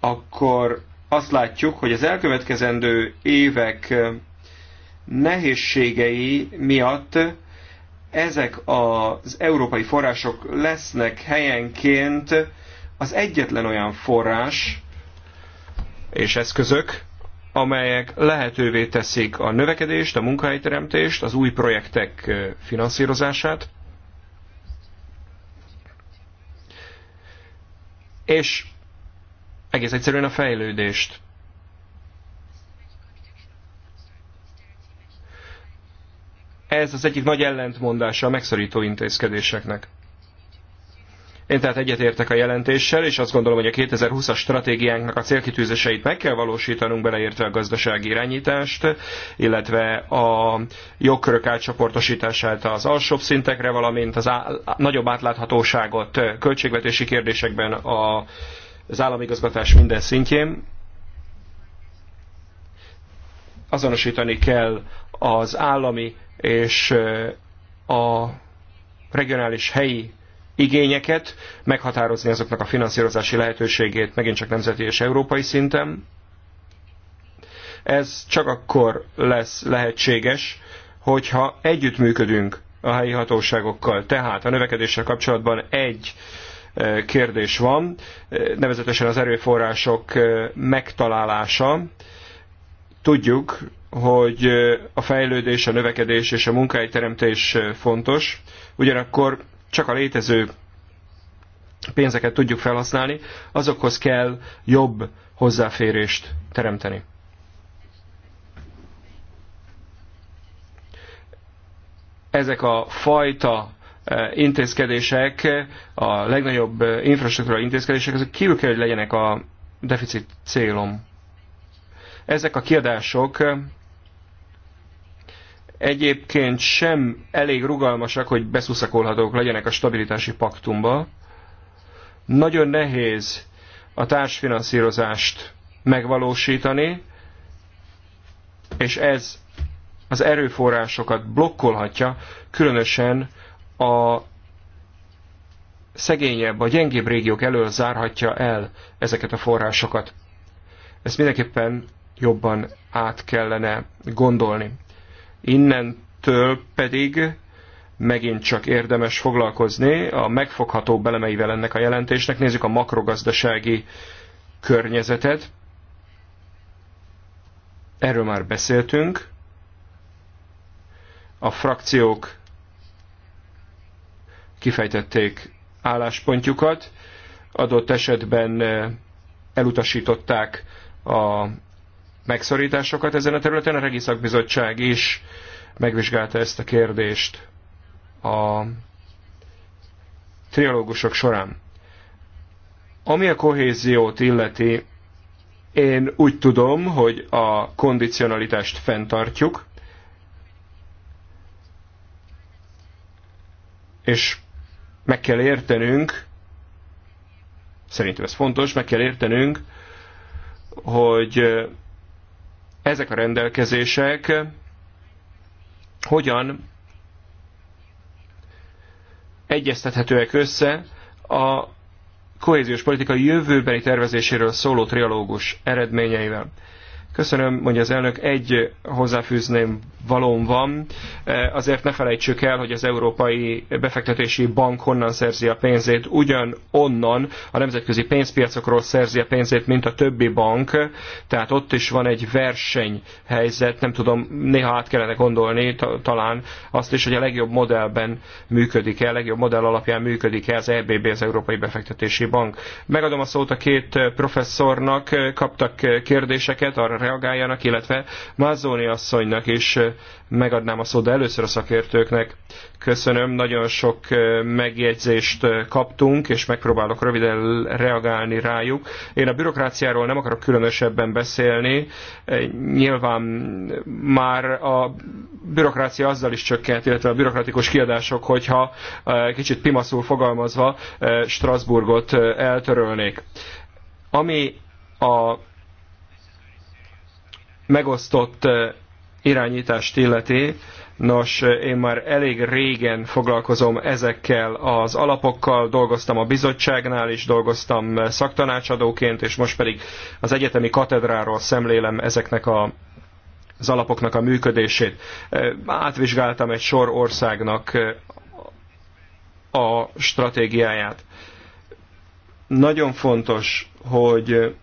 akkor azt látjuk, hogy az elkövetkezendő évek nehézségei miatt ezek az európai források lesznek helyenként az egyetlen olyan forrás és eszközök, amelyek lehetővé teszik a növekedést, a munkahelyteremtést, az új projektek finanszírozását, és egész egyszerűen a fejlődést. Ez az egyik nagy ellentmondása a megszorító intézkedéseknek. Én tehát egyetértek a jelentéssel, és azt gondolom, hogy a 2020-as stratégiánknak a célkitűzéseit meg kell valósítanunk, beleértve a gazdasági irányítást, illetve a jogkörök átcsoportosítását az alsóbb szintekre, valamint az á- nagyobb átláthatóságot költségvetési kérdésekben a az államigazgatás minden szintjén. Azonosítani kell az állami és a regionális helyi igényeket, meghatározni azoknak a finanszírozási lehetőségét megint csak nemzeti és európai szinten. Ez csak akkor lesz lehetséges, hogyha együttműködünk a helyi hatóságokkal. Tehát a növekedéssel kapcsolatban egy kérdés van, nevezetesen az erőforrások megtalálása. Tudjuk, hogy a fejlődés, a növekedés és a munkahelyteremtés fontos, ugyanakkor csak a létező pénzeket tudjuk felhasználni, azokhoz kell jobb hozzáférést teremteni. Ezek a fajta intézkedések, a legnagyobb infrastruktúra intézkedések, ezek kívül kell, hogy legyenek a deficit célom. Ezek a kiadások egyébként sem elég rugalmasak, hogy beszuszakolhatók legyenek a stabilitási paktumba. Nagyon nehéz a társfinanszírozást megvalósítani, és ez az erőforrásokat blokkolhatja, különösen a szegényebb, a gyengébb régiók elől zárhatja el ezeket a forrásokat. Ezt mindenképpen jobban át kellene gondolni. Innentől pedig megint csak érdemes foglalkozni a megfogható belemeivel ennek a jelentésnek. Nézzük a makrogazdasági környezetet. Erről már beszéltünk. A frakciók kifejtették álláspontjukat, adott esetben eh, elutasították a megszorításokat ezen a területen. A Regiszakbizottság is megvizsgálta ezt a kérdést a triológusok során. Ami a kohéziót illeti, én úgy tudom, hogy a kondicionalitást fenntartjuk, és meg kell értenünk, szerintem ez fontos, meg kell értenünk, hogy ezek a rendelkezések hogyan egyeztethetőek össze a kohéziós politika jövőbeni tervezéséről szóló trialógus eredményeivel. Köszönöm, mondja az elnök. Egy hozzáfűzném valóm van. E, azért ne felejtsük el, hogy az Európai Befektetési Bank honnan szerzi a pénzét. Ugyan onnan a nemzetközi pénzpiacokról szerzi a pénzét, mint a többi bank. Tehát ott is van egy versenyhelyzet. Nem tudom, néha át kellene gondolni talán azt is, hogy a legjobb modellben működik el, a legjobb modell alapján működik el az EBB, az Európai Befektetési Bank. Megadom a szót a két professzornak, kaptak kérdéseket, arra reagáljanak, illetve Mazzoni asszonynak is megadnám a szót, de először a szakértőknek köszönöm. Nagyon sok megjegyzést kaptunk, és megpróbálok röviden reagálni rájuk. Én a bürokráciáról nem akarok különösebben beszélni. Nyilván már a bürokrácia azzal is csökkent, illetve a bürokratikus kiadások, hogyha kicsit pimaszul fogalmazva Strasbourgot eltörölnék. Ami a megosztott irányítást illeti, Nos, én már elég régen foglalkozom ezekkel az alapokkal, dolgoztam a bizottságnál is, dolgoztam szaktanácsadóként, és most pedig az egyetemi katedráról szemlélem ezeknek a, az alapoknak a működését. Átvizsgáltam egy sor országnak a stratégiáját. Nagyon fontos, hogy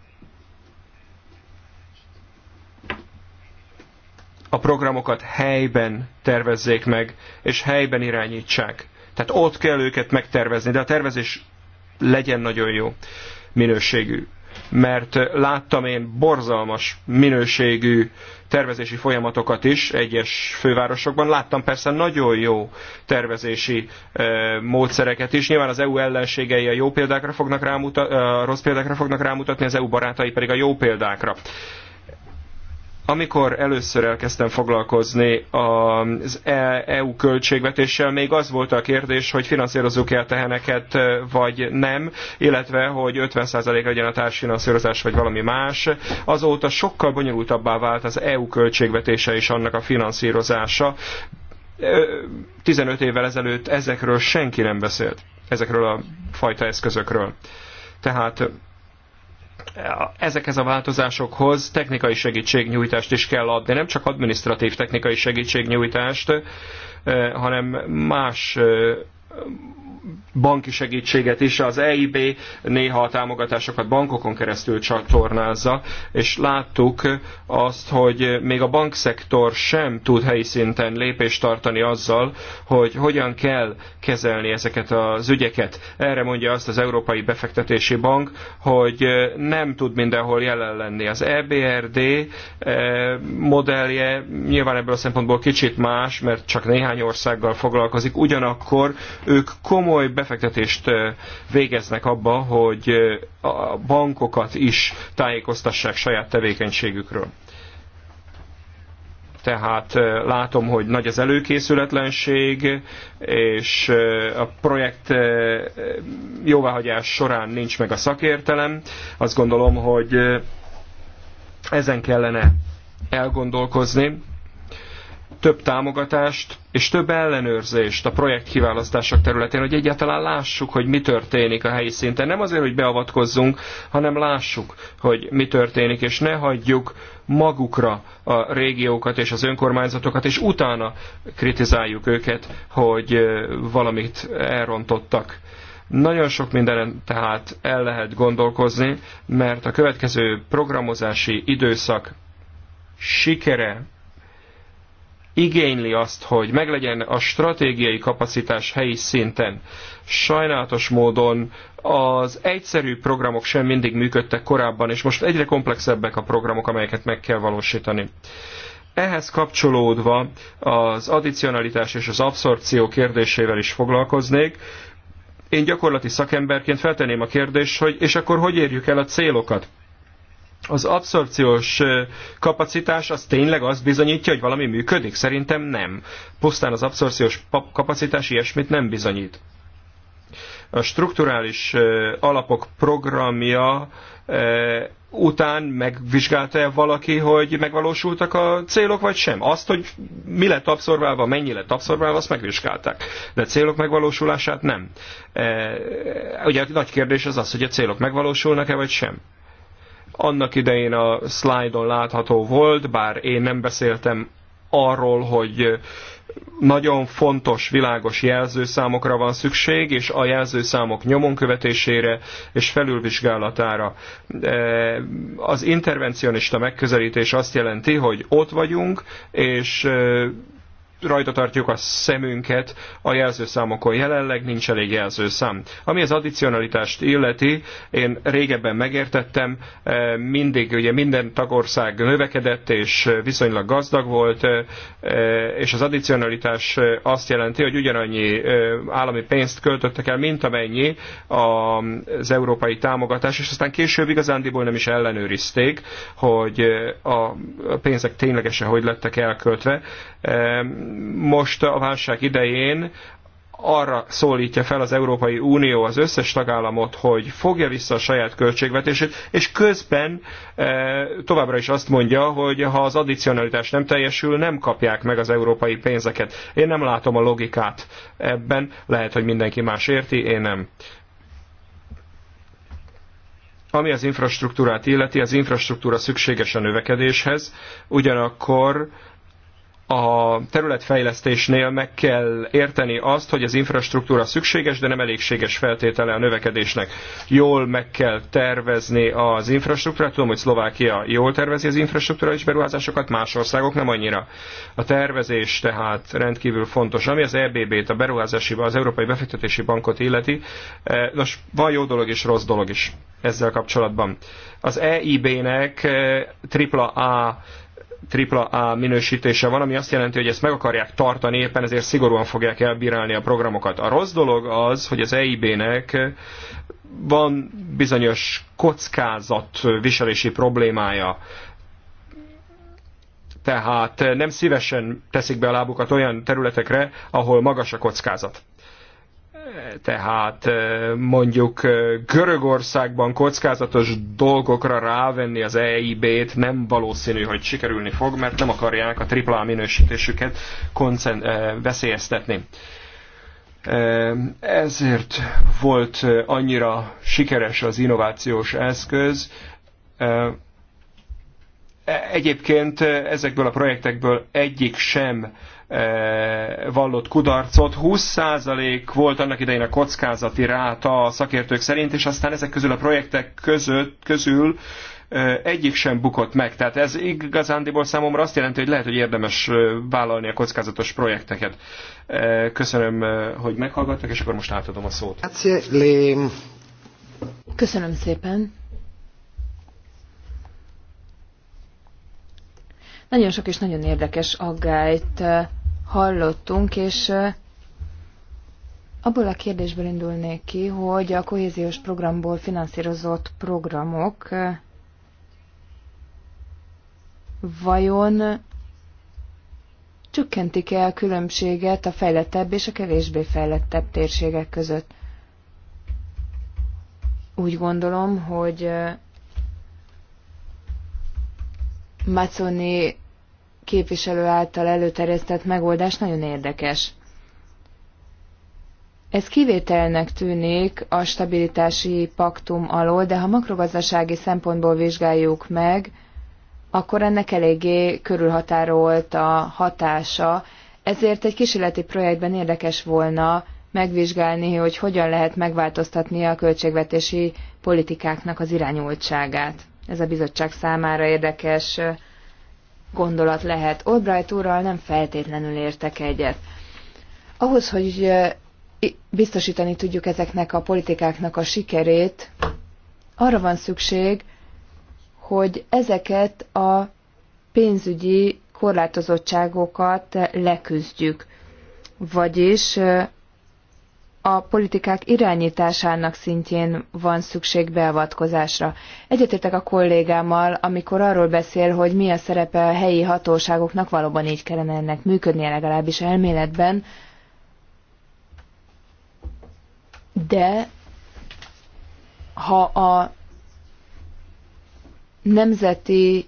a programokat helyben tervezzék meg, és helyben irányítsák. Tehát ott kell őket megtervezni, de a tervezés legyen nagyon jó minőségű. Mert eh, láttam én borzalmas minőségű tervezési folyamatokat is egyes fővárosokban. Láttam persze nagyon jó tervezési e, módszereket is. Nyilván az EU ellenségei a jó példákra fognak rámutatni, eh, a rossz példákra fognak rámutatni, az EU barátai pedig a jó példákra amikor először elkezdtem foglalkozni az e- EU költségvetéssel, még az volt a kérdés, hogy finanszírozzuk-e teheneket, vagy nem, illetve, hogy 50% legyen a társfinanszírozás, vagy valami más. Azóta sokkal bonyolultabbá vált az EU költségvetése és annak a finanszírozása. 15 évvel ezelőtt ezekről senki nem beszélt, ezekről a fajta eszközökről. Tehát ezekhez a változásokhoz technikai segítségnyújtást is kell adni, nem csak administratív technikai segítségnyújtást, eh, hanem más eh, banki segítséget is. Az EIB néha a támogatásokat bankokon keresztül csatornázza, és láttuk azt, hogy még a bankszektor sem tud helyi szinten lépést tartani azzal, hogy hogyan kell kezelni ezeket az ügyeket. Erre mondja azt az Európai Befektetési Bank, hogy nem tud mindenhol jelen lenni. Az EBRD eh, modellje nyilván ebből a szempontból kicsit más, mert csak néhány országgal foglalkozik, ugyanakkor ők komoly komoly befektetést végeznek abba, hogy a bankokat is tájékoztassák saját tevékenységükről. Tehát látom, hogy nagy az előkészületlenség, és a projekt jóváhagyás során nincs meg a szakértelem. Azt gondolom, hogy ezen kellene elgondolkozni, több támogatást és több ellenőrzést a projekt kiválasztások területén, hogy egyáltalán lássuk, hogy mi történik a helyi szinten. Nem azért, hogy beavatkozzunk, hanem lássuk, hogy mi történik, és ne hagyjuk magukra a régiókat és az önkormányzatokat, és utána kritizáljuk őket, hogy valamit elrontottak. Nagyon sok mindenen tehát el lehet gondolkozni, mert a következő programozási időszak sikere igényli azt, hogy meglegyen a stratégiai kapacitás helyi szinten. Sajnálatos módon az egyszerű programok sem mindig működtek korábban, és most egyre komplexebbek a programok, amelyeket meg kell valósítani. Ehhez kapcsolódva az addicionalitás és az abszorpció kérdésével is foglalkoznék. Én gyakorlati szakemberként feltenném a kérdést, hogy és akkor hogy érjük el a célokat? az abszorpciós kapacitás az tényleg azt bizonyítja, hogy valami működik? Szerintem nem. Pusztán az abszorpciós kapacitás ilyesmit nem bizonyít. A strukturális alapok programja után megvizsgálta-e valaki, hogy megvalósultak a célok, vagy sem? Azt, hogy mi lett abszorválva, mennyi lett abszorválva, azt megvizsgálták. De a célok megvalósulását nem. Ugye a nagy kérdés az az, hogy a célok megvalósulnak-e, vagy sem annak idején a szlájdon látható volt, bár én nem beszéltem arról, hogy nagyon fontos, világos jelzőszámokra van szükség, és a jelzőszámok nyomon követésére és felülvizsgálatára. E, az intervencionista megközelítés azt jelenti, hogy ott vagyunk, és e, rajta tartjuk a szemünket a jelzőszámokon. Jelenleg nincs elég jelzőszám. Ami az addicionalitást illeti, én régebben megértettem, eh, mindig ugye minden tagország növekedett és viszonylag gazdag volt, eh, és az addicionalitás eh, azt jelenti, hogy ugyanannyi állami pénzt költöttek el, mint amennyi az európai támogatás, és aztán később igazándiból nem is ellenőrizték, hogy a pénzek ténylegesen hogy lettek elköltve. Ehm, most a válság idején arra szólítja fel az Európai Unió az összes tagállamot, hogy fogja vissza a saját költségvetését, és közben e, továbbra is azt mondja, hogy ha az addicionalitás nem teljesül, nem kapják meg az európai pénzeket. Én nem látom a logikát ebben, lehet, hogy mindenki más érti, én nem. Ami az infrastruktúrát illeti, az infrastruktúra szükséges a növekedéshez, ugyanakkor a területfejlesztésnél meg kell érteni azt, hogy az infrastruktúra szükséges, de nem elégséges feltétele a növekedésnek. Jól meg kell tervezni az infrastruktúrát. Tudom, hogy Szlovákia jól tervezi az és beruházásokat, más országok nem annyira. A tervezés tehát rendkívül fontos. Ami az EBB-t, a beruházási, az Európai Befektetési Bankot illeti, eh, nos, van jó dolog és rossz dolog is ezzel kapcsolatban. Az EIB-nek AAA eh, AAA minősítése van, ami azt jelenti, hogy ezt meg akarják tartani, éppen ezért szigorúan fogják elbírálni a programokat. A rossz dolog az, hogy az EIB-nek van bizonyos kockázat viselési problémája. Tehát nem szívesen teszik be a lábukat olyan területekre, ahol magas a kockázat tehát mondjuk Görögországban kockázatos dolgokra rávenni az EIB-t nem valószínű, hogy sikerülni fog, mert nem akarják a AAA minősítésüket veszélyeztetni. Ezért volt annyira sikeres az innovációs eszköz. E, egyébként ezekből a projektekből egyik sem Eh, vallott kudarcot. 20% volt annak idején a kockázati ráta a szakértők szerint, és aztán ezek közül a projektek között, közül eh, egyik sem bukott meg. Tehát ez igazándiból számomra azt jelenti, hogy lehet, hogy érdemes eh, vállalni a kockázatos projekteket. Köszönöm, hogy meghallgattak, és akkor most átadom a szót. Köszönöm szépen. Nagyon sok és nagyon érdekes aggályt hallottunk, és abból a kérdésből indulnék ki, hogy a kohéziós programból finanszírozott programok vajon csökkentik-e a különbséget a fejlettebb és a kevésbé fejlettebb térségek között? Úgy gondolom, hogy Mazzoni képviselő által előterjesztett megoldás nagyon érdekes. Ez kivételnek tűnik a stabilitási paktum alól, de ha makrogazdasági szempontból vizsgáljuk meg, akkor ennek eléggé körülhatárolt a hatása, ezért egy kísérleti projektben érdekes volna megvizsgálni, hogy hogyan lehet megváltoztatni a költségvetési politikáknak az irányultságát. Ez a bizottság számára érdekes gondolat lehet. Albright úrral nem feltétlenül értek egyet. Ahhoz, hogy biztosítani tudjuk ezeknek a politikáknak a sikerét, arra van szükség, hogy ezeket a pénzügyi korlátozottságokat leküzdjük. Vagyis a politikák irányításának szintjén van szükség beavatkozásra. Egyetértek a kollégámmal, amikor arról beszél, hogy mi a szerepe a helyi hatóságoknak, valóban így kellene ennek működnie legalábbis elméletben, de ha a nemzeti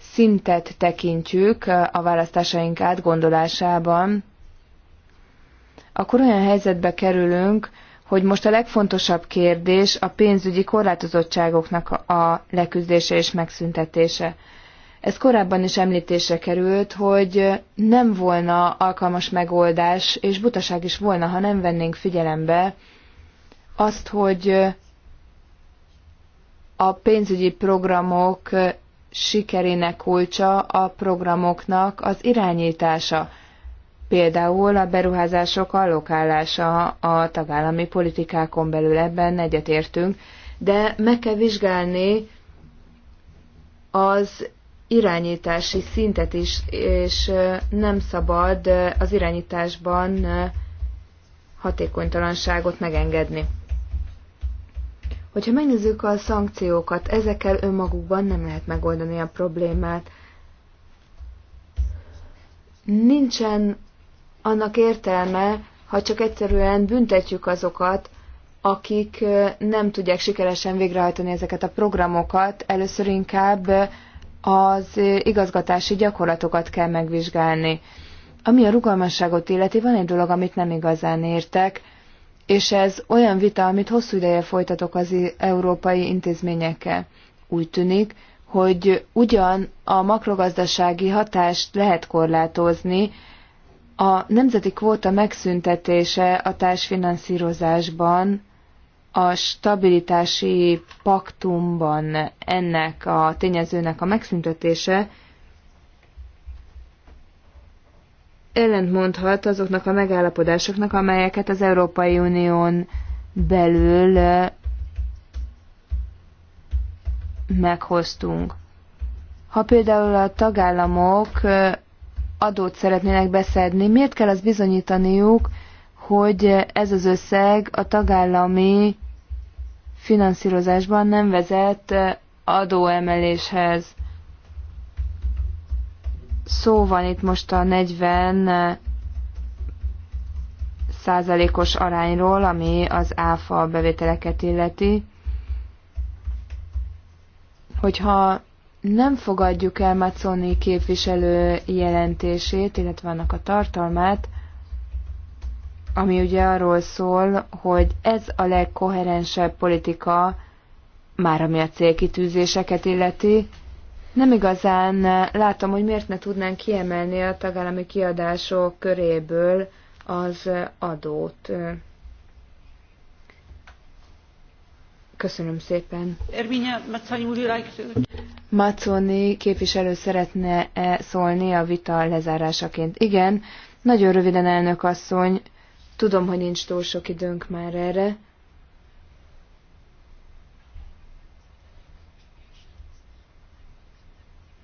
szintet tekintjük a választásaink átgondolásában, akkor olyan helyzetbe kerülünk, hogy most a legfontosabb kérdés a pénzügyi korlátozottságoknak a leküzdése és megszüntetése. Ez korábban is említésre került, hogy nem volna alkalmas megoldás, és butaság is volna, ha nem vennénk figyelembe azt, hogy a pénzügyi programok sikerének kulcsa a programoknak az irányítása. Például a beruházások allokálása a tagállami politikákon belül ebben egyetértünk, de meg kell vizsgálni az irányítási szintet is, és nem szabad az irányításban hatékonytalanságot megengedni. Hogyha megnézzük a szankciókat, ezekkel önmagukban nem lehet megoldani a problémát. Nincsen annak értelme, ha csak egyszerűen büntetjük azokat, akik nem tudják sikeresen végrehajtani ezeket a programokat, először inkább az igazgatási gyakorlatokat kell megvizsgálni. Ami a rugalmasságot illeti, van egy dolog, amit nem igazán értek, és ez olyan vita, amit hosszú ideje folytatok az európai intézményekkel. Úgy tűnik, hogy ugyan a makrogazdasági hatást lehet korlátozni, a nemzeti kvóta megszüntetése a társfinanszírozásban, a stabilitási paktumban ennek a tényezőnek a megszüntetése ellentmondhat azoknak a megállapodásoknak, amelyeket az Európai Unión belül meghoztunk. Ha például a tagállamok adót szeretnének beszedni. Miért kell az bizonyítaniuk, hogy ez az összeg a tagállami finanszírozásban nem vezet adóemeléshez? Szó van itt most a 40 százalékos arányról, ami az áfa bevételeket illeti. Hogyha nem fogadjuk el Maconi képviselő jelentését, illetve annak a tartalmát, ami ugye arról szól, hogy ez a legkoherensebb politika, már ami a célkitűzéseket illeti. Nem igazán látom, hogy miért ne tudnánk kiemelni a tagállami kiadások köréből az adót. Köszönöm szépen. Erminia képviselő szeretne -e szólni a vita lezárásaként? Igen, nagyon röviden elnök asszony, tudom, hogy nincs túl sok időnk már erre.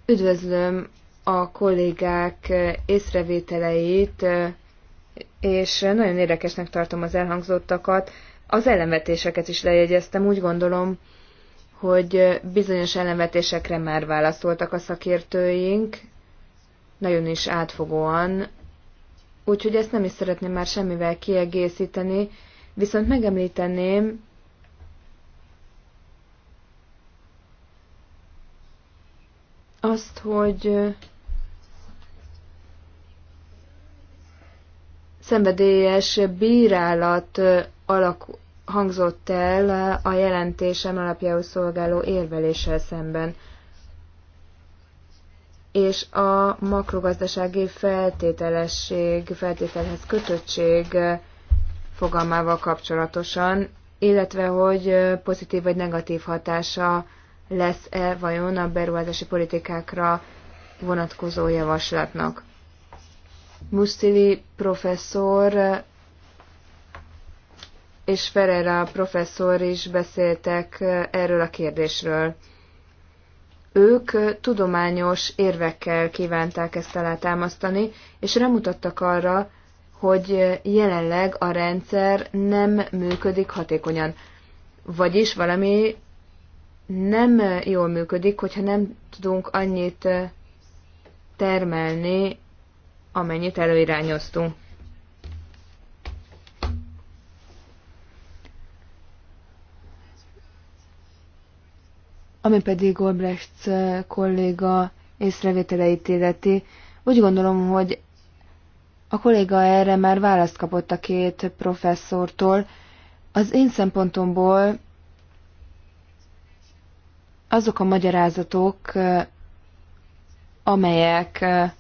Üdvözlöm a kollégák észrevételeit, és nagyon érdekesnek tartom az elhangzottakat. Az ellenvetéseket is lejegyeztem, úgy gondolom, hogy bizonyos ellenvetésekre már válaszoltak a szakértőink, nagyon is átfogóan, úgyhogy ezt nem is szeretném már semmivel kiegészíteni, viszont megemlíteném, azt, hogy szenvedélyes bírálat alakul, hangzott el a jelentésem alapjául szolgáló érveléssel szemben, és a makrogazdasági feltételesség, feltételhez kötöttség fogalmával kapcsolatosan, illetve hogy pozitív vagy negatív hatása lesz-e vajon a beruházási politikákra vonatkozó javaslatnak. Muszili professzor és Ferreira professzor is beszéltek erről a kérdésről. Ők tudományos érvekkel kívánták ezt alátámasztani, és remutattak arra, hogy jelenleg a rendszer nem működik hatékonyan. Vagyis valami nem jól működik, hogyha nem tudunk annyit termelni, amennyit előirányoztunk. Ami pedig Olbrecht eh, kolléga észrevételeit illeti, úgy gondolom, hogy a kolléga erre már választ kapott a két professzortól. Az én szempontomból azok a magyarázatok, eh, amelyek eh,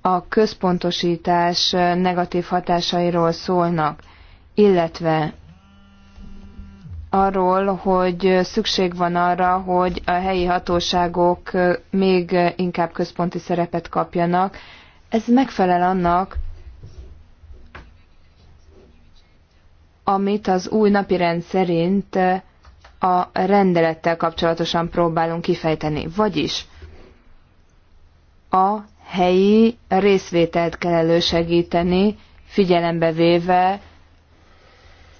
a központosítás negatív hatásairól szólnak, illetve arról, hogy szükség van arra, hogy a helyi hatóságok még inkább központi szerepet kapjanak. Ez megfelel annak, amit az új napirend szerint a rendelettel kapcsolatosan próbálunk kifejteni. Vagyis a helyi részvételt kell elősegíteni, figyelembe véve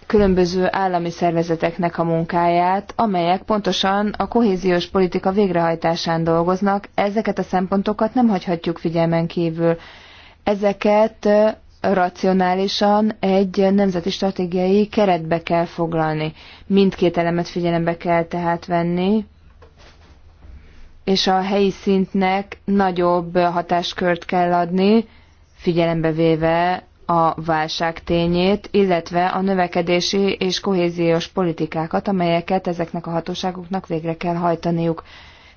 különböző állami szervezeteknek a munkáját, amelyek pontosan a kohéziós politika végrehajtásán dolgoznak. Ezeket a szempontokat nem hagyhatjuk figyelmen kívül. Ezeket racionálisan egy nemzeti stratégiai keretbe kell foglalni. Mindkét elemet figyelembe kell tehát venni, és a helyi szintnek nagyobb hatáskört kell adni, figyelembe véve a válság tényét, illetve a növekedési és kohéziós politikákat, amelyeket ezeknek a hatóságoknak végre kell hajtaniuk.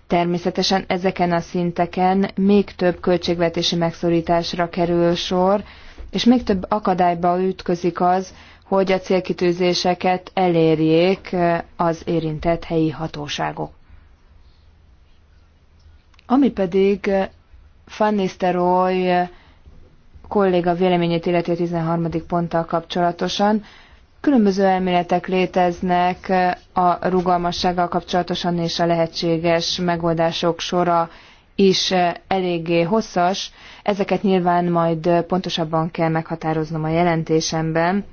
Természetesen ezeken a szinteken még több költségvetési megszorításra kerül sor, és még több akadályba ütközik az, hogy a célkitűzéseket elérjék az érintett helyi hatóságok. Ami pedig Fannisteroy kolléga véleményét illeti a 13. ponttal kapcsolatosan. Különböző elméletek léteznek a rugalmassággal kapcsolatosan, és a lehetséges megoldások sora is eléggé hosszas. Ezeket nyilván majd pontosabban kell meghatároznom a jelentésemben.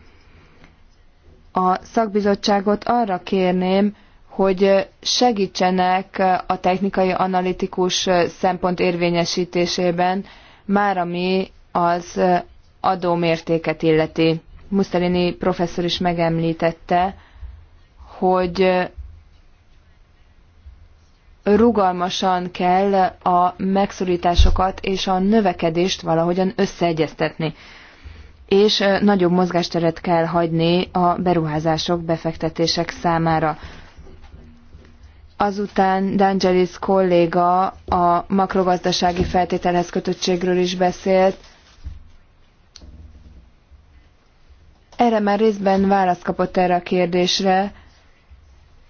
A szakbizottságot arra kérném, hogy segítsenek a technikai analitikus szempont érvényesítésében, már ami az mértéket illeti. Mussolini professzor is megemlítette, hogy rugalmasan kell a megszorításokat és a növekedést valahogyan összeegyeztetni. És nagyobb mozgásteret kell hagyni a beruházások, befektetések számára. Azután D'Angelis kolléga a makrogazdasági feltételhez kötöttségről is beszélt, Erre már részben választ kapott erre a kérdésre,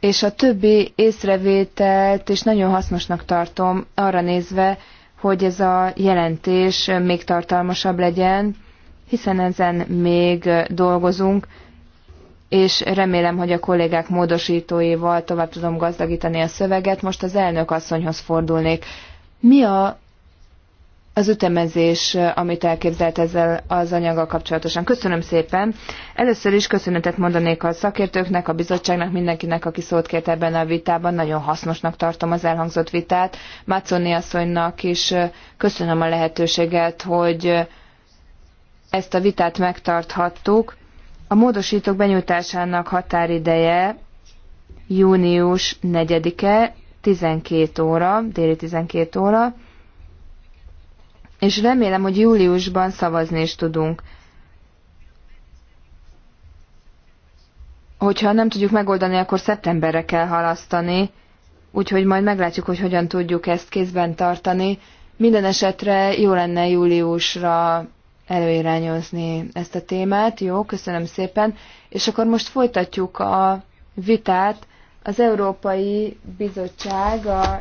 és a többi észrevételt is nagyon hasznosnak tartom arra nézve, hogy ez a jelentés még tartalmasabb legyen, hiszen ezen még dolgozunk, és remélem, hogy a kollégák módosítóival tovább tudom gazdagítani a szöveget. Most az elnök asszonyhoz fordulnék. Mi a az ütemezés, amit elképzelt ezzel az anyaggal kapcsolatosan. Köszönöm szépen. Először is köszönetet mondanék a szakértőknek, a bizottságnak, mindenkinek, aki szót kért ebben a vitában. Nagyon hasznosnak tartom az elhangzott vitát. Máconi asszonynak is köszönöm a lehetőséget, hogy ezt a vitát megtarthattuk. A módosítók benyújtásának határideje június 4-e, 12 óra, déli 12 óra és remélem, hogy júliusban szavazni is tudunk. Hogyha nem tudjuk megoldani, akkor szeptemberre kell halasztani, úgyhogy majd meglátjuk, hogy hogyan tudjuk ezt kézben tartani. Minden esetre jó lenne júliusra előirányozni ezt a témát. Jó, köszönöm szépen. És akkor most folytatjuk a vitát. Az Európai Bizottság a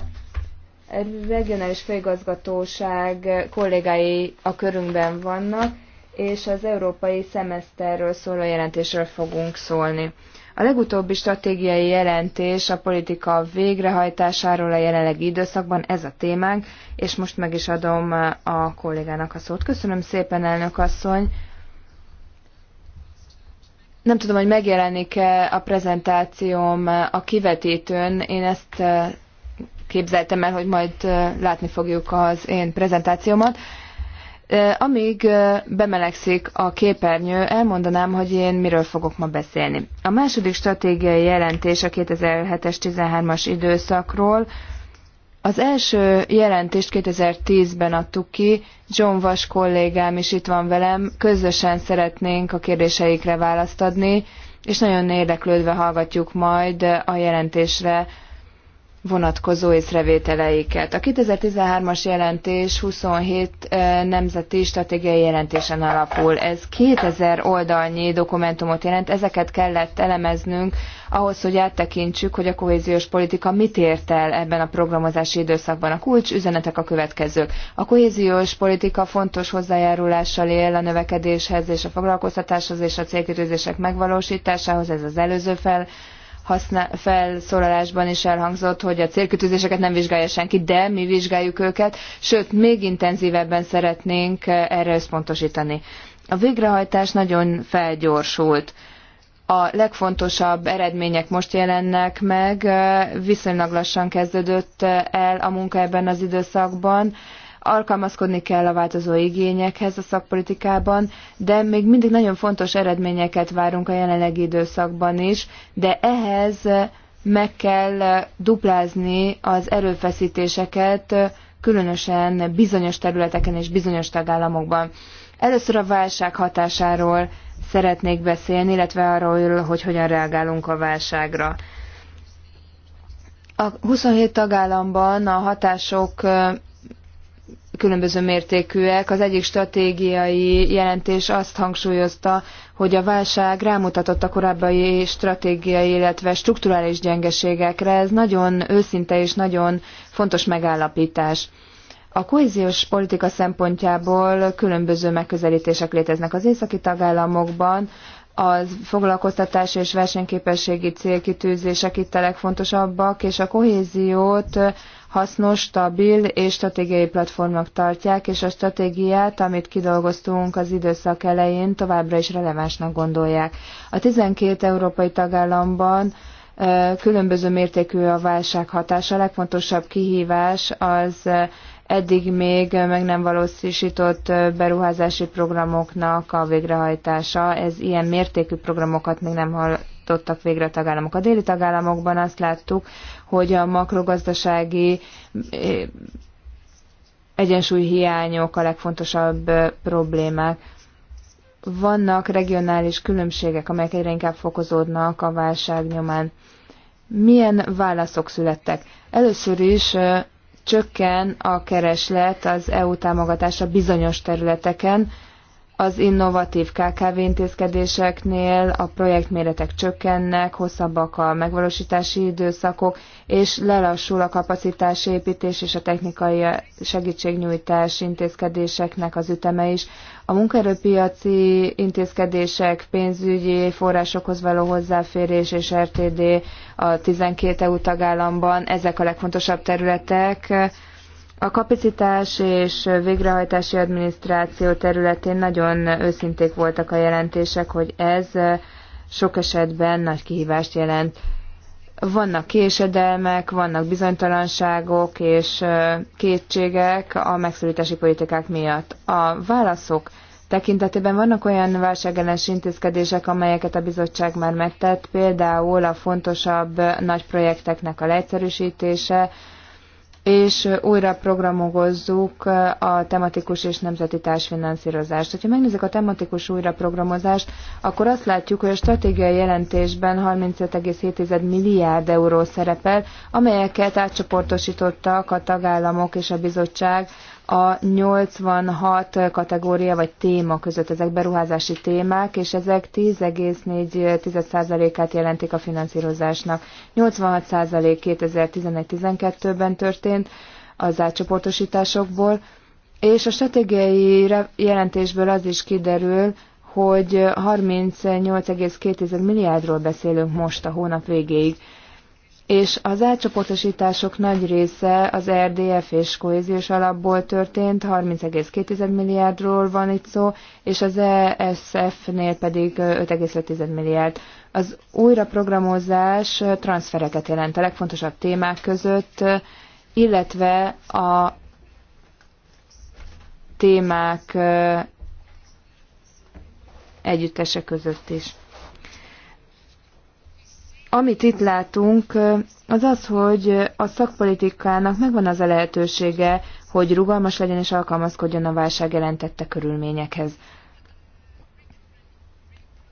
regionális főigazgatóság kollégái a körünkben vannak, és az európai szemeszterről szóló jelentésről fogunk szólni. A legutóbbi stratégiai jelentés a politika végrehajtásáról a jelenlegi időszakban ez a témánk, és most meg is adom a kollégának a szót. Köszönöm szépen, elnök asszony! Nem tudom, hogy megjelenik-e a prezentációm a kivetítőn, én ezt képzeltem el, hogy majd látni fogjuk az én prezentációmat. Amíg bemelegszik a képernyő, elmondanám, hogy én miről fogok ma beszélni. A második stratégiai jelentés a 2007-es 13-as időszakról. Az első jelentést 2010-ben adtuk ki, John Vas kollégám is itt van velem, közösen szeretnénk a kérdéseikre választ adni, és nagyon érdeklődve hallgatjuk majd a jelentésre vonatkozó észrevételeiket. A 2013-as jelentés 27 nemzeti stratégiai jelentésen alapul. Ez 2000 oldalnyi dokumentumot jelent, ezeket kellett elemeznünk ahhoz, hogy áttekintsük, hogy a kohéziós politika mit ért el ebben a programozási időszakban. A kulcs üzenetek a következők. A kohéziós politika fontos hozzájárulással él a növekedéshez és a foglalkoztatáshoz és a célkitűzések megvalósításához, ez az előző fel használ, felszólalásban is elhangzott, hogy a célkütőzéseket nem vizsgálja senki, de mi vizsgáljuk őket, sőt, még intenzívebben szeretnénk eh, erre összpontosítani. A végrehajtás nagyon felgyorsult a legfontosabb eredmények most jelennek meg, eh, viszonylag lassan kezdődött eh, el a munka ebben az időszakban, alkalmazkodni kell a változó igényekhez a szakpolitikában, de még mindig nagyon fontos eredményeket várunk a jelenlegi időszakban is, de ehhez meg kell duplázni az erőfeszítéseket, különösen bizonyos területeken és bizonyos tagállamokban. Először a válság hatásáról szeretnék beszélni, illetve arról, hogy hogyan reagálunk a válságra. A 27 tagállamban a hatások különböző mértékűek. Az egyik stratégiai jelentés azt hangsúlyozta, hogy a válság rámutatott a korábbi stratégiai, illetve strukturális gyengeségekre. Ez nagyon őszinte és nagyon fontos megállapítás. A kohéziós politika szempontjából különböző megközelítések léteznek az északi tagállamokban, a foglalkoztatás és versenyképességi célkitűzések itt a legfontosabbak, és a kohéziót hasznos, stabil és stratégiai platformnak tartják, és a stratégiát, amit kidolgoztunk az időszak elején, továbbra is relevánsnak gondolják. A 12 európai tagállamban különböző mértékű a válság hatása. A legfontosabb kihívás az eddig még meg nem valószínűsított beruházási programoknak a végrehajtása. Ez ilyen mértékű programokat még nem hallottak végre a tagállamok. A déli tagállamokban azt láttuk, hogy a makrogazdasági eh, hiányok a legfontosabb eh, problémák. Vannak regionális különbségek, amelyek egyre inkább fokozódnak a válság nyomán. Milyen válaszok születtek? Először is eh, csökken a kereslet az EU támogatása bizonyos területeken, az innovatív KKV intézkedéseknél a projektméretek csökkennek, hosszabbak a megvalósítási időszakok, és lelassul a kapacitásépítés és a technikai segítségnyújtás intézkedéseknek az üteme is. A munkaerőpiaci intézkedések, pénzügyi forrásokhoz való hozzáférés és RTD a 12 EU tagállamban, ezek a legfontosabb területek, a kapacitás és végrehajtási adminisztráció területén nagyon őszinték voltak a jelentések, hogy ez sok esetben nagy kihívást jelent. Vannak késedelmek, vannak bizonytalanságok és kétségek a megszorítási politikák miatt. A válaszok tekintetében vannak olyan válságellenes intézkedések, amelyeket a bizottság már megtett, például a fontosabb nagy projekteknek a leegyszerűsítése, és újra programozzuk a tematikus és nemzeti társfinanszírozást. Ha megnézzük a tematikus újraprogramozást, akkor azt látjuk, hogy a stratégiai jelentésben 35,7 milliárd euró szerepel, amelyeket átcsoportosítottak a tagállamok és a bizottság a 86 kategória vagy téma között ezek beruházási témák, és ezek 10,4%-át jelentik a finanszírozásnak. 86% 2011-12-ben történt az átcsoportosításokból, és a stratégiai jelentésből az is kiderül, hogy 38,2 milliárdról beszélünk most a hónap végéig és az átcsoportosítások nagy része az RDF és kohéziós alapból történt, 30,2 milliárdról van itt szó, és az ESF-nél pedig 5,5 milliárd. Az újraprogramozás transfereket jelent a legfontosabb témák között, illetve a témák együttese között is. Amit itt látunk, az az, hogy a szakpolitikának megvan az a lehetősége, hogy rugalmas legyen és alkalmazkodjon a válság jelentette körülményekhez.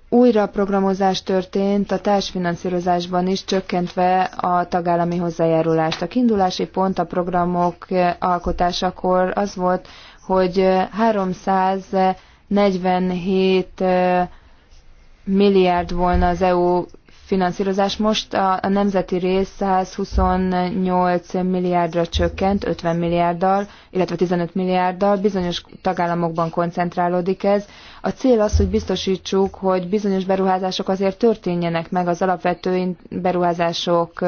Újra programozás történt a társfinanszírozásban is, csökkentve a tagállami hozzájárulást. A kiindulási pont a programok alkotásakor az volt, hogy 347 milliárd volna az EU finanszírozás. Most a, a nemzeti rész 128 milliárdra csökkent, 50 milliárddal, illetve 15 milliárddal. Bizonyos tagállamokban koncentrálódik ez. A cél az, hogy biztosítsuk, hogy bizonyos beruházások azért történjenek meg, az alapvető beruházások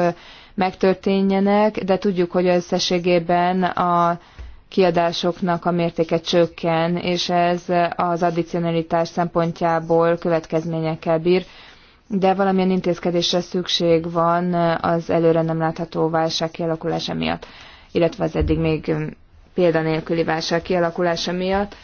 megtörténjenek, de tudjuk, hogy összességében a kiadásoknak a mértéke csökken, és ez az addicionalitás szempontjából következményekkel bír de valamilyen intézkedésre szükség van az előre nem látható válság kialakulása miatt, illetve az eddig még um, példanélküli válság kialakulása miatt.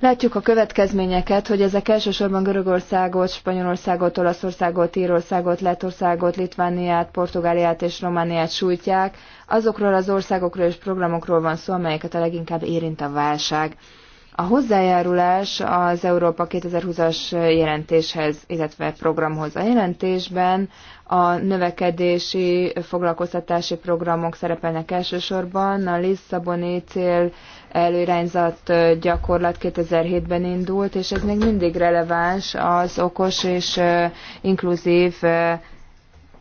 Látjuk a következményeket, hogy ezek elsősorban Görögországot, Spanyolországot, Olaszországot, Írországot, Lettországot, Litvániát, Portugáliát és Romániát sújtják. Azokról az országokról és programokról van szó, amelyeket a leginkább érint a válság a hozzájárulás az Európa 2020-as jelentéshez, illetve programhoz. A jelentésben a növekedési foglalkoztatási programok szerepelnek elsősorban. A Lisszaboni cél előirányzat gyakorlat 2007-ben indult, és ez még mindig releváns az okos és inkluzív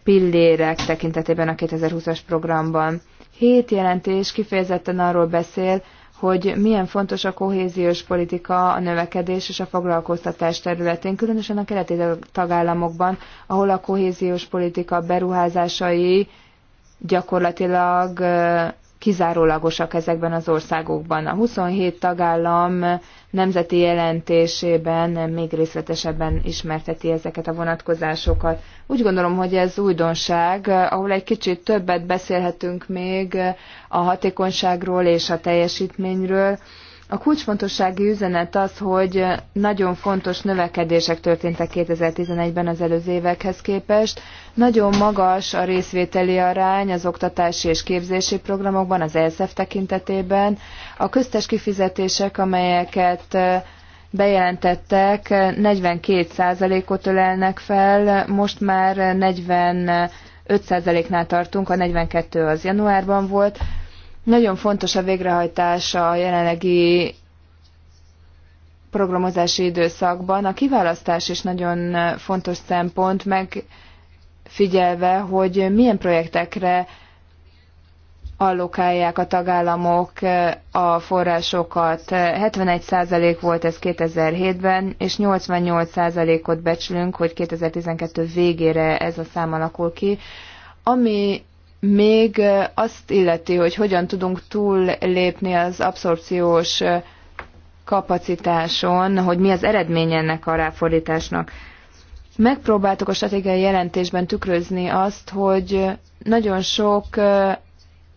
pillérek tekintetében a 2020-as programban. Hét jelentés kifejezetten arról beszél, hogy milyen fontos a kohéziós politika, a növekedés és a foglalkoztatás területén, különösen a keleti tagállamokban, ahol a kohéziós politika beruházásai gyakorlatilag kizárólagosak ezekben az országokban. A 27 tagállam nemzeti jelentésében még részletesebben ismerteti ezeket a vonatkozásokat. Úgy gondolom, hogy ez újdonság, ahol egy kicsit többet beszélhetünk még a hatékonyságról és a teljesítményről, a kulcsfontossági üzenet az, hogy nagyon fontos növekedések történtek 2011-ben az előző évekhez képest. Nagyon magas a részvételi arány az oktatási és képzési programokban, az ESF tekintetében. A köztes kifizetések, amelyeket bejelentettek, 42%-ot ölelnek fel, most már 45%-nál tartunk, a 42 az januárban volt nagyon fontos a végrehajtása a jelenlegi programozási időszakban. A kiválasztás is nagyon fontos szempont, megfigyelve, hogy milyen projektekre allokálják a tagállamok a forrásokat. 71% volt ez 2007-ben, és 88%-ot becsülünk, hogy 2012 végére ez a szám alakul ki, ami még azt illeti, hogy hogyan tudunk túllépni az abszorpciós kapacitáson, hogy mi az eredmény ennek a ráfordításnak. Megpróbáltuk a stratégiai jelentésben tükrözni azt, hogy nagyon sok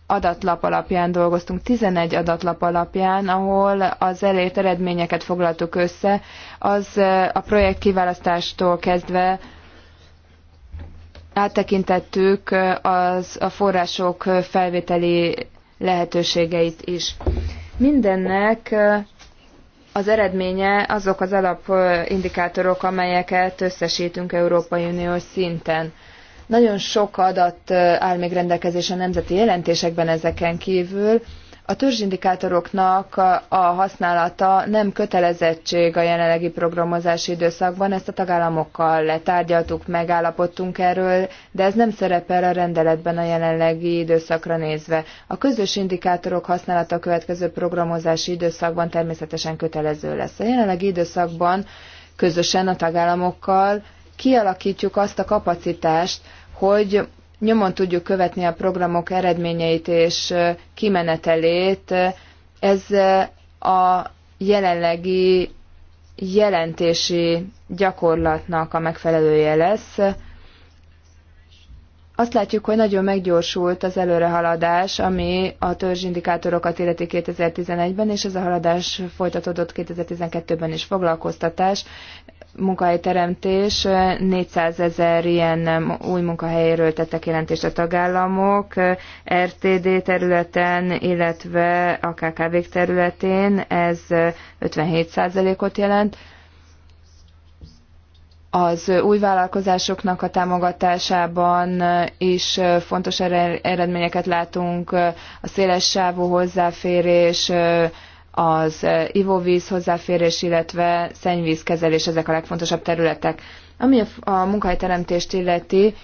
adatlap alapján dolgoztunk, 11 adatlap alapján, ahol az elért eredményeket foglaltuk össze, az a projekt kiválasztástól kezdve áttekintettük az, a források felvételi lehetőségeit is. Mindennek az eredménye azok az alapindikátorok, amelyeket összesítünk Európai Uniós szinten. Nagyon sok adat áll még rendelkezés a nemzeti jelentésekben ezeken kívül, a törzsindikátoroknak a használata nem kötelezettség a jelenlegi programozási időszakban, ezt a tagállamokkal letárgyaltuk, megállapodtunk erről, de ez nem szerepel a rendeletben a jelenlegi időszakra nézve. A közös indikátorok használata a következő programozási időszakban természetesen kötelező lesz. A jelenlegi időszakban közösen a tagállamokkal kialakítjuk azt a kapacitást, hogy nyomon tudjuk követni a programok eredményeit és kimenetelét. Ez a jelenlegi jelentési gyakorlatnak a megfelelője lesz. Azt látjuk, hogy nagyon meggyorsult az előrehaladás, ami a törzsindikátorokat illeti 2011-ben, és ez a haladás folytatódott 2012-ben is foglalkoztatás munkahelyteremtés, 400 ezer ilyen új munkahelyéről tettek jelentést a tagállamok, RTD területen, illetve a kkv területén ez 57 ot jelent. Az új vállalkozásoknak a támogatásában is fontos er- eredményeket látunk, a széles sávú hozzáférés, az eh, ivóvíz hozzáférés, illetve szennyvízkezelés, ezek a legfontosabb területek. Ami a munkahelyteremtést illeti,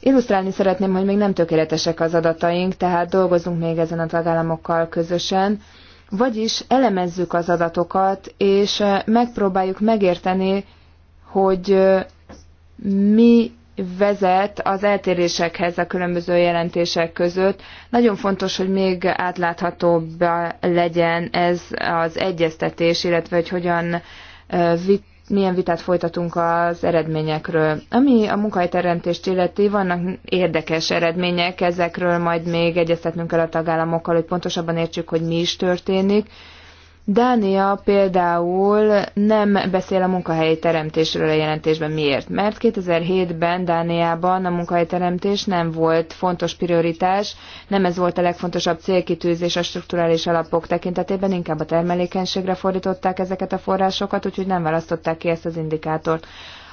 illusztrálni szeretném, hogy még nem tökéletesek az adataink, tehát dolgozunk még ezen a tagállamokkal közösen, vagyis elemezzük az adatokat, és eh, megpróbáljuk megérteni, hogy eh, mi vezet az eltérésekhez a különböző jelentések között. Nagyon fontos, hogy még átláthatóbb legyen ez az egyeztetés, illetve hogy hogyan vit, milyen vitát folytatunk az eredményekről. Ami a munkahelyteremtést illeti, vannak érdekes eredmények, ezekről majd még egyeztetnünk kell a tagállamokkal, hogy pontosabban értsük, hogy mi is történik Dánia például nem beszél a munkahelyi teremtésről a jelentésben. Miért? Mert 2007-ben Dániában a munkahelyi teremtés nem volt fontos prioritás, nem ez volt a legfontosabb célkitűzés a strukturális alapok tekintetében, inkább a termelékenységre fordították ezeket a forrásokat, úgyhogy nem választották ki ezt az indikátort.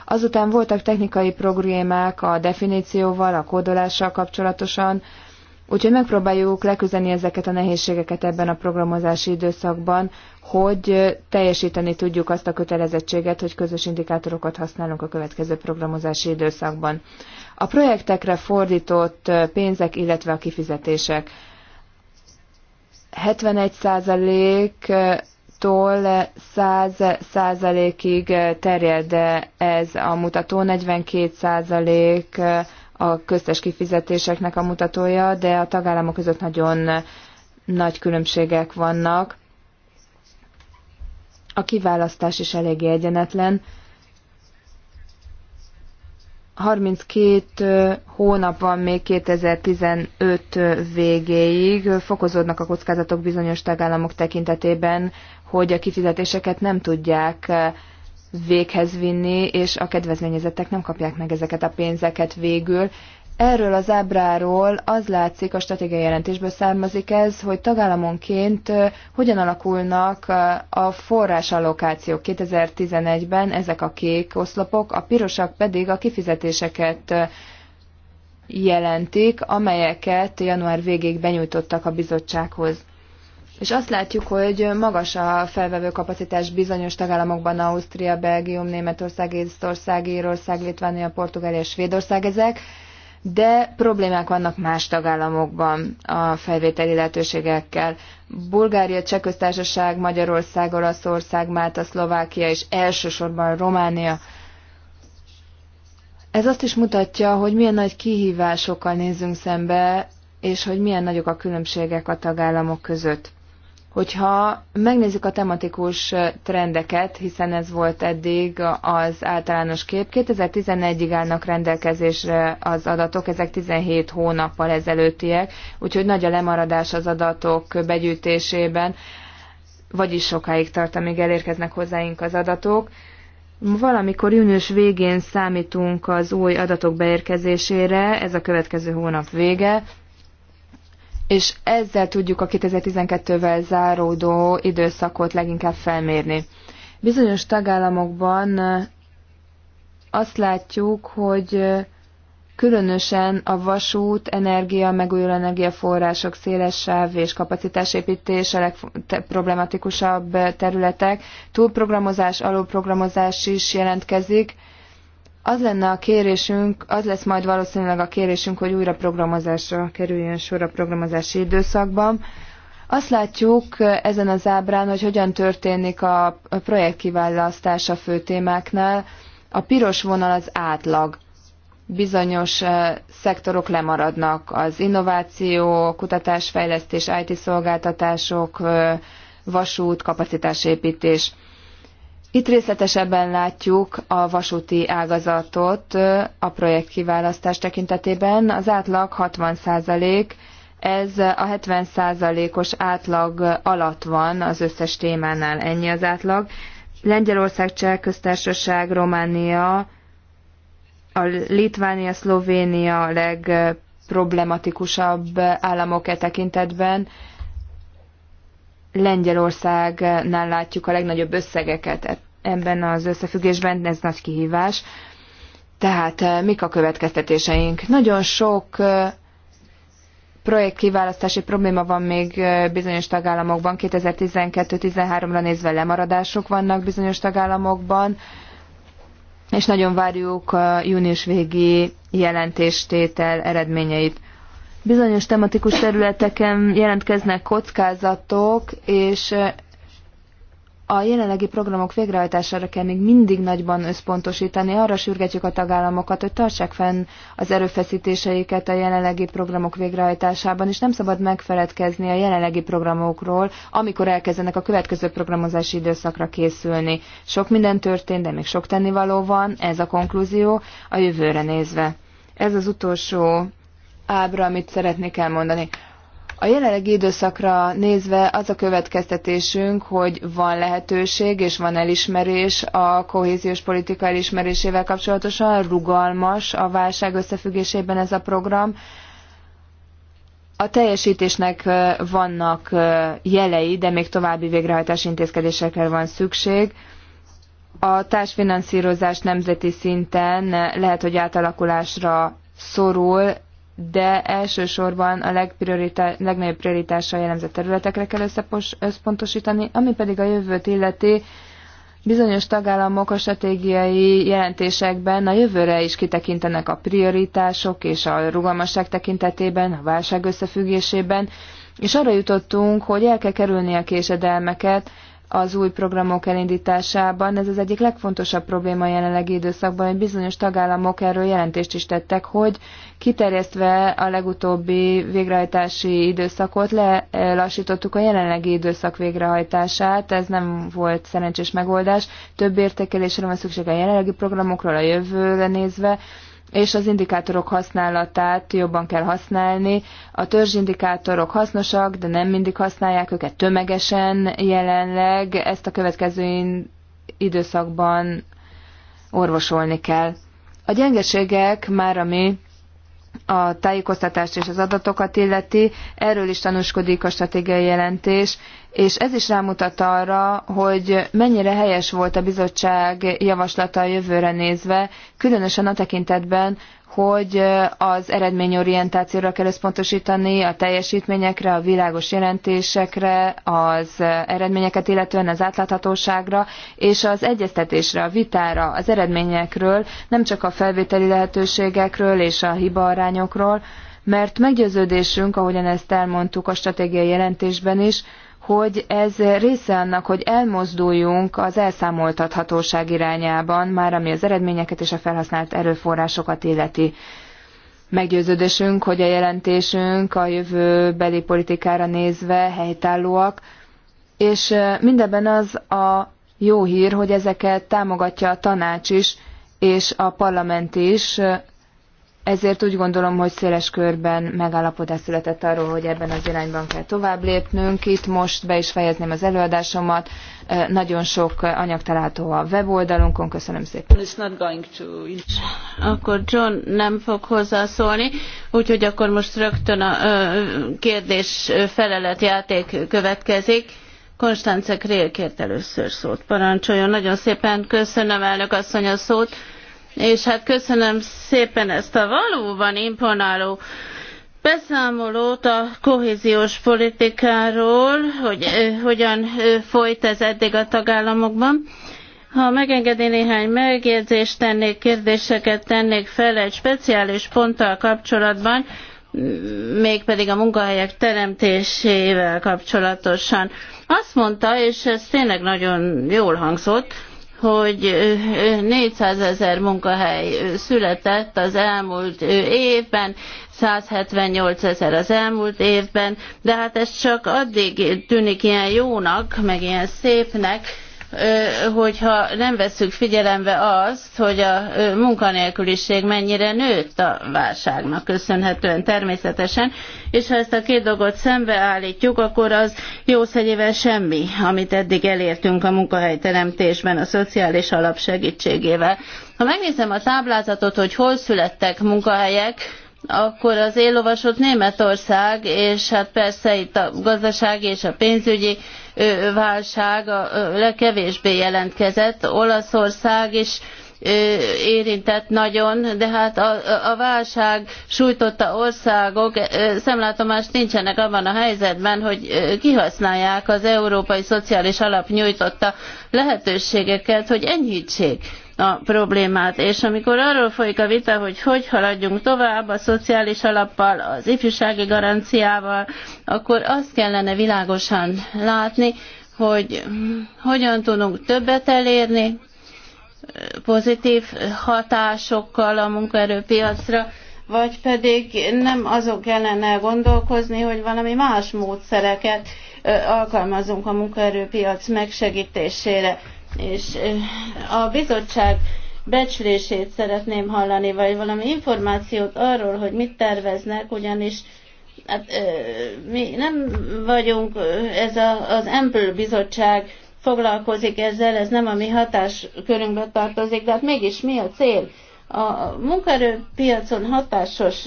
Azután voltak technikai problémák a definícióval, a kódolással kapcsolatosan, Úgyhogy megpróbáljuk leküzdeni ezeket a nehézségeket ebben a programozási időszakban, hogy teljesíteni tudjuk azt a kötelezettséget, hogy közös indikátorokat használunk a következő programozási időszakban. A projektekre fordított pénzek, illetve a kifizetések. 71%-tól 100%-ig terjed ez a mutató, 42% a köztes kifizetéseknek a mutatója, de a tagállamok között nagyon nagy különbségek vannak. A kiválasztás is eléggé egyenetlen. 32 hónap van még 2015 végéig, fokozódnak a kockázatok bizonyos tagállamok tekintetében, hogy a kifizetéseket nem tudják véghez vinni, és a kedvezményezettek nem kapják meg ezeket a pénzeket végül. Erről az ábráról az látszik, a stratégiai jelentésből származik ez, hogy tagállamonként hogyan alakulnak a forrásallokációk 2011-ben, ezek a kék oszlopok, a pirosak pedig a kifizetéseket jelentik, amelyeket január végéig benyújtottak a bizottsághoz. És azt látjuk, hogy magas a felvevő kapacitás bizonyos tagállamokban, Ausztria, Belgium, Németország, Észtország, Írország, Litvánia, Portugália és Svédország ezek, de problémák vannak más tagállamokban a felvételi lehetőségekkel. Bulgária, Csehköztársaság, Magyarország, Olaszország, Málta, Szlovákia és elsősorban Románia. Ez azt is mutatja, hogy milyen nagy kihívásokkal nézünk szembe, és hogy milyen nagyok a különbségek a tagállamok között. Hogyha megnézzük a tematikus trendeket, hiszen ez volt eddig az általános kép, 2011-ig állnak rendelkezésre az adatok, ezek 17 hónappal ezelőttiek, úgyhogy nagy a lemaradás az adatok begyűjtésében, vagyis sokáig tart, amíg elérkeznek hozzáink az adatok. Valamikor június végén számítunk az új adatok beérkezésére, ez a következő hónap vége, és ezzel tudjuk a 2012-vel záródó időszakot leginkább felmérni. Bizonyos tagállamokban azt látjuk, hogy különösen a vasút, energia, megújuló energiaforrások, széles sáv és kapacitásépítés a legproblematikusabb területek. Túlprogramozás, alulprogramozás is jelentkezik, az lenne a kérésünk, az lesz majd valószínűleg a kérésünk, hogy újra programozásra kerüljön sor a programozási időszakban. Azt látjuk ezen az ábrán, hogy hogyan történik a projektkiválasztás a fő témáknál. A piros vonal az átlag. Bizonyos eh, szektorok lemaradnak. Az innováció, kutatásfejlesztés, IT szolgáltatások, eh, vasút, kapacitásépítés. Itt részletesebben látjuk a vasúti ágazatot a projekt kiválasztás tekintetében. Az átlag 60 százalék, ez a 70 százalékos átlag alatt van az összes témánál, ennyi az átlag. Lengyelország, Cseh köztársaság, Románia, a Litvánia, Szlovénia a legproblematikusabb államok e tekintetben. Lengyelországnál látjuk a legnagyobb összegeket e- ebben az összefüggésben, ez nagy kihívás. Tehát e, mik a következtetéseink? Nagyon sok e, projektkiválasztási probléma van még bizonyos tagállamokban. 2012-13-ra nézve lemaradások vannak bizonyos tagállamokban, és nagyon várjuk a június végi jelentéstétel eredményeit bizonyos tematikus területeken jelentkeznek kockázatok, és a jelenlegi programok végrehajtására kell még mindig nagyban összpontosítani. Arra sürgetjük a tagállamokat, hogy tartsák fenn az erőfeszítéseiket a jelenlegi programok végrehajtásában, és nem szabad megfeledkezni a jelenlegi programokról, amikor elkezdenek a következő programozási időszakra készülni. Sok minden történt, de még sok tennivaló van, ez a konklúzió a jövőre nézve. Ez az utolsó ábra, amit szeretnék elmondani. A jelenlegi időszakra nézve az a következtetésünk, hogy van lehetőség és van elismerés a kohéziós politika elismerésével kapcsolatosan, rugalmas a válság összefüggésében ez a program. A teljesítésnek vannak jelei, de még további végrehajtási intézkedésekre van szükség. A társfinanszírozás nemzeti szinten lehet, hogy átalakulásra szorul, de elsősorban a legnagyobb prioritással jellemzett területekre kell összpontosítani, ami pedig a jövőt illeti, bizonyos tagállamok a stratégiai jelentésekben a jövőre is kitekintenek a prioritások és a rugalmasság tekintetében, a válság összefüggésében, és arra jutottunk, hogy el kell kerülni a késedelmeket, az új programok elindításában. Ez az egyik legfontosabb probléma a jelenlegi időszakban, hogy bizonyos tagállamok erről jelentést is tettek, hogy kiterjesztve a legutóbbi végrehajtási időszakot lelassítottuk a jelenlegi időszak végrehajtását. Ez nem volt szerencsés megoldás. Több értékelésre van szükség a jelenlegi programokról a jövőre nézve és az indikátorok használatát jobban kell használni. A törzsindikátorok hasznosak, de nem mindig használják őket tömegesen jelenleg. Ezt a következő időszakban orvosolni kell. A gyengeségek már ami a tájékoztatást és az adatokat illeti, erről is tanúskodik a stratégiai jelentés, és ez is rámutat arra, hogy mennyire helyes volt a bizottság javaslata a jövőre nézve, különösen a tekintetben, hogy az eredményorientációra kell összpontosítani, a teljesítményekre, a világos jelentésekre, az eredményeket illetően az átláthatóságra, és az egyeztetésre, a vitára, az eredményekről, nem csak a felvételi lehetőségekről és a hibaarányokról, mert meggyőződésünk, ahogyan ezt elmondtuk a stratégiai jelentésben is, hogy ez része annak, hogy elmozduljunk az elszámoltathatóság irányában, már ami az eredményeket és a felhasznált erőforrásokat illeti. Meggyőződésünk, hogy a jelentésünk a jövőbeli politikára nézve helytállóak, és mindebben az a jó hír, hogy ezeket támogatja a tanács is, és a parlament is ezért úgy gondolom, hogy széles körben megállapodás született arról, hogy ebben az irányban kell tovább lépnünk. Itt most be is fejezném az előadásomat. Nagyon sok anyag található a weboldalunkon. Köszönöm szépen. To... Akkor John nem fog hozzászólni, úgyhogy akkor most rögtön a kérdés-felelet játék következik. Konstance Krél kért először szót. Parancsoljon. Nagyon szépen köszönöm elnök asszony a szót és hát köszönöm szépen ezt a valóban imponáló beszámolót a kohéziós politikáról, hogy hogyan folyt ez eddig a tagállamokban. Ha megengedi néhány megjegyzést tennék, kérdéseket tennék fel egy speciális ponttal kapcsolatban, mégpedig a munkahelyek teremtésével kapcsolatosan. Azt mondta, és ez tényleg nagyon jól hangzott, hogy 400 ezer munkahely született az elmúlt évben, 178 ezer az elmúlt évben, de hát ez csak addig tűnik ilyen jónak, meg ilyen szépnek, hogyha nem vesszük figyelembe azt, hogy a munkanélküliség mennyire nőtt a válságnak köszönhetően természetesen, és ha ezt a két dolgot szembeállítjuk, akkor az szegyével semmi, amit eddig elértünk a munkahelyteremtésben a szociális alap segítségével. Ha megnézem a táblázatot, hogy hol születtek munkahelyek, akkor az élovasott Németország, és hát persze itt a gazdasági és a pénzügyi válság a legkevésbé jelentkezett. Olaszország is érintett nagyon, de hát a, a válság sújtotta országok szemlátomást nincsenek abban a helyzetben, hogy kihasználják az Európai Szociális Alap nyújtotta lehetőségeket, hogy enyhítsék a problémát. És amikor arról folyik a vita, hogy hogy haladjunk tovább a szociális alappal, az ifjúsági garanciával, akkor azt kellene világosan látni, hogy hogyan tudunk többet elérni pozitív hatásokkal a munkaerőpiacra, vagy pedig nem azon kellene gondolkozni, hogy valami más módszereket alkalmazunk a munkaerőpiac megsegítésére és a bizottság becslését szeretném hallani, vagy valami információt arról, hogy mit terveznek, ugyanis hát, mi nem vagyunk, ez a, az Ample bizottság foglalkozik ezzel, ez nem a mi hatáskörünkbe tartozik, de hát mégis mi a cél? A munkaerőpiacon hatásos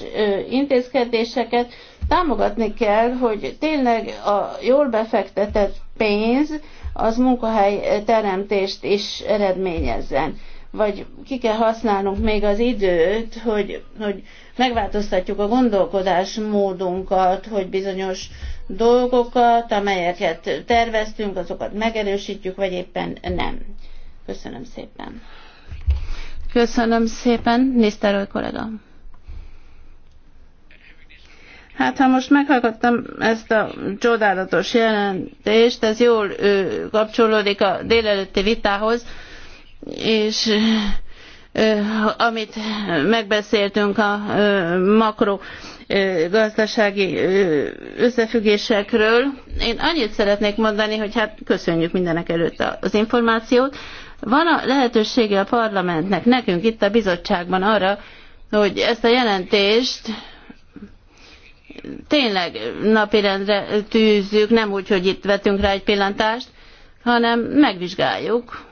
intézkedéseket támogatni kell, hogy tényleg a jól befektetett pénz az munkahely teremtést is eredményezzen. Vagy ki kell használnunk még az időt, hogy, hogy megváltoztatjuk a gondolkodásmódunkat, hogy bizonyos dolgokat, amelyeket terveztünk, azokat megerősítjük, vagy éppen nem. Köszönöm szépen. Köszönöm szépen, miniszter úr kollega. Hát ha most meghallgattam ezt a csodálatos jelentést, ez jól ő, kapcsolódik a délelőtti vitához, és ő, amit megbeszéltünk a ö, makro ö, gazdasági ö, összefüggésekről, én annyit szeretnék mondani, hogy hát köszönjük mindenek előtt az információt. Van a lehetősége a parlamentnek, nekünk itt a bizottságban arra, hogy ezt a jelentést tényleg napirendre tűzzük, nem úgy, hogy itt vetünk rá egy pillantást, hanem megvizsgáljuk.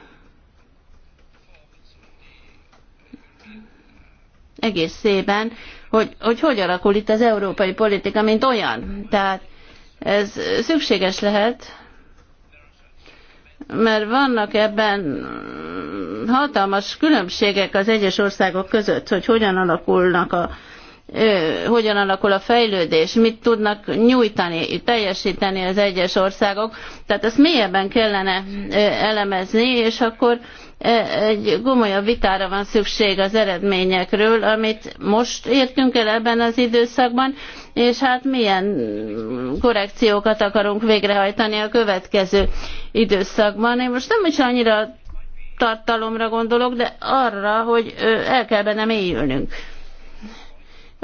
Egész szépen, hogy, hogy hogy alakul itt az európai politika, mint olyan. Tehát ez szükséges lehet, mert vannak ebben hatalmas különbségek az egyes országok között, hogy hogyan alakulnak a hogyan alakul a fejlődés, mit tudnak nyújtani, teljesíteni az egyes országok. Tehát ezt mélyebben kellene elemezni, és akkor egy gomolyabb vitára van szükség az eredményekről, amit most értünk el ebben az időszakban, és hát milyen korrekciókat akarunk végrehajtani a következő időszakban. Én most nem is annyira tartalomra gondolok, de arra, hogy el kell benne mélyülnünk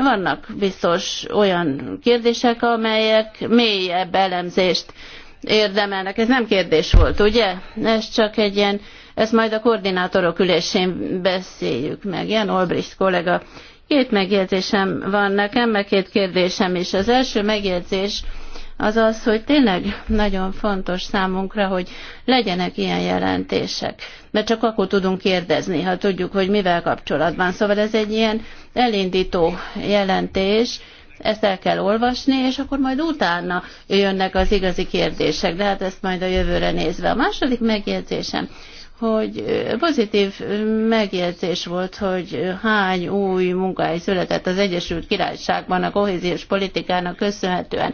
vannak biztos olyan kérdések, amelyek mélyebb elemzést érdemelnek. Ez nem kérdés volt, ugye? Ez csak egy ilyen, ezt majd a koordinátorok ülésén beszéljük meg. Jan Olbrich kollega, két megjegyzésem van nekem, meg két kérdésem is. Az első megjegyzés, az az, hogy tényleg nagyon fontos számunkra, hogy legyenek ilyen jelentések. Mert csak akkor tudunk kérdezni, ha tudjuk, hogy mivel kapcsolatban. Szóval ez egy ilyen elindító jelentés, ezt el kell olvasni, és akkor majd utána jönnek az igazi kérdések, de hát ezt majd a jövőre nézve. A második megjegyzésem, hogy pozitív megjegyzés volt, hogy hány új munkahely született az Egyesült Királyságban a kohéziós politikának köszönhetően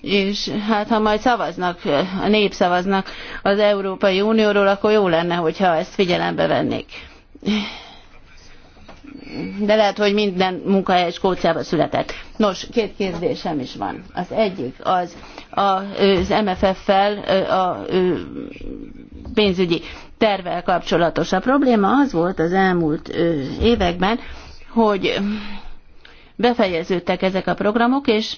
és hát ha majd szavaznak, a nép szavaznak az Európai Unióról, akkor jó lenne, hogyha ezt figyelembe vennék. De lehet, hogy minden munkahely Skóciába született. Nos, két kérdésem is van. Az egyik az az MFF-fel a pénzügyi tervel kapcsolatos. A probléma az volt az elmúlt években, hogy befejeződtek ezek a programok, és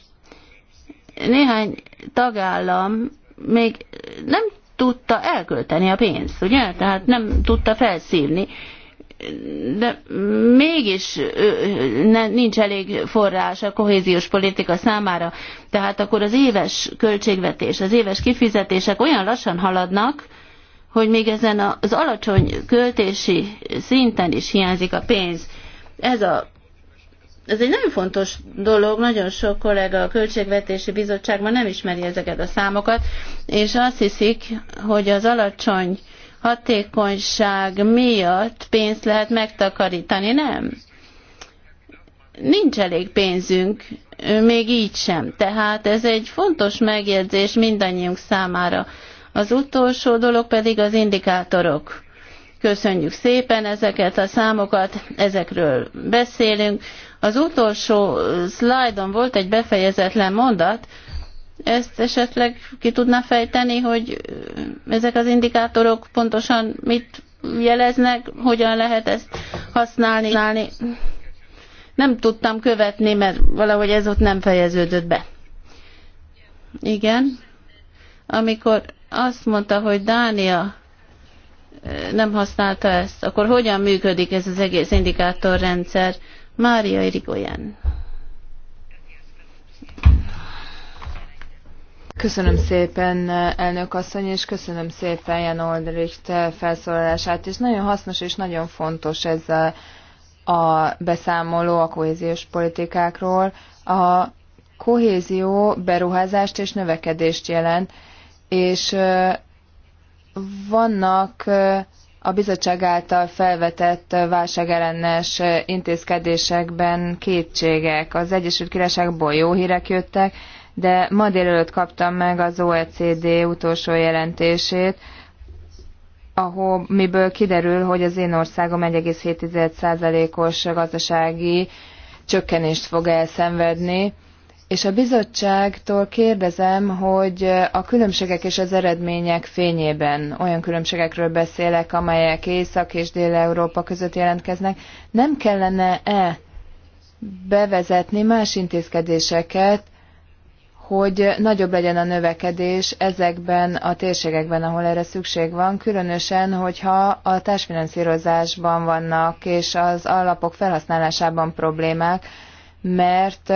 néhány tagállam még nem tudta elkölteni a pénzt, ugye? Tehát nem tudta felszívni. De mégis nincs elég forrás a kohéziós politika számára. Tehát akkor az éves költségvetés, az éves kifizetések olyan lassan haladnak, hogy még ezen az alacsony költési szinten is hiányzik a pénz. Ez a ez egy nagyon fontos dolog, nagyon sok kollega a Költségvetési Bizottságban nem ismeri ezeket a számokat, és azt hiszik, hogy az alacsony hatékonyság miatt pénzt lehet megtakarítani. Nem. Nincs elég pénzünk, még így sem. Tehát ez egy fontos megjegyzés mindannyiunk számára. Az utolsó dolog pedig az indikátorok. Köszönjük szépen ezeket a számokat, ezekről beszélünk az utolsó szlájdon volt egy befejezetlen mondat, ezt esetleg ki tudná fejteni, hogy ezek az indikátorok pontosan mit jeleznek, hogyan lehet ezt használni. Nem tudtam követni, mert valahogy ez ott nem fejeződött be. Igen. Amikor azt mondta, hogy Dánia nem használta ezt, akkor hogyan működik ez az egész indikátorrendszer? rendszer? Mária Irigoyen. Köszönöm szépen, elnök asszony, és köszönöm szépen Jan Oldricht felszólalását, és nagyon hasznos és nagyon fontos ez a, a beszámoló a kohéziós politikákról. A kohézió beruházást és növekedést jelent, és vannak a bizottság által felvetett válságellenes intézkedésekben kétségek. Az Egyesült Királyságból jó hírek jöttek, de ma délelőtt kaptam meg az OECD utolsó jelentését, ahol miből kiderül, hogy az én országom 1,7%-os gazdasági csökkenést fog elszenvedni. És a bizottságtól kérdezem, hogy a különbségek és az eredmények fényében olyan különbségekről beszélek, amelyek Észak és Dél-Európa között jelentkeznek, nem kellene-e bevezetni más intézkedéseket, hogy nagyobb legyen a növekedés ezekben a térségekben, ahol erre szükség van, különösen, hogyha a társfinanszírozásban vannak és az alapok felhasználásában problémák, mert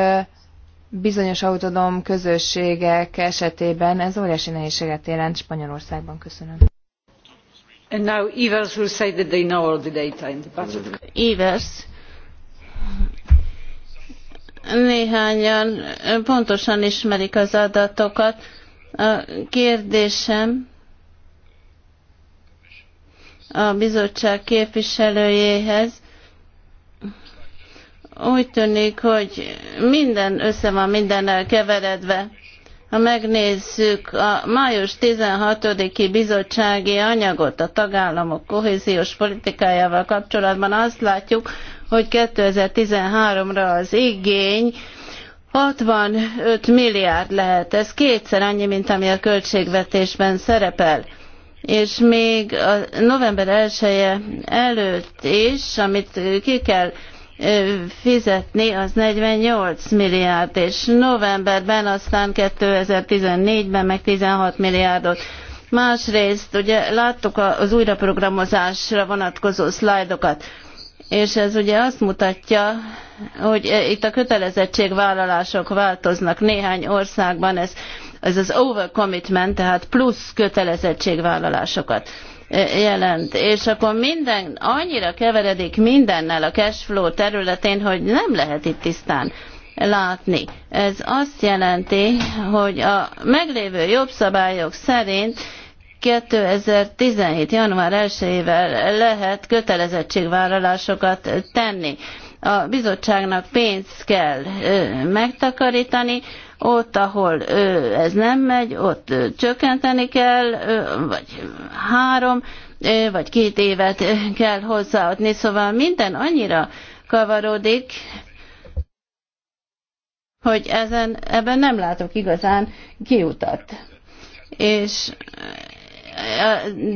bizonyos autonóm közösségek esetében ez óriási nehézséget jelent Spanyolországban. Köszönöm. And now Evers will say that they know all the data in the budget. Evers, néhányan pontosan ismerik az adatokat. A kérdésem a bizottság képviselőjéhez, úgy tűnik, hogy minden össze van mindennel keveredve. Ha megnézzük a május 16-i bizottsági anyagot a tagállamok kohéziós politikájával kapcsolatban, azt látjuk, hogy 2013-ra az igény 65 milliárd lehet. Ez kétszer annyi, mint ami a költségvetésben szerepel és még a november 1 -e előtt is, amit ki kell fizetni, az 48 milliárd, és novemberben, aztán 2014-ben meg 16 milliárdot. Másrészt, ugye láttuk az újraprogramozásra vonatkozó szlájdokat, és ez ugye azt mutatja, hogy e, itt a kötelezettségvállalások változnak. Néhány országban ez, ez az overcommitment, tehát plusz kötelezettségvállalásokat E, jelent. És akkor minden, annyira keveredik mindennel a cash flow területén, hogy nem lehet itt tisztán látni. Ez azt jelenti, hogy a meglévő jobb szabályok szerint 2017. január 1-ével lehet kötelezettségvállalásokat tenni. A bizottságnak pénzt kell e, megtakarítani, ott, ahol ez nem megy, ott csökkenteni kell, vagy három, vagy két évet kell hozzáadni, szóval minden annyira kavarodik, hogy ezen, ebben nem látok igazán kiutat. És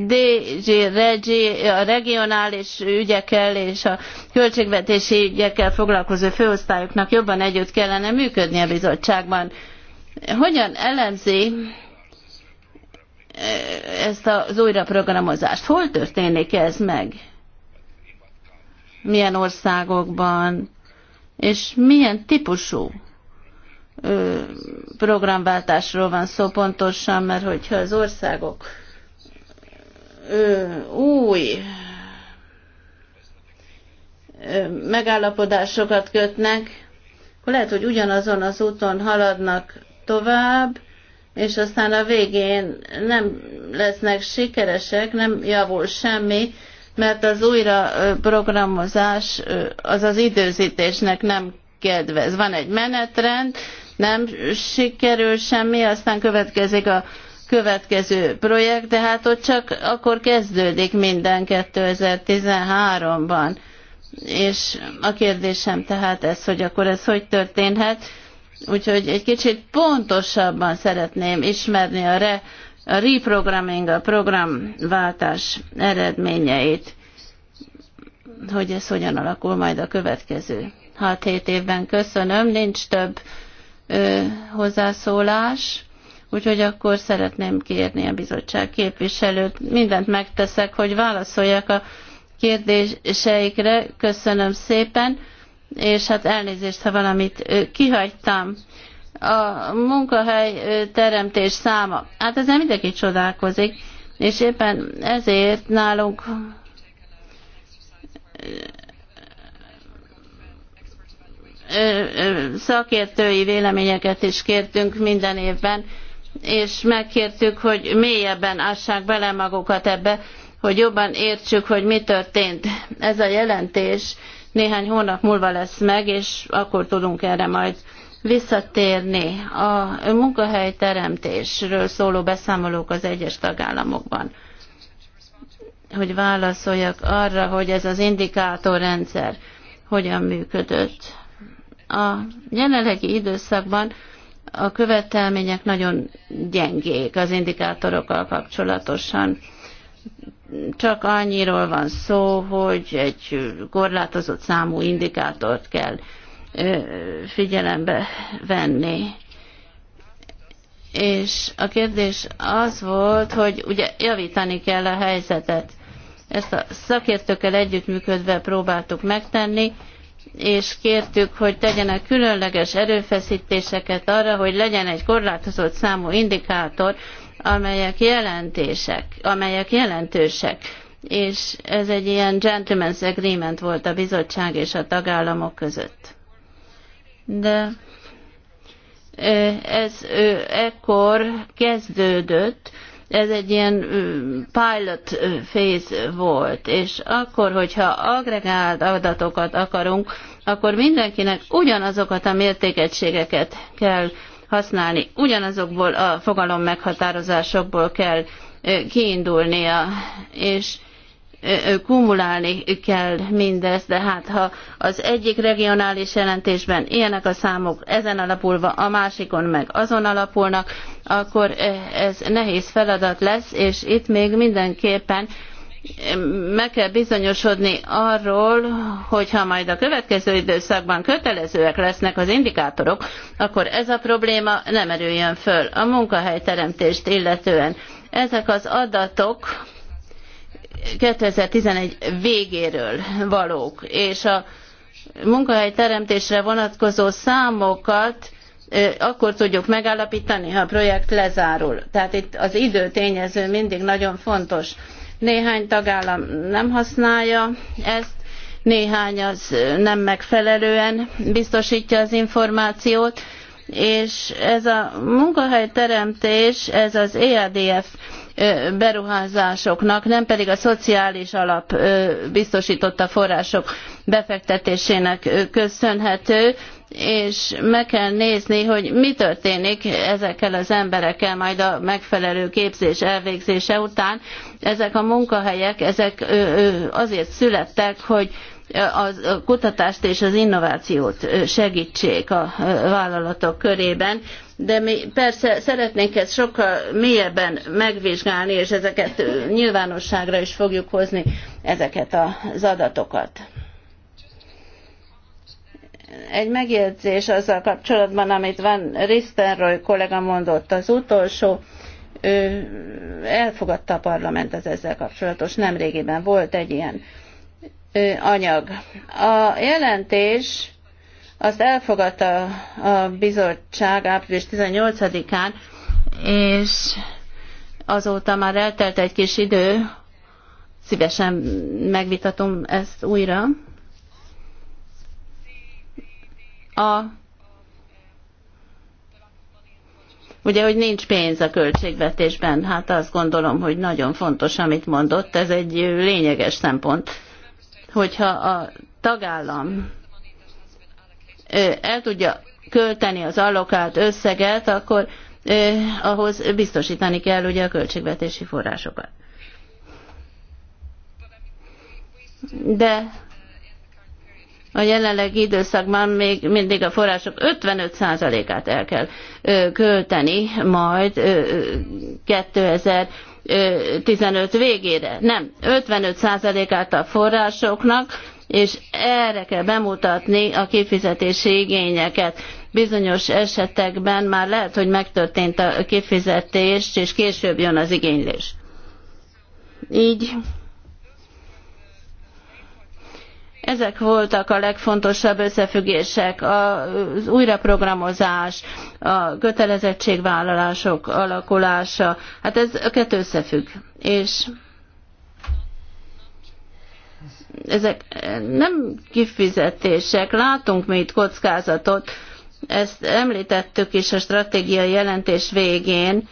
DG, regi, a regionális ügyekkel és a költségvetési ügyekkel foglalkozó főosztályoknak jobban együtt kellene működni a bizottságban. Hogyan elemzi e, ezt az újraprogramozást? Hol történik ez meg? Milyen országokban? És milyen típusú programváltásról van szó pontosan, mert hogyha az országok ö, új ö, megállapodásokat kötnek, akkor lehet, hogy ugyanazon az úton haladnak tovább, és aztán a végén nem lesznek sikeresek, nem javul semmi, mert az újra programozás az az időzítésnek nem kedvez. Van egy menetrend, nem sikerül semmi, aztán következik a következő projekt, de hát ott csak akkor kezdődik minden 2013-ban. És a kérdésem tehát ez, hogy akkor ez hogy történhet. Úgyhogy egy kicsit pontosabban szeretném ismerni a, re, a reprogramming, a programváltás eredményeit, hogy ez hogyan alakul majd a következő 6-7 évben. Köszönöm, nincs több ö, hozzászólás. Úgyhogy akkor szeretném kérni a bizottság képviselőt. Mindent megteszek, hogy válaszoljak a kérdéseikre. Köszönöm szépen, és hát elnézést, ha valamit kihagytam. A munkahely teremtés száma. Hát ezzel mindenki csodálkozik, és éppen ezért nálunk szakértői véleményeket is kértünk minden évben, és megkértük, hogy mélyebben ássák bele magukat ebbe, hogy jobban értsük, hogy mi történt. Ez a jelentés néhány hónap múlva lesz meg, és akkor tudunk erre majd visszatérni. A munkahelyteremtésről szóló beszámolók az egyes tagállamokban. Hogy válaszoljak arra, hogy ez az indikátorrendszer hogyan működött. A jelenlegi időszakban a követelmények nagyon gyengék az indikátorokkal kapcsolatosan. Csak annyiról van szó, hogy egy korlátozott számú indikátort kell figyelembe venni. És a kérdés az volt, hogy ugye javítani kell a helyzetet. Ezt a szakértőkkel együttműködve próbáltuk megtenni, és kértük, hogy tegyenek különleges erőfeszítéseket arra, hogy legyen egy korlátozott számú indikátor, amelyek jelentések, amelyek jelentősek. És ez egy ilyen gentleman's agreement volt a bizottság és a tagállamok között. De ez ekkor kezdődött, ez egy ilyen pilot phase volt, és akkor, hogyha agregált adatokat akarunk, akkor mindenkinek ugyanazokat a mértékegységeket kell használni, ugyanazokból a fogalom meghatározásokból kell kiindulnia, és kumulálni kell mindezt, de hát ha az egyik regionális jelentésben ilyenek a számok, ezen alapulva, a másikon meg azon alapulnak, akkor ez nehéz feladat lesz, és itt még mindenképpen meg kell bizonyosodni arról, hogy ha majd a következő időszakban kötelezőek lesznek az indikátorok, akkor ez a probléma nem erüljön föl a munkahelyteremtést illetően. Ezek az adatok 2011 végéről valók, és a munkahelyteremtésre vonatkozó számokat akkor tudjuk megállapítani, ha a projekt lezárul. Tehát itt az időtényező mindig nagyon fontos. Néhány tagállam nem használja ezt, néhány az nem megfelelően biztosítja az információt, és ez a munkahelyteremtés, ez az EADF beruházásoknak, nem pedig a szociális alap biztosította források befektetésének köszönhető és meg kell nézni, hogy mi történik ezekkel az emberekkel majd a megfelelő képzés elvégzése után. Ezek a munkahelyek, ezek azért születtek, hogy a kutatást és az innovációt segítsék a vállalatok körében, de mi persze szeretnénk ezt sokkal mélyebben megvizsgálni, és ezeket nyilvánosságra is fogjuk hozni ezeket az adatokat. Egy megjegyzés azzal kapcsolatban, amit Van Ristenroy kollega mondott, az utolsó elfogadta a parlament az ezzel kapcsolatos. Nemrégiben volt egy ilyen anyag. A jelentés azt elfogadta a bizottság április 18-án, és azóta már eltelt egy kis idő, szívesen megvitatom ezt újra. A Ugye, hogy nincs pénz a költségvetésben, hát azt gondolom, hogy nagyon fontos, amit mondott, ez egy lényeges szempont hogyha a tagállam el tudja költeni az allokált összeget, akkor ahhoz biztosítani kell ugye a költségvetési forrásokat. De a jelenlegi időszakban még mindig a források 55%-át el kell költeni majd 2000 15 végére. Nem, 55%-át a forrásoknak, és erre kell bemutatni a kifizetési igényeket. Bizonyos esetekben már lehet, hogy megtörtént a kifizetés, és később jön az igénylés. Így Ezek voltak a legfontosabb összefüggések, az újraprogramozás, a kötelezettségvállalások alakulása, hát ez a kettő összefügg. És ezek nem kifizetések, látunk mi itt kockázatot, ezt említettük is a stratégiai jelentés végén,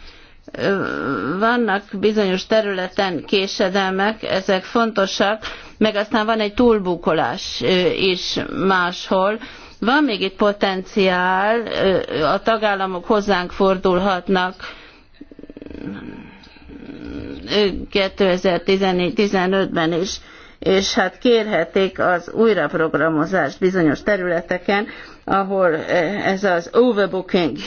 vannak bizonyos területen késedelmek, ezek fontosak, meg aztán van egy túlbukolás is máshol. Van még itt potenciál, a tagállamok hozzánk fordulhatnak 2014-15-ben is, és hát kérhetik az újraprogramozást bizonyos területeken, ahol ez az overbooking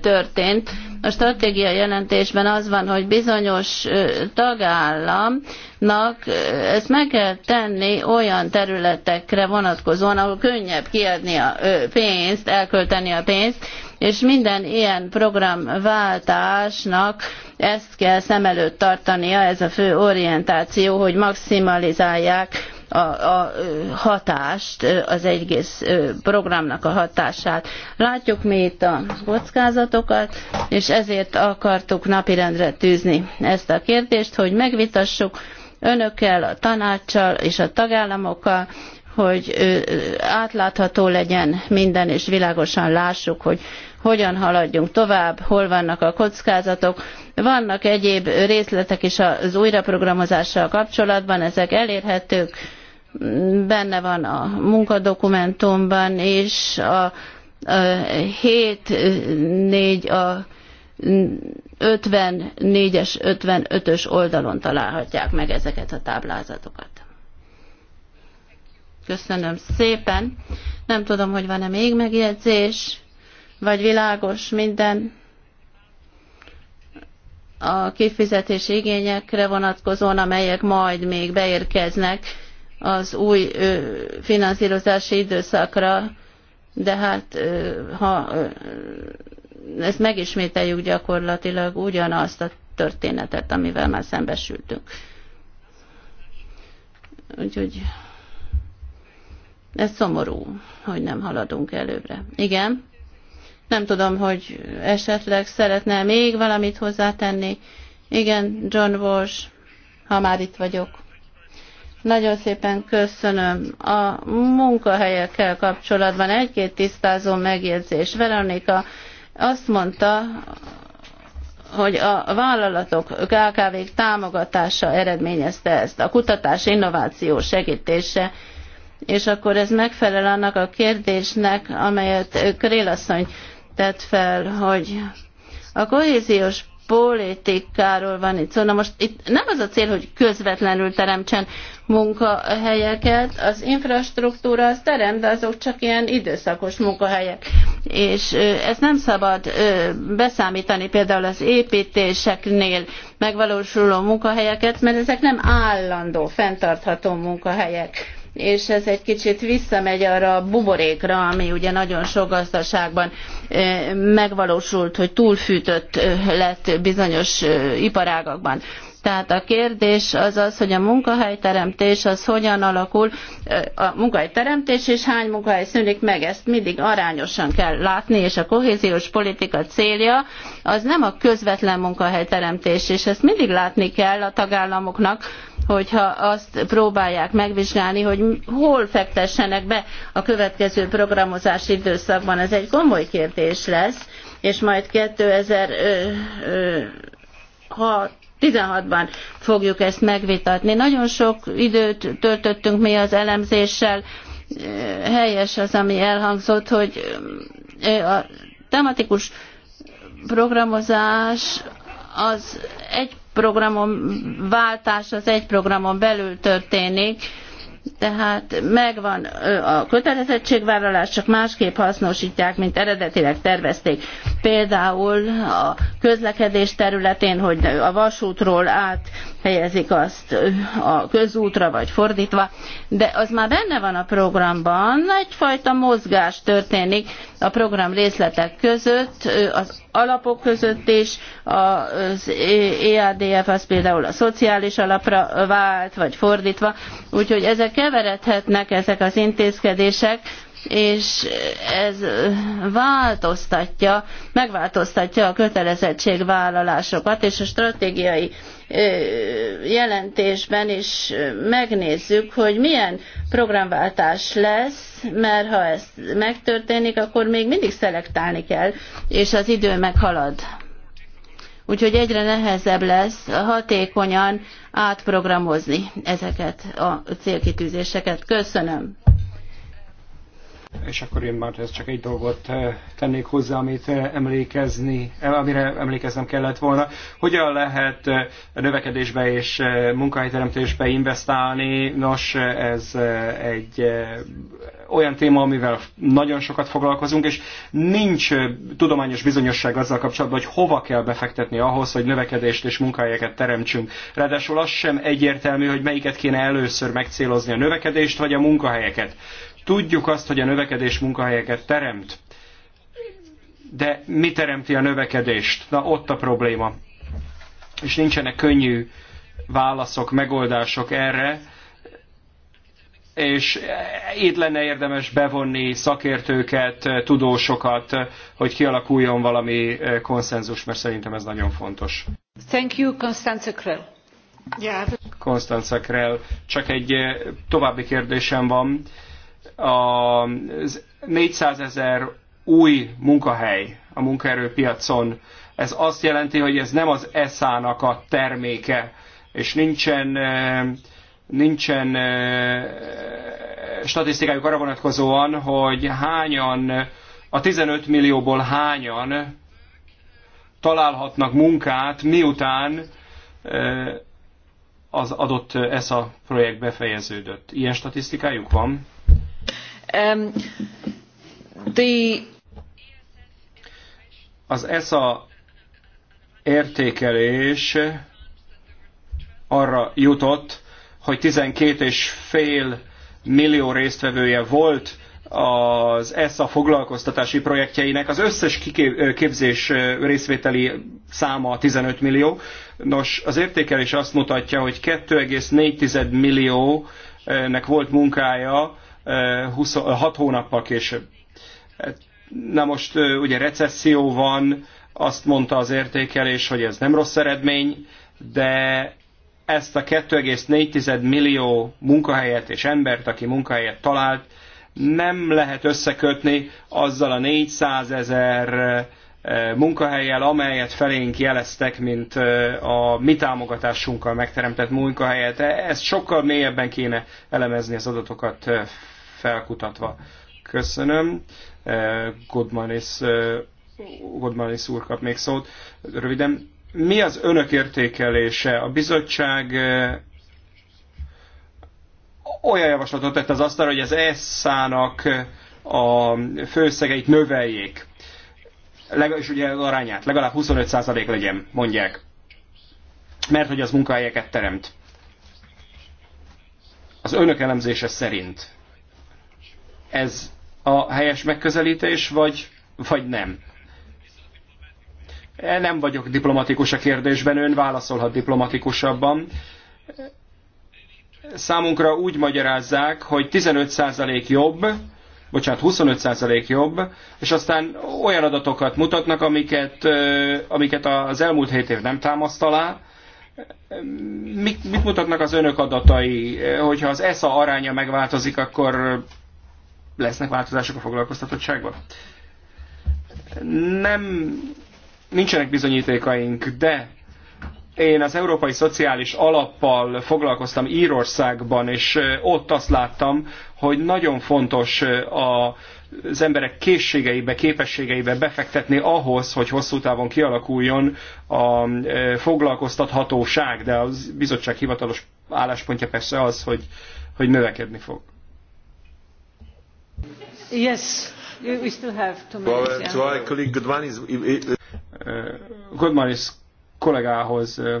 történt, a stratégia jelentésben az van, hogy bizonyos tagállamnak ezt meg kell tenni olyan területekre vonatkozóan, ahol könnyebb kiadni a pénzt, elkölteni a pénzt, és minden ilyen programváltásnak ezt kell szem előtt tartania, ez a fő orientáció, hogy maximalizálják a, a hatást, az egész programnak a hatását. Látjuk mi itt a kockázatokat, és ezért akartuk napirendre tűzni ezt a kérdést, hogy megvitassuk önökkel, a tanácssal és a tagállamokkal, hogy átlátható legyen minden, és világosan lássuk, hogy hogyan haladjunk tovább, hol vannak a kockázatok. Vannak egyéb részletek is az újraprogramozással kapcsolatban, ezek elérhetők benne van a munkadokumentumban, és a, a 7 4 a 54-es, 55-ös oldalon találhatják meg ezeket a táblázatokat. Köszönöm szépen. Nem tudom, hogy van-e még megjegyzés, vagy világos minden a kifizetési igényekre vonatkozóan, amelyek majd még beérkeznek az új finanszírozási időszakra, de hát ha ezt megismételjük gyakorlatilag ugyanazt a történetet, amivel már szembesültünk. Úgyhogy ez szomorú, hogy nem haladunk előbbre. Igen? Nem tudom, hogy esetleg szeretne még valamit hozzátenni. Igen, John Walsh, ha már itt vagyok. Nagyon szépen köszönöm. A munkahelyekkel kapcsolatban egy-két tisztázó megjegyzés. Veronika azt mondta, hogy a vállalatok, kkv támogatása eredményezte ezt, a kutatás innováció segítése, és akkor ez megfelel annak a kérdésnek, amelyet Krélasszony tett fel, hogy a kohéziós politikáról van itt szó. Szóval na most itt nem az a cél, hogy közvetlenül teremtsen munkahelyeket, az infrastruktúra az terem, de azok csak ilyen időszakos munkahelyek. És ez nem szabad beszámítani például az építéseknél megvalósuló munkahelyeket, mert ezek nem állandó, fenntartható munkahelyek és ez egy kicsit visszamegy arra a buborékra, ami ugye nagyon sok gazdaságban eh, megvalósult, hogy túlfűtött eh, lett bizonyos eh, iparágakban. Tehát a kérdés az az, hogy a munkahelyteremtés az hogyan alakul, a munkahelyteremtés és hány munkahely szűnik meg, ezt mindig arányosan kell látni, és a kohéziós politika célja az nem a közvetlen munkahelyteremtés, és ezt mindig látni kell a tagállamoknak, hogyha azt próbálják megvizsgálni, hogy hol fektessenek be a következő programozási időszakban. Ez egy komoly kérdés lesz, és majd 2006 16-ban fogjuk ezt megvitatni. Nagyon sok időt töltöttünk mi az elemzéssel, helyes az, ami elhangzott, hogy a tematikus programozás az egy programon váltás az egy programon belül történik, tehát megvan a kötelezettségvállalás, csak másképp hasznosítják, mint eredetileg tervezték. Például a közlekedés területén, hogy a vasútról át helyezik azt a közútra, vagy fordítva, de az már benne van a programban, egyfajta mozgás történik a program részletek között, az alapok között is, az EADF e az például a szociális alapra vált, vagy fordítva, úgyhogy ezek keveredhetnek ezek az intézkedések, és ez változtatja, megváltoztatja a kötelezettségvállalásokat és a stratégiai jelentésben is megnézzük, hogy milyen programváltás lesz, mert ha ez megtörténik, akkor még mindig szelektálni kell, és az idő meghalad. Úgyhogy egyre nehezebb lesz hatékonyan átprogramozni ezeket a célkitűzéseket. Köszönöm. És akkor én már ez csak egy dolgot eh, tennék hozzá, amit eh, emlékezni, eh, amire emlékeznem kellett volna. Hogyan lehet növekedésbe és munkahelyteremtésbe investálni? Nos, ez egy olyan téma, amivel nagyon sokat foglalkozunk, és nincs tudományos bizonyosság azzal kapcsolatban, hogy hova kell befektetni ahhoz, hogy növekedést és munkahelyeket teremtsünk. Ráadásul az sem egyértelmű, hogy melyiket kéne először megcélozni, a növekedést vagy a munkahelyeket. Tudjuk azt, hogy a növekedés munkahelyeket teremt, de mi teremti a növekedést? Na, ott a probléma. És nincsenek könnyű válaszok, megoldások erre, és itt lenne érdemes bevonni szakértőket, tudósokat, hogy kialakuljon valami eh, konszenzus, mert szerintem ez nagyon fontos. Thank you, Constanze Krell. Yeah. Constanze Krell. Csak egy eh, további kérdésem van a 400 ezer új munkahely a munkaerőpiacon. Ez azt jelenti, hogy ez nem az ESZÁ-nak a terméke, és nincsen, nincsen statisztikájuk arra vonatkozóan, hogy hányan, a 15 millióból hányan találhatnak munkát, miután az adott ESZA projekt befejeződött. Ilyen statisztikájuk van? Az ESA értékelés arra jutott, hogy 12 és fél millió résztvevője volt az ESA foglalkoztatási projektjeinek az összes képzés részvételi száma 15 millió. Nos, az értékelés azt mutatja, hogy 2,4 millió nek volt munkája 6 hónappal később. Na most ugye recesszió van, azt mondta az értékelés, hogy ez nem rossz eredmény, de ezt a 2,4 millió munkahelyet és embert, aki munkahelyet talált, nem lehet összekötni azzal a 400 ezer munkahelyel, amelyet felénk jeleztek, mint a mi támogatásunkkal megteremtett munkahelyet. Ezt sokkal mélyebben kéne elemezni az adatokat felkutatva. Köszönöm. Eh, Godmanis, eh, Godmanis úr kap még szót. Röviden, mi az önök értékelése? A bizottság eh, olyan javaslatot tett az asztalra, hogy az esz ának a főszegeit növeljék. És ugye az arányát legalább 25% legyen, mondják. Mert hogy az munkahelyeket teremt. Az önök elemzése szerint ez a helyes megközelítés, vagy, vagy nem? E, nem vagyok diplomatikus a kérdésben, ön válaszolhat diplomatikusabban. Számunkra úgy magyarázzák, hogy 15% jobb, bocsánat, 25% jobb, és aztán olyan adatokat mutatnak, amiket, amiket az elmúlt 7 év nem támaszt alá. Mit, mit mutatnak az önök adatai? Hogyha az ESA aránya megváltozik, akkor lesznek változások a foglalkoztatottságban? Nem, nincsenek bizonyítékaink, de én az Európai Szociális Alappal foglalkoztam Írországban, és ott azt láttam, hogy nagyon fontos a az emberek készségeibe, képességeibe befektetni ahhoz, hogy hosszú távon kialakuljon a foglalkoztathatóság, de a bizottság hivatalos álláspontja persze az, hogy, hogy növekedni fog. Yes, we still have two minutes. Well, yeah. colleague Goodman is... Uh, Goodman is kollégához uh,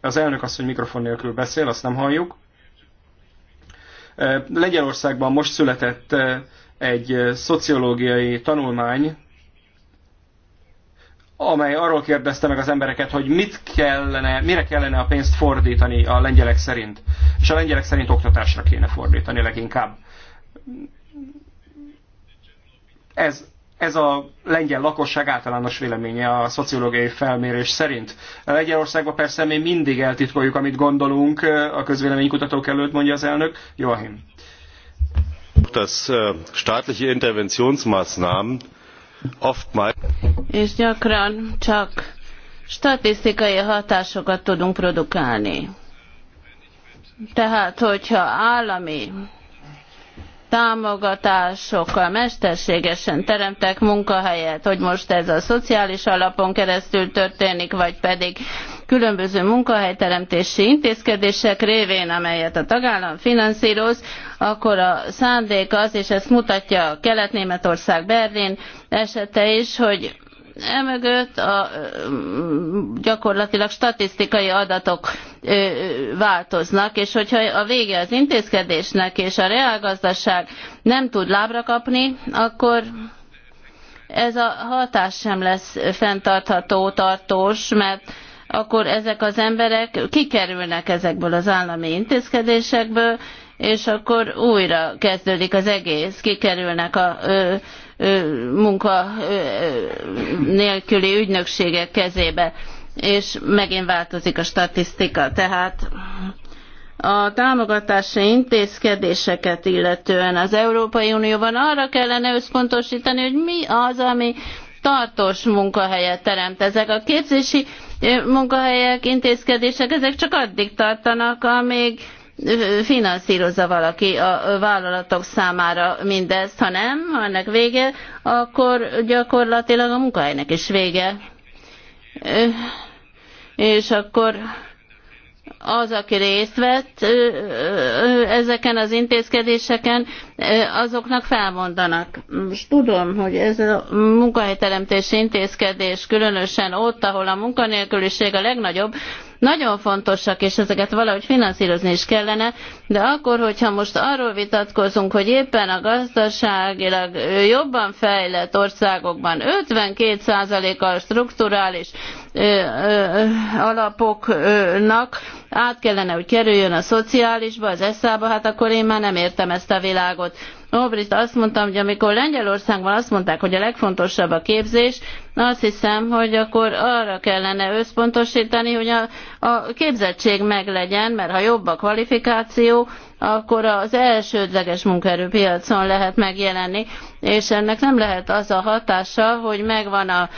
az elnök azt, hogy mikrofon nélkül beszél, azt nem halljuk. Uh, Lengyelországban most született egy szociológiai tanulmány, amely arról kérdezte meg az embereket, hogy mit kellene, mire kellene a pénzt fordítani a lengyelek szerint. És a lengyelek szerint oktatásra kéne fordítani leginkább. Ez, ez a lengyel lakosság általános véleménye a szociológiai felmérés szerint. Lengyelországban persze mi mindig eltitkoljuk, amit gondolunk a közvéleménykutatók előtt, mondja az elnök. Joachim. Das äh, staatliche Interventionsmaßnahmen oftmals és gyakran csak statisztikai hatásokat tudunk produkálni. Tehát, hogyha állami támogatásokkal mesterségesen teremtek munkahelyet, hogy most ez a szociális alapon keresztül történik, vagy pedig különböző munkahelyteremtési intézkedések révén, amelyet a tagállam finanszíroz, akkor a szándék az, és ezt mutatja Kelet-Németország Berlin esete is, hogy emögött a gyakorlatilag statisztikai adatok változnak, és hogyha a vége az intézkedésnek, és a reálgazdaság nem tud lábra kapni, akkor ez a hatás sem lesz fenntartható, tartós, mert akkor ezek az emberek kikerülnek ezekből az állami intézkedésekből, és akkor újra kezdődik az egész, kikerülnek a munka nélküli ügynökségek kezébe, és megint változik a statisztika. Tehát a támogatási intézkedéseket illetően az Európai Unióban arra kellene összpontosítani, hogy mi az, ami tartós munkahelyet teremt. Ezek a képzési munkahelyek, intézkedések, ezek csak addig tartanak, amíg finanszírozza valaki a vállalatok számára mindezt, ha nem, ha ennek vége, akkor gyakorlatilag a munkahelynek is vége. És akkor az, aki részt vett ezeken az intézkedéseken, azoknak felmondanak. Most tudom, hogy ez a munkahelyteremtési intézkedés, különösen ott, ahol a munkanélküliség a legnagyobb, nagyon fontosak, és ezeket valahogy finanszírozni is kellene, de akkor, hogyha most arról vitatkozunk, hogy éppen a gazdaságilag jobban fejlett országokban 52%-a a strukturális alapoknak át kellene, hogy kerüljön a szociálisba, az esszába, hát akkor én már nem értem ezt a világot. Obrit azt mondtam, hogy amikor Lengyelországban azt mondták, hogy a legfontosabb a képzés, azt hiszem, hogy akkor arra kellene összpontosítani, hogy a, a képzettség meglegyen, mert ha jobb a kvalifikáció, akkor az elsődleges munkaerőpiacon lehet megjelenni, és ennek nem lehet az a hatása, hogy megvan a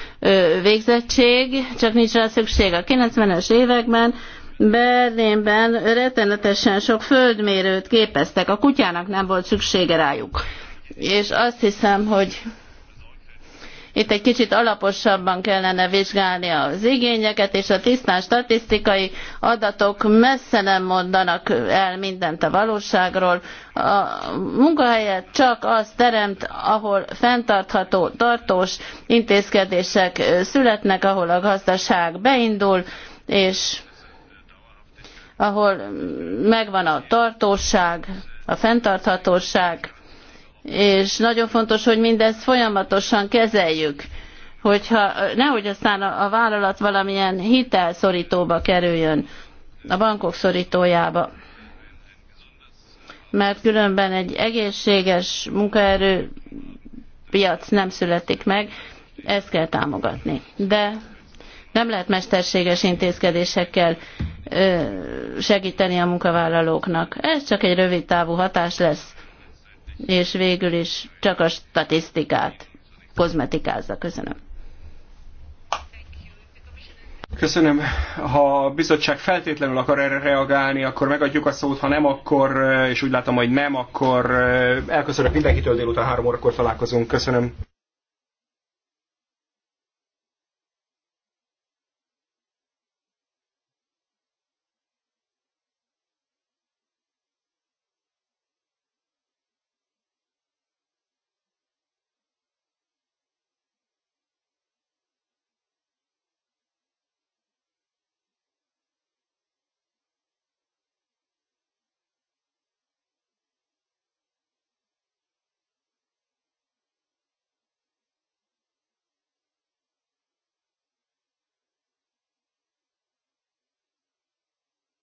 végzettség, csak nincs rá szükség. A 90-es években Berlinben rettenetesen sok földmérőt képeztek, a kutyának nem volt szüksége rájuk. És azt hiszem, hogy itt egy kicsit alaposabban kellene vizsgálni az igényeket, és a tisztán statisztikai adatok messze nem mondanak el mindent a valóságról. A munkahelyet csak az teremt, ahol fenntartható, tartós intézkedések születnek, ahol a gazdaság beindul, és ahol megvan a tartóság, a fenntarthatóság, és nagyon fontos, hogy mindezt folyamatosan kezeljük, hogyha nehogy aztán a, vállalat valamilyen hitelszorítóba kerüljön, a bankok szorítójába. Mert különben egy egészséges munkaerő piac nem születik meg, ezt kell támogatni. De nem lehet mesterséges intézkedésekkel segíteni a munkavállalóknak. Ez csak egy rövid távú hatás lesz, és végül is csak a statisztikát kozmetikázza. Köszönöm. Köszönöm. Ha a bizottság feltétlenül akar erre reagálni, akkor megadjuk a szót, ha nem, akkor, és úgy látom, hogy nem, akkor elköszönök mindenkitől délután három órakor találkozunk. Köszönöm.